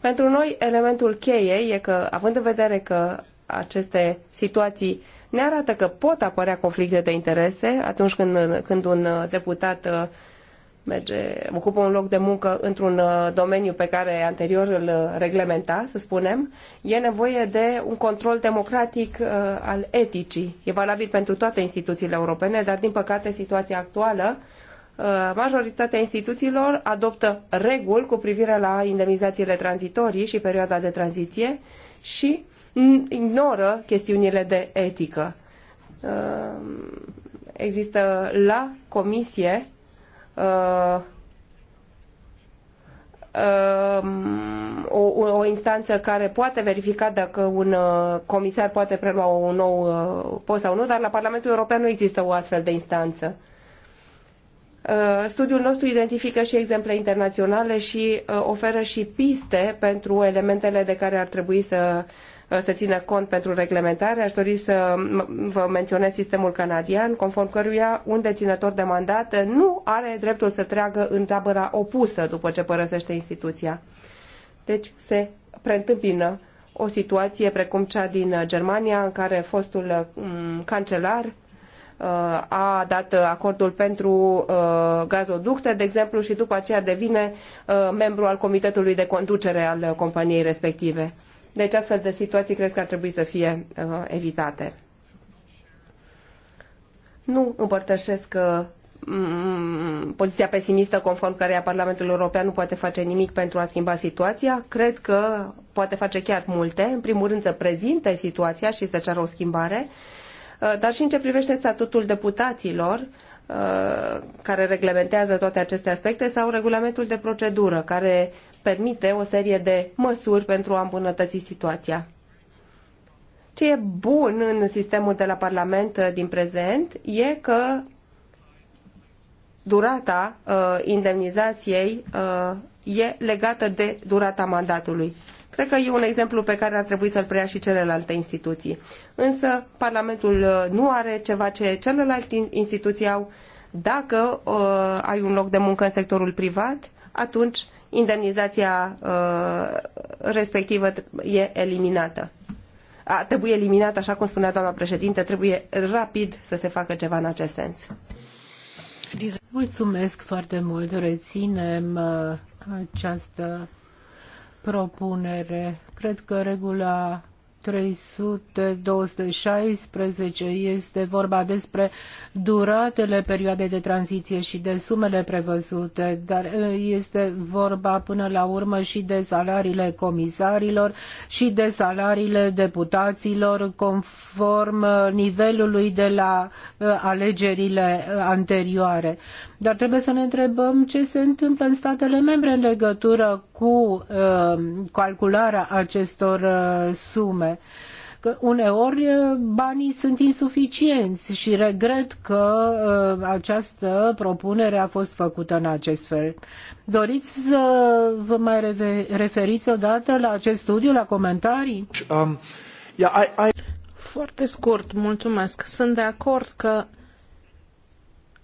Pentru noi, elementul cheie e că, având în vedere că aceste situații ne arată că pot apărea conflicte de interese atunci când, când un uh, deputat uh, merge, ocupă un loc de muncă într-un uh, domeniu pe care anterior îl reglementa, să spunem, e nevoie de un control democratic al eticii. E valabil pentru toate instituțiile europene, dar din păcate situația actuală majoritatea instituțiilor adoptă reguli cu privire la indemnizațiile tranzitorii și perioada de tranziție și ignoră chestiunile de etică. Ehm, există la comisie ehm, ehm, o, o instanță care poate verifica dacă un uh, comisar poate prelua un nou uh, post sau nu, dar la Parlamentul European nu există o astfel de instanță. Studiul nostru identifică și exemple internaționale și uh, oferă și piste pentru elementele de care ar trebui să se țină cont pentru reglementare. Aș dori să vă menționez sistemul canadian, conform căruia un deținător de mandat nu are dreptul să treagă în tabăra opusă după ce părăsește instituția. Deci se preîntâmpină o situație precum cea din Germania, în care fostul mm, cancelar uh, a dat acordul pentru uh, gazoducte, de exemplu, și după aceea devine uh, membru al comitetului de conducere al companiei respective. Deci astfel de situații cred că ar trebui să fie uh, evitate. Nu împărtășesc uh, poziția pesimistă conform căreia Parlamentul European nu poate face nimic pentru a schimba situația. Cred că poate face chiar multe. În primul rând să prezinte situația și să ceară o schimbare, uh, dar și în ce privește statutul deputaților, uh, care reglementează toate aceste aspecte sau regulamentul de procedură care permite o serie de măsuri pentru a îmbunătăți situația. Ce e bun în sistemul de la Parlament uh, din prezent e că durata uh, indemnizației uh, e legată de durata mandatului. Cred că e un exemplu pe care ar trebui să-l preia și celelalte instituții. Însă Parlamentul uh, nu are ceva ce celelalte instituții au. Dacă uh, ai un loc de muncă în sectorul privat, atunci indemnizația uh, respectivă e eliminată. A, trebuie eliminată, așa cum spunea doamna președinte, trebuie rapid să se facă ceva în acest sens. Mulțumesc foarte mult. Reținem uh, această propunere. Cred că regula 316 este vorba despre duratele perioadei de tranziție și de sumele prevăzute, dar este vorba până la urmă și de salariile comisarilor și de salariile deputaților conform nivelului de la alegerile anterioare. Dar trebuie să ne întrebăm ce se întâmplă în statele membre în legătură cu uh, calcularea acestor uh, sume. Că uneori uh, banii sunt insuficienți și regret că uh, această propunere a fost făcută în acest fel. Doriți să vă mai referiți odată la acest studiu, la comentarii? Um, yeah, I, I... Foarte scurt, mulțumesc. Sunt de acord că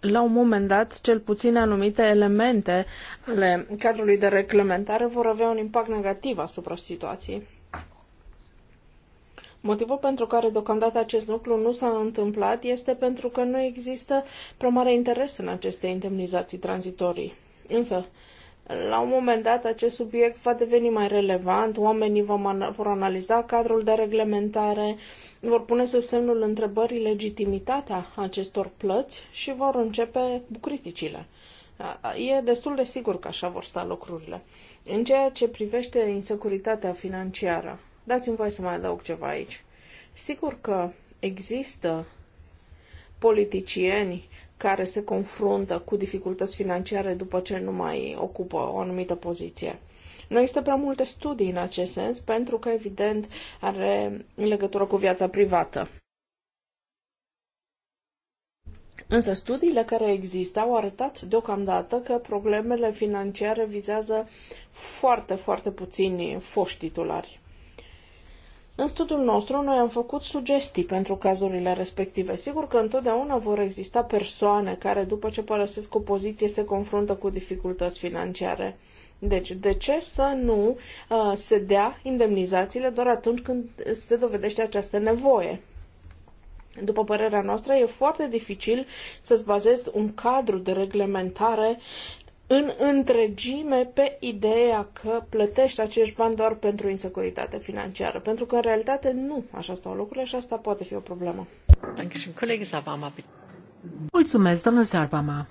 la un moment dat, cel puțin anumite elemente ale cadrului de reglementare vor avea un impact negativ asupra situației. Motivul pentru care deocamdată acest lucru nu s-a întâmplat este pentru că nu există prea mare interes în aceste indemnizații tranzitorii. Însă, la un moment dat, acest subiect va deveni mai relevant, oamenii vor analiza cadrul de reglementare, vor pune sub semnul întrebării legitimitatea acestor plăți și vor începe criticile. E destul de sigur că așa vor sta lucrurile. În ceea ce privește insecuritatea financiară, dați-mi voie să mai adaug ceva aici. Sigur că există politicieni care se confruntă cu dificultăți financiare după ce nu mai ocupă o anumită poziție. Nu există prea multe studii în acest sens, pentru că, evident, are legătură cu viața privată. Însă studiile care există au arătat deocamdată că problemele financiare vizează foarte, foarte puțini foști titulari. În studiul nostru, noi am făcut sugestii pentru cazurile respective. Sigur că întotdeauna vor exista persoane care, după ce părăsesc o poziție, se confruntă cu dificultăți financiare. Deci, de ce să nu uh, se dea indemnizațiile doar atunci când se dovedește această nevoie? După părerea noastră, e foarte dificil să-ți bazezi un cadru de reglementare în întregime pe ideea că plătești acești bani doar pentru insecuritate financiară, pentru că în realitate nu așa stau lucrurile și asta poate fi o problemă. Mulțumesc, domnul Sarvama.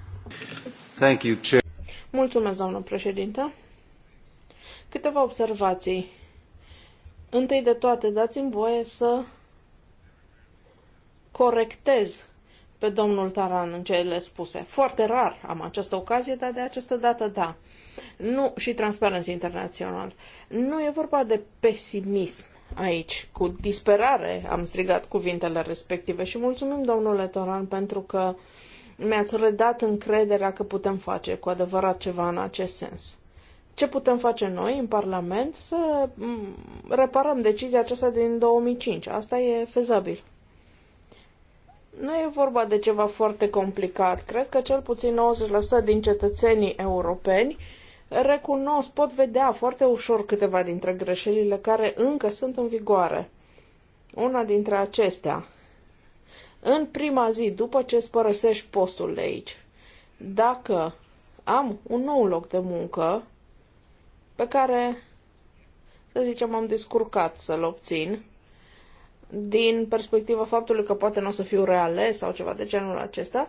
Thank you, Chair. Mulțumesc, doamnă președinte. Câteva observații. Întâi de toate, dați-mi voie să corectez pe domnul Taran în cele spuse. Foarte rar am această ocazie, dar de această dată da. Nu, și Transparency internațional. Nu e vorba de pesimism aici. Cu disperare am strigat cuvintele respective și mulțumim, domnule Toran, pentru că mi-ați redat încrederea că putem face cu adevărat ceva în acest sens. Ce putem face noi în Parlament? Să mm, reparăm decizia aceasta din 2005. Asta e fezabil. Nu e vorba de ceva foarte complicat. Cred că cel puțin 90% din cetățenii europeni recunosc, pot vedea foarte ușor câteva dintre greșelile care încă sunt în vigoare. Una dintre acestea, în prima zi după ce îți părăsești postul de aici, dacă am un nou loc de muncă pe care, să zicem, am descurcat să-l obțin, din perspectiva faptului că poate nu o să fiu reales sau ceva de genul acesta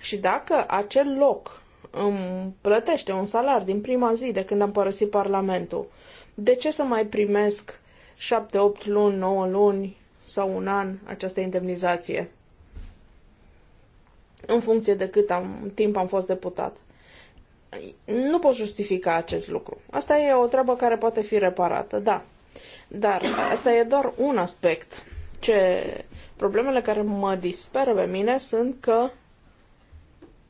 și dacă acel loc îmi plătește un salar din prima zi de când am părăsit Parlamentul, de ce să mai primesc 7-8 luni, 9 luni sau un an această indemnizație? În funcție de cât am, timp am fost deputat. Nu pot justifica acest lucru. Asta e o treabă care poate fi reparată, da. Dar asta e doar un aspect ce problemele care mă disperă pe mine sunt că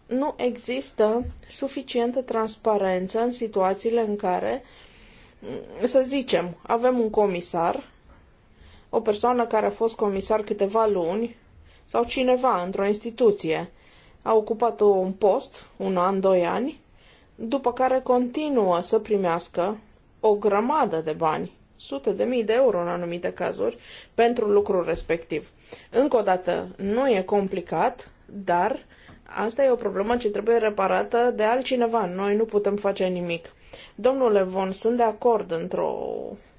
nu există suficientă transparență în situațiile în care, să zicem, avem un comisar, o persoană care a fost comisar câteva luni sau cineva într-o instituție a ocupat un post, un an, doi ani, după care continuă să primească o grămadă de bani sute de mii de euro în anumite cazuri pentru lucrul respectiv. Încă o dată, nu e complicat, dar asta e o problemă ce trebuie reparată de altcineva. Noi nu putem face nimic. Domnule Von, sunt de acord într-o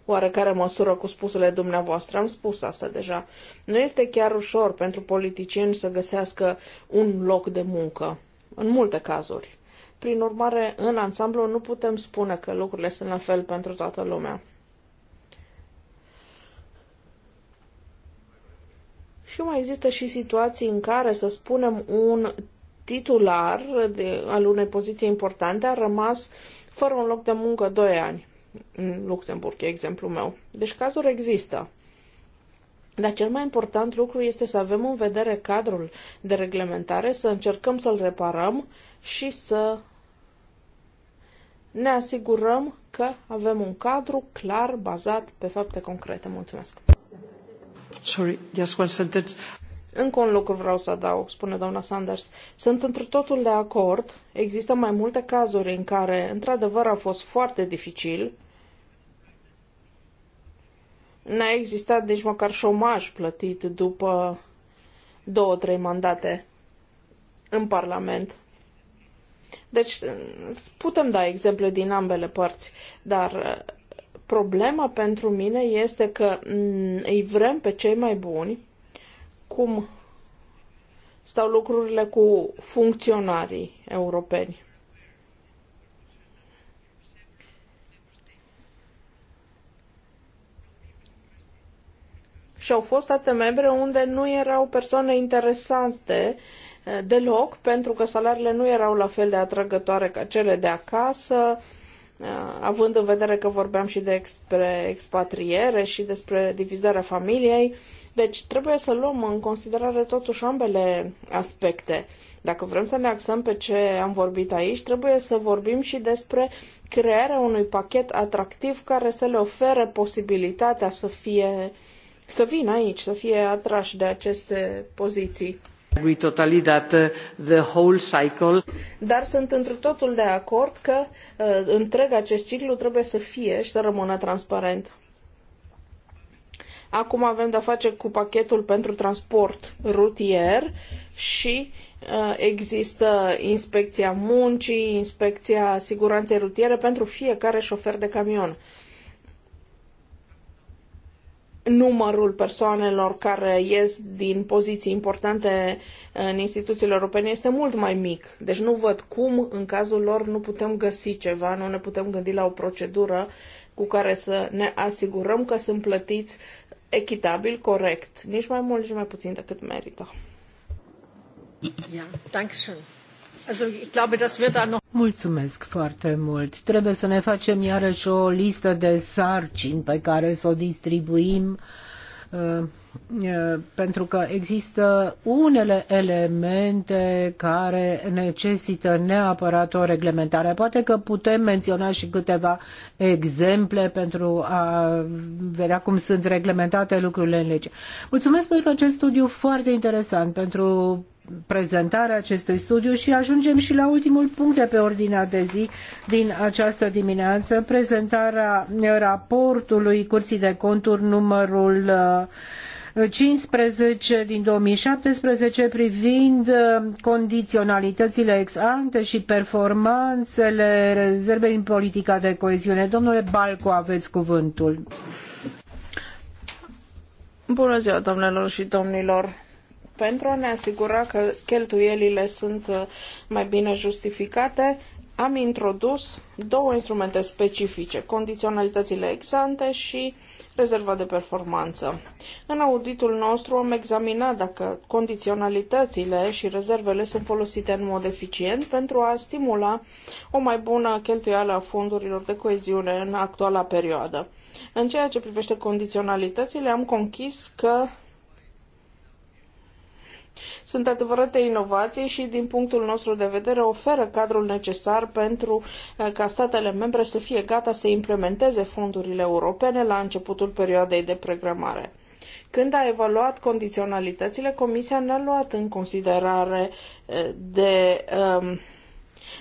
oarecare măsură cu spusele dumneavoastră. Am spus asta deja. Nu este chiar ușor pentru politicieni să găsească un loc de muncă, în multe cazuri. Prin urmare, în ansamblu nu putem spune că lucrurile sunt la fel pentru toată lumea. Și mai există și situații în care, să spunem, un titular de, al unei poziții importante a rămas fără un loc de muncă 2 ani. În Luxemburg e exemplu meu. Deci cazuri există. Dar cel mai important lucru este să avem în vedere cadrul de reglementare, să încercăm să-l reparăm și să ne asigurăm că avem un cadru clar bazat pe fapte concrete. Mulțumesc! Sorry, just one sentence. Încă un lucru vreau să adaug, spune doamna Sanders. Sunt într totul de acord. Există mai multe cazuri în care, într-adevăr, a fost foarte dificil. N-a existat nici măcar șomaj plătit după două, trei mandate în Parlament. Deci putem da exemple din ambele părți, dar Problema pentru mine este că mm, îi vrem pe cei mai buni, cum stau lucrurile cu funcționarii europeni. Și au fost state membre unde nu erau persoane interesante eh, deloc, pentru că salariile nu erau la fel de atrăgătoare ca cele de acasă, Uh, având în vedere că vorbeam și despre expatriere și despre divizarea familiei. Deci trebuie să luăm în considerare totuși ambele aspecte. Dacă vrem să ne axăm pe ce am vorbit aici, trebuie să vorbim și despre crearea unui pachet atractiv care să le ofere posibilitatea să fie să vină aici, să fie atrași de aceste poziții. Uh, Dar sunt întru totul de acord că uh, întreg acest ciclu trebuie să fie și să rămână transparent. Acum avem de-a face cu pachetul pentru transport rutier și uh, există inspecția muncii, inspecția siguranței rutiere pentru fiecare șofer de camion numărul persoanelor care ies din poziții importante în instituțiile europene este mult mai mic. Deci nu văd cum în cazul lor nu putem găsi ceva, nu ne putem gândi la o procedură cu care să ne asigurăm că sunt plătiți echitabil, corect, nici mai mult, nici mai puțin decât merită. Ja, danke schön. Da Mulțumesc foarte mult. Trebuie să ne facem iarăși o listă de sarcini pe care să o distribuim uh, uh, pentru că există unele elemente care necesită neapărat o reglementare. Poate că putem menționa și câteva exemple pentru a vedea cum sunt reglementate lucrurile în lege. Mulțumesc pentru acest studiu foarte interesant, pentru prezentarea acestui studiu și ajungem și la ultimul punct de pe ordinea de zi din această dimineață, prezentarea raportului Curții de Conturi numărul 15 uh, din 2017 privind uh, condiționalitățile ex ante și performanțele rezervei în politica de coeziune. Domnule Balco, aveți cuvântul. Bună ziua, domnilor și domnilor pentru a ne asigura că cheltuielile sunt uh, mai bine justificate, am introdus două instrumente specifice, condiționalitățile exante și rezerva de performanță. În auditul nostru am examinat dacă condiționalitățile și rezervele sunt folosite în mod eficient pentru a stimula o mai bună cheltuială a fondurilor de coeziune în actuala perioadă. În ceea ce privește condiționalitățile, am conchis că sunt adevărate inovații și, din punctul nostru de vedere, oferă cadrul necesar pentru eh, ca statele membre să fie gata să implementeze fondurile europene la începutul perioadei de programare. Când a evaluat condiționalitățile, Comisia ne-a luat în considerare eh, de um,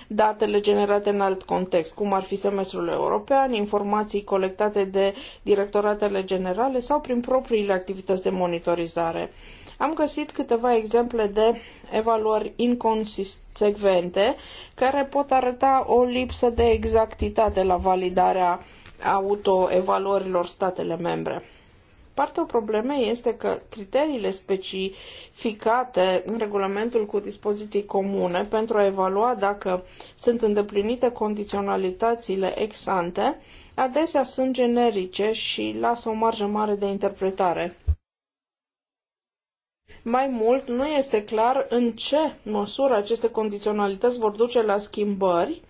datele generate în alt context, cum ar fi semestrul european, informații colectate de directoratele generale sau prin propriile activități de monitorizare. Am găsit câteva exemple de evaluări inconsecvente care pot arăta o lipsă de exactitate la validarea autoevaluărilor statele membre. Partea problemei este că criteriile specificate în regulamentul cu dispoziții comune pentru a evalua dacă sunt îndeplinite condiționalitățile ex ante adesea sunt generice și lasă o marjă mare de interpretare. Mai mult, nu este clar în ce măsură aceste condiționalități vor duce la schimbări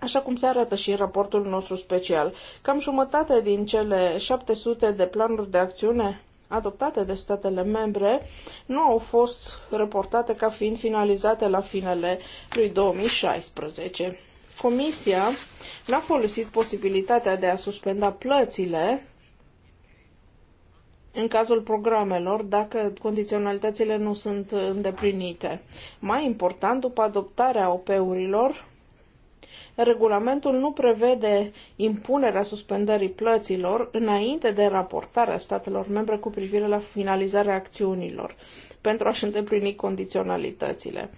Așa cum se arată și în raportul nostru special, cam jumătate din cele 700 de planuri de acțiune adoptate de statele membre nu au fost reportate ca fiind finalizate la finele lui 2016. Comisia n-a folosit posibilitatea de a suspenda plățile în cazul programelor dacă condiționalitățile nu sunt îndeplinite. Mai important, după adoptarea OP-urilor, regulamentul nu prevede impunerea suspendării plăților înainte de raportarea statelor membre cu privire la finalizarea acțiunilor pentru a-și îndeplini condiționalitățile.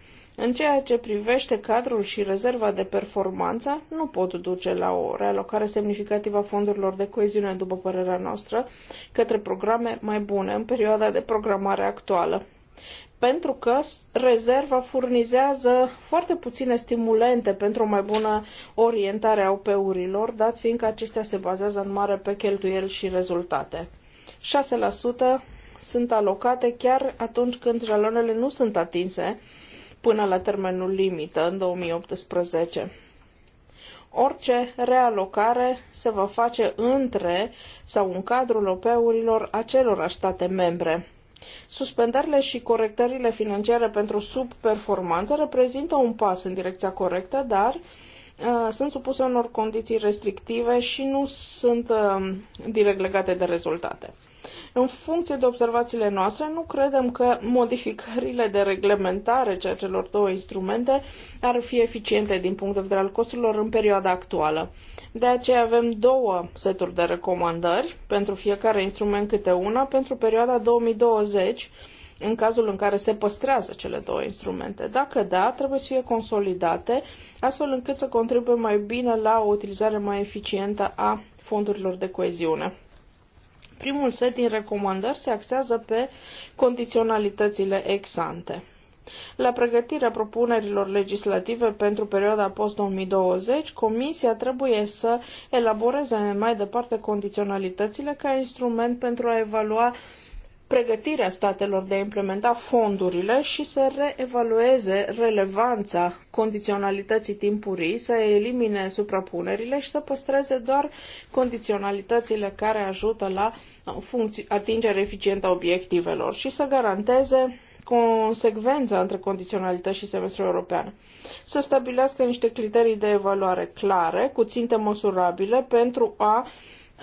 În ceea ce privește cadrul și rezerva de performanță, nu pot duce la o realocare semnificativă a fondurilor de coeziune, după părerea noastră, către programe mai bune în perioada de programare actuală. Pentru că rezerva furnizează foarte puține stimulente pentru o mai bună orientare a OP-urilor, dat fiindcă acestea se bazează în mare pe cheltuieli și rezultate. 6% sunt alocate chiar atunci când jalonele nu sunt atinse, până la termenul limită în 2018. Orice realocare se va face între sau în cadrul OP-urilor acelorași state membre. Suspendările și corectările financiare pentru subperformanță reprezintă un pas în direcția corectă, dar uh, sunt supuse unor condiții restrictive și nu sunt uh, direct legate de rezultate. În funcție de observațiile noastre, nu credem că modificările de reglementare ceea celor două instrumente ar fi eficiente din punct de vedere al costurilor în perioada actuală. De aceea avem două seturi de recomandări, pentru fiecare instrument câte una, pentru perioada 2020 în cazul în care se păstrează cele două instrumente. Dacă da, trebuie să fie consolidate, astfel încât să contribuie mai bine la o utilizare mai eficientă a fondurilor de coeziune. Primul set din recomandări se axează pe condiționalitățile ex-ante. La pregătirea propunerilor legislative pentru perioada post-2020, Comisia trebuie să elaboreze mai departe condiționalitățile ca instrument pentru a evalua pregătirea statelor de a implementa fondurile și să reevalueze relevanța condiționalității timpurii, să elimine suprapunerile și să păstreze doar condiționalitățile care ajută la atingerea eficientă a obiectivelor și să garanteze consecvența între condiționalități și semestrul european. Să stabilească niște criterii de evaluare clare, cu ținte măsurabile, pentru a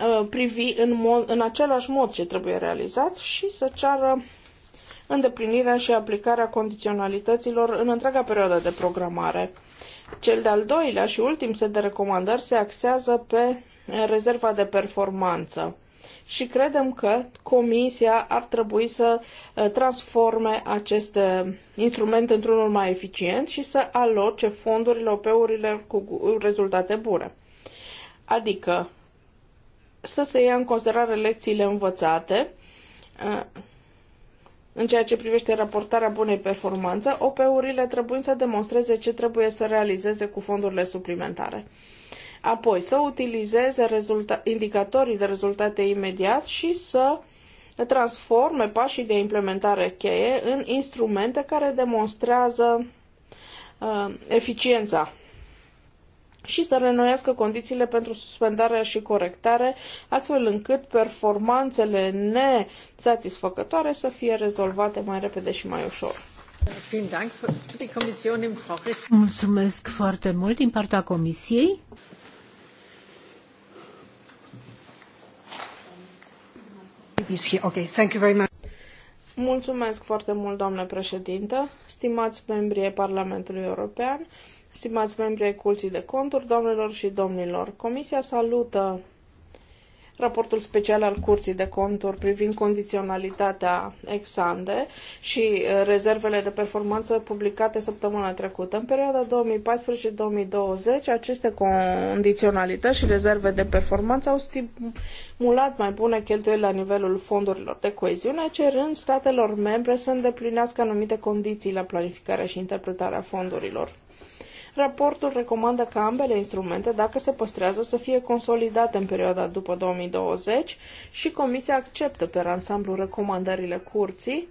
Uh, privi în, mod, în același mod ce trebuie realizat și să ceară îndeplinirea și aplicarea condiționalităților în întreaga perioadă de programare. Cel de-al doilea și ultim set de recomandări se axează pe rezerva de performanță și credem că Comisia ar trebui să uh, transforme acest instrument într-unul mai eficient și să aloce fondurile op urilor cu rezultate bune. Adică să se ia în considerare lecțiile învățate în ceea ce privește raportarea bunei performanțe, OP-urile trebuie să demonstreze ce trebuie să realizeze cu fondurile suplimentare. Apoi, să utilizeze rezulta- indicatorii de rezultate imediat și să transforme pașii de implementare cheie în instrumente care demonstrează uh, eficiența și să renoiască condițiile pentru suspendare și corectare, astfel încât performanțele nesatisfăcătoare să fie rezolvate mai repede și mai ușor. Mulțumesc foarte mult din partea Comisiei. Okay, thank you very much. Mulțumesc foarte mult, doamnă președintă, stimați membrii Parlamentului European stimați membri ai Curții de Conturi, doamnelor și domnilor. Comisia salută raportul special al Curții de Conturi privind condiționalitatea ex-ante și uh, rezervele de performanță publicate săptămâna trecută. În perioada 2014-2020, aceste condiționalități și rezerve de performanță au stimulat mai bune cheltuieli la nivelul fondurilor de coeziune, cerând statelor membre să îndeplinească anumite condiții la planificarea și interpretarea fondurilor. Raportul recomandă ca ambele instrumente, dacă se păstrează, să fie consolidate în perioada după 2020 și Comisia acceptă pe ansamblu recomandările curții,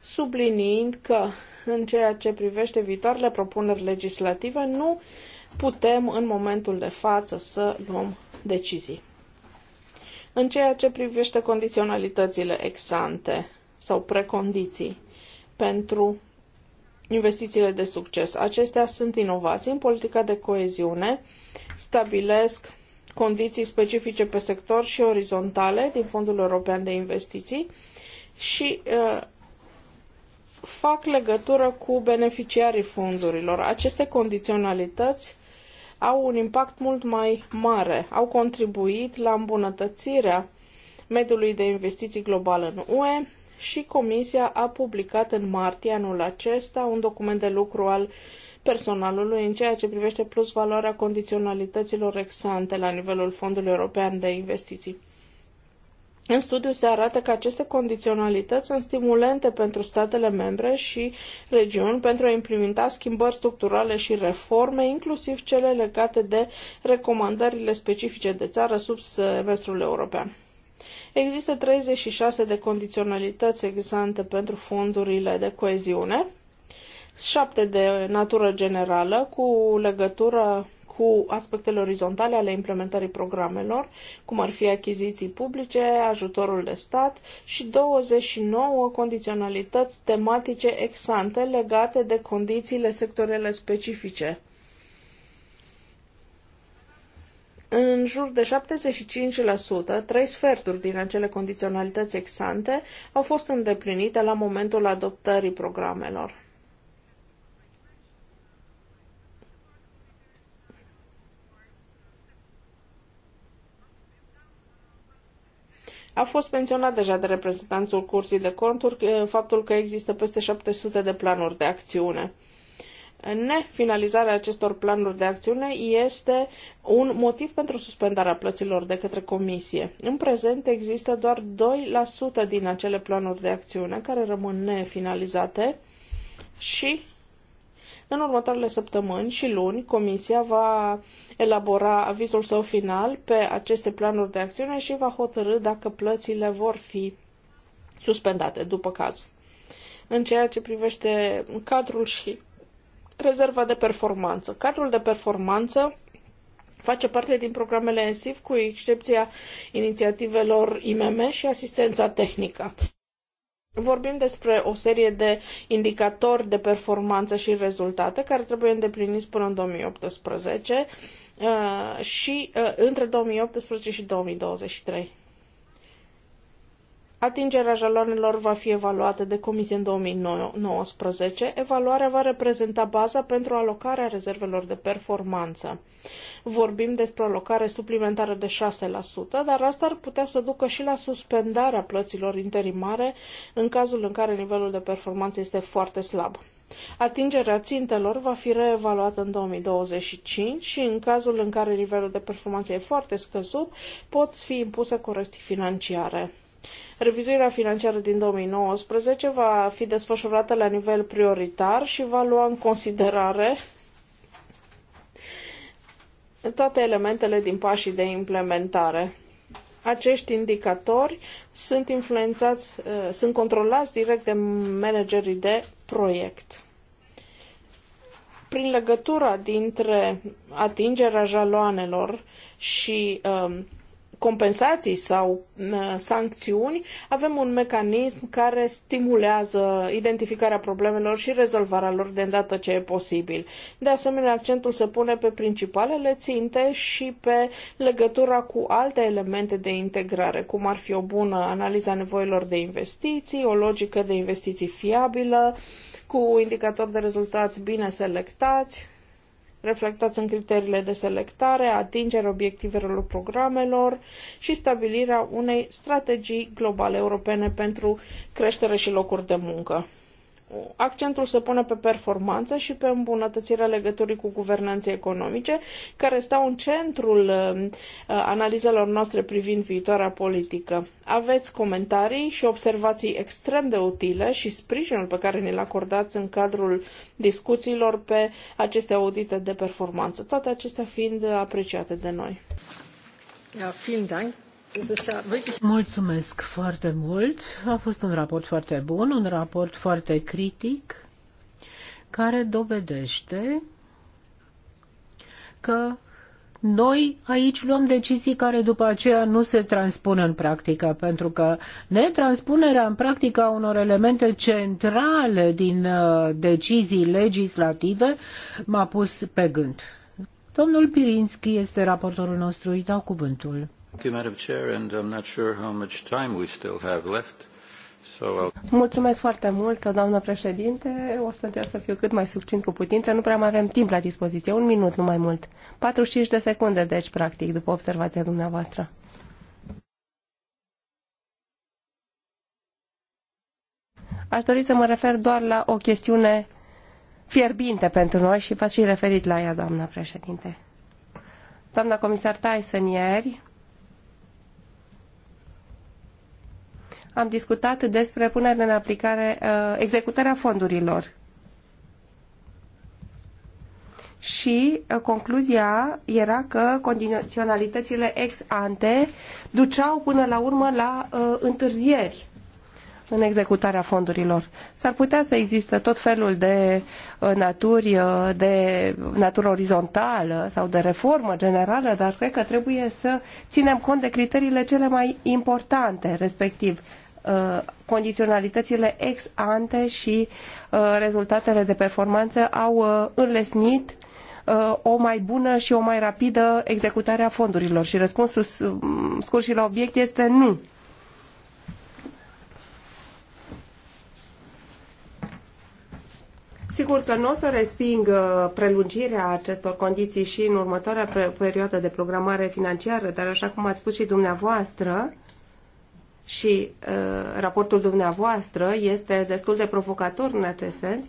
subliniind că, în ceea ce privește viitoarele propuneri legislative, nu putem în momentul de față să luăm decizii. În ceea ce privește condiționalitățile exante sau precondiții pentru investițiile de succes. Acestea sunt inovații în politica de coeziune, stabilesc condiții specifice pe sector și orizontale din Fondul European de Investiții și uh, fac legătură cu beneficiarii fondurilor. Aceste condiționalități au un impact mult mai mare, au contribuit la îmbunătățirea mediului de investiții global în UE, și Comisia a publicat în martie anul acesta un document de lucru al personalului în ceea ce privește plus valoarea condiționalităților exante la nivelul Fondului European de Investiții. În studiu se arată că aceste condiționalități sunt stimulente pentru statele membre și regiuni pentru a implementa schimbări structurale și reforme, inclusiv cele legate de recomandările specifice de țară sub semestrul european. Există 36 de condiționalități exante pentru fondurile de coeziune, 7 de natură generală cu legătură cu aspectele orizontale ale implementării programelor, cum ar fi achiziții publice, ajutorul de stat și 29 condiționalități tematice exante legate de condițiile sectorele specifice În jur de 75%, trei sferturi din acele condiționalități exante au fost îndeplinite la momentul adoptării programelor. A fost menționat deja de reprezentanțul Curții de Conturi eh, faptul că există peste 700 de planuri de acțiune. Nefinalizarea acestor planuri de acțiune este un motiv pentru suspendarea plăților de către Comisie. În prezent există doar 2% din acele planuri de acțiune care rămân nefinalizate și în următoarele săptămâni și luni, Comisia va elabora avizul său final pe aceste planuri de acțiune și va hotărâ dacă plățile vor fi suspendate după caz. În ceea ce privește cadrul și rezerva de performanță. Cadrul de performanță face parte din programele ENSIF, cu excepția inițiativelor IMM și asistența tehnică. Vorbim despre o serie de indicatori de performanță și rezultate care trebuie îndepliniți până în 2018 uh, și uh, între 2018 și 2023. Atingerea jalonelor va fi evaluată de comisie în 2019. Evaluarea va reprezenta baza pentru alocarea rezervelor de performanță. Vorbim despre o alocare suplimentară de 6%, dar asta ar putea să ducă și la suspendarea plăților interimare în cazul în care nivelul de performanță este foarte slab. Atingerea țintelor va fi reevaluată în 2025 și în cazul în care nivelul de performanță e foarte scăzut, pot fi impuse corecții financiare. Revizuirea financiară din 2019 va fi desfășurată la nivel prioritar și va lua în considerare toate elementele din pașii de implementare. Acești indicatori sunt influențați, eh, sunt controlați direct de managerii de proiect prin legătura dintre atingerea jaloanelor și uh, compensații sau uh, sancțiuni, avem un mecanism care stimulează identificarea problemelor și rezolvarea lor de îndată ce e posibil. De asemenea, accentul se pune pe principalele ținte și pe legătura cu alte elemente de integrare, cum ar fi o bună analiza nevoilor de investiții, o logică de investiții fiabilă, cu indicatori de rezultați bine selectați, reflectați în criteriile de selectare, atingerea obiectivelor programelor și stabilirea unei strategii globale europene pentru creștere și locuri de muncă accentul se pune pe performanță și pe îmbunătățirea legăturii cu guvernanții economice, care stau în centrul uh, analizelor noastre privind viitoarea politică. Aveți comentarii și observații extrem de utile și sprijinul pe care ne-l acordați în cadrul discuțiilor pe aceste audite de performanță, toate acestea fiind apreciate de noi. Ja, vielen Dank. Mulțumesc foarte mult. A fost un raport foarte bun, un raport foarte critic, care dovedește că noi aici luăm decizii care după aceea nu se transpun în practică, pentru că netranspunerea în practică a unor elemente centrale din uh, decizii legislative m-a pus pe gând. Domnul Pirinski este raportorul nostru, îi dau cuvântul. Mulțumesc foarte mult, doamnă președinte. O să încerc să fiu cât mai succint cu putință. Nu prea mai avem timp la dispoziție. Un minut, nu mai mult. 45 de secunde, deci, practic, după observația dumneavoastră. Aș dori să mă refer doar la o chestiune fierbinte pentru noi și v-ați și referit la ea, doamna președinte. Doamna comisar Tyson ieri am discutat despre punerea în aplicare, uh, executarea fondurilor. Și uh, concluzia era că condiționalitățile ex ante duceau până la urmă la uh, întârzieri în executarea fondurilor. S-ar putea să existe tot felul de naturi, de natură orizontală sau de reformă generală, dar cred că trebuie să ținem cont de criteriile cele mai importante, respectiv Uh, condiționalitățile ex ante și uh, rezultatele de performanță au uh, înlesnit o mai bună și o mai rapidă executare a fondurilor. Și răspunsul um, scurt și la obiect este nu. Sigur că nu o să resping prelungirea acestor condiții și în următoarea perioadă de programare financiară, dar așa cum ați spus și dumneavoastră, și uh, raportul dumneavoastră este destul de provocator în acest sens,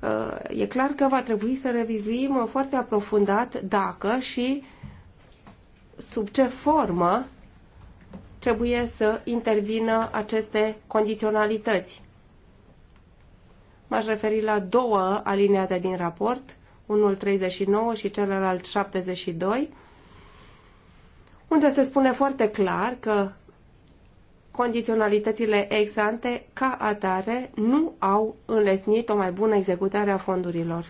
uh, e clar că va trebui să revizuim foarte aprofundat dacă și sub ce formă trebuie să intervină aceste condiționalități. M-aș referi la două alineate din raport, unul 39 și celălalt 72, unde se spune foarte clar că condiționalitățile exante ca atare nu au înlesnit o mai bună executare a fondurilor.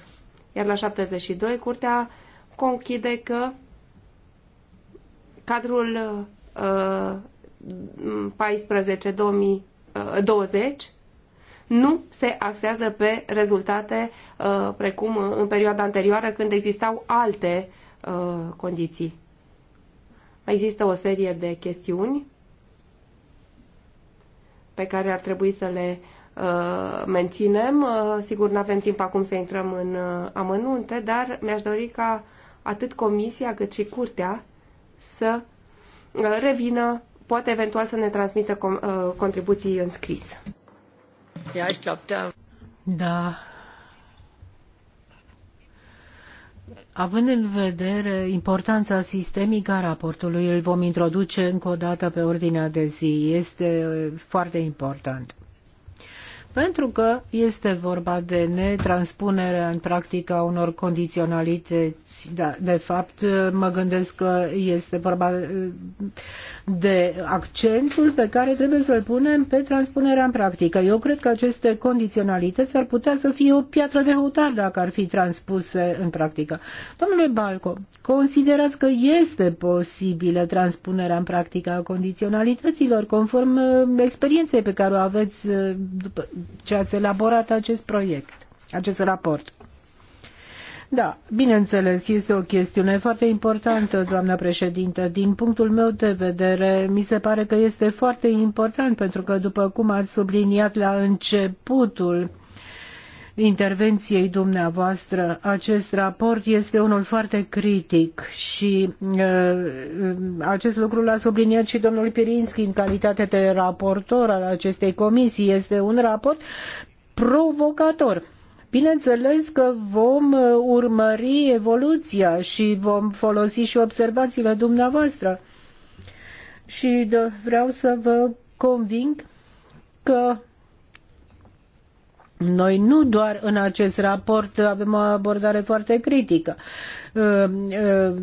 Iar la 72, Curtea conchide că cadrul uh, 14-2020 uh, nu se axează pe rezultate uh, precum în perioada anterioară când existau alte uh, condiții. Mai există o serie de chestiuni pe care ar trebui să le uh, menținem. Uh, sigur, nu avem timp acum să intrăm în uh, amănunte, dar mi-aș dori ca atât comisia cât și curtea să revină, poate eventual să ne transmită contribuții în scris. Da, da Având în vedere importanța sistemică a raportului, îl vom introduce încă o dată pe ordinea de zi. Este uh, foarte important. Pentru că este vorba de netranspunerea în practică a unor condiționalități. Da, de fapt, uh, mă gândesc că este vorba uh, de accentul pe care trebuie să-l punem pe transpunerea în practică. Eu cred că aceste condiționalități ar putea să fie o piatră de hotar dacă ar fi transpuse în practică. Domnule Balco, considerați că este posibilă transpunerea în practică a condiționalităților conform uh, experienței pe care o aveți uh, după ce ați elaborat acest proiect, acest raport? Da, bineînțeles, este o chestiune foarte importantă, doamna președintă. Din punctul meu de vedere, mi se pare că este foarte important, pentru că, după cum ați subliniat la începutul intervenției dumneavoastră, acest raport este unul foarte critic și uh, acest lucru l-a subliniat și domnul Pirinski în calitate de raportor al acestei comisii. Este un raport provocator Bineînțeles că vom uh, urmări evoluția și vom folosi și observațiile dumneavoastră. Și vreau să vă conving că noi nu doar în acest raport avem o abordare foarte critică uh, uh,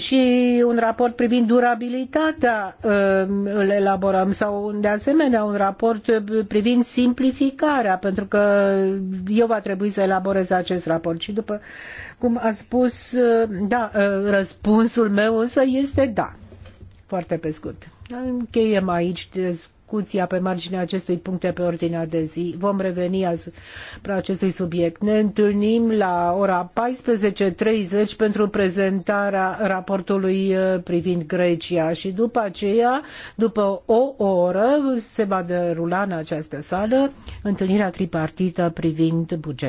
și un raport privind durabilitatea uh, îl elaborăm sau de asemenea un raport privind simplificarea pentru că eu va trebui să elaborez acest raport și după cum a spus, da, răspunsul meu însă este da. Foarte pe scurt. Încheiem aici discuția pe marginea acestui punct de pe ordinea de zi. Vom reveni asupra acestui subiect. Ne întâlnim la ora 14.30 pentru prezentarea raportului uh, privind Grecia și după aceea, după o oră, se va derula în această sală întâlnirea tripartită privind bugetul.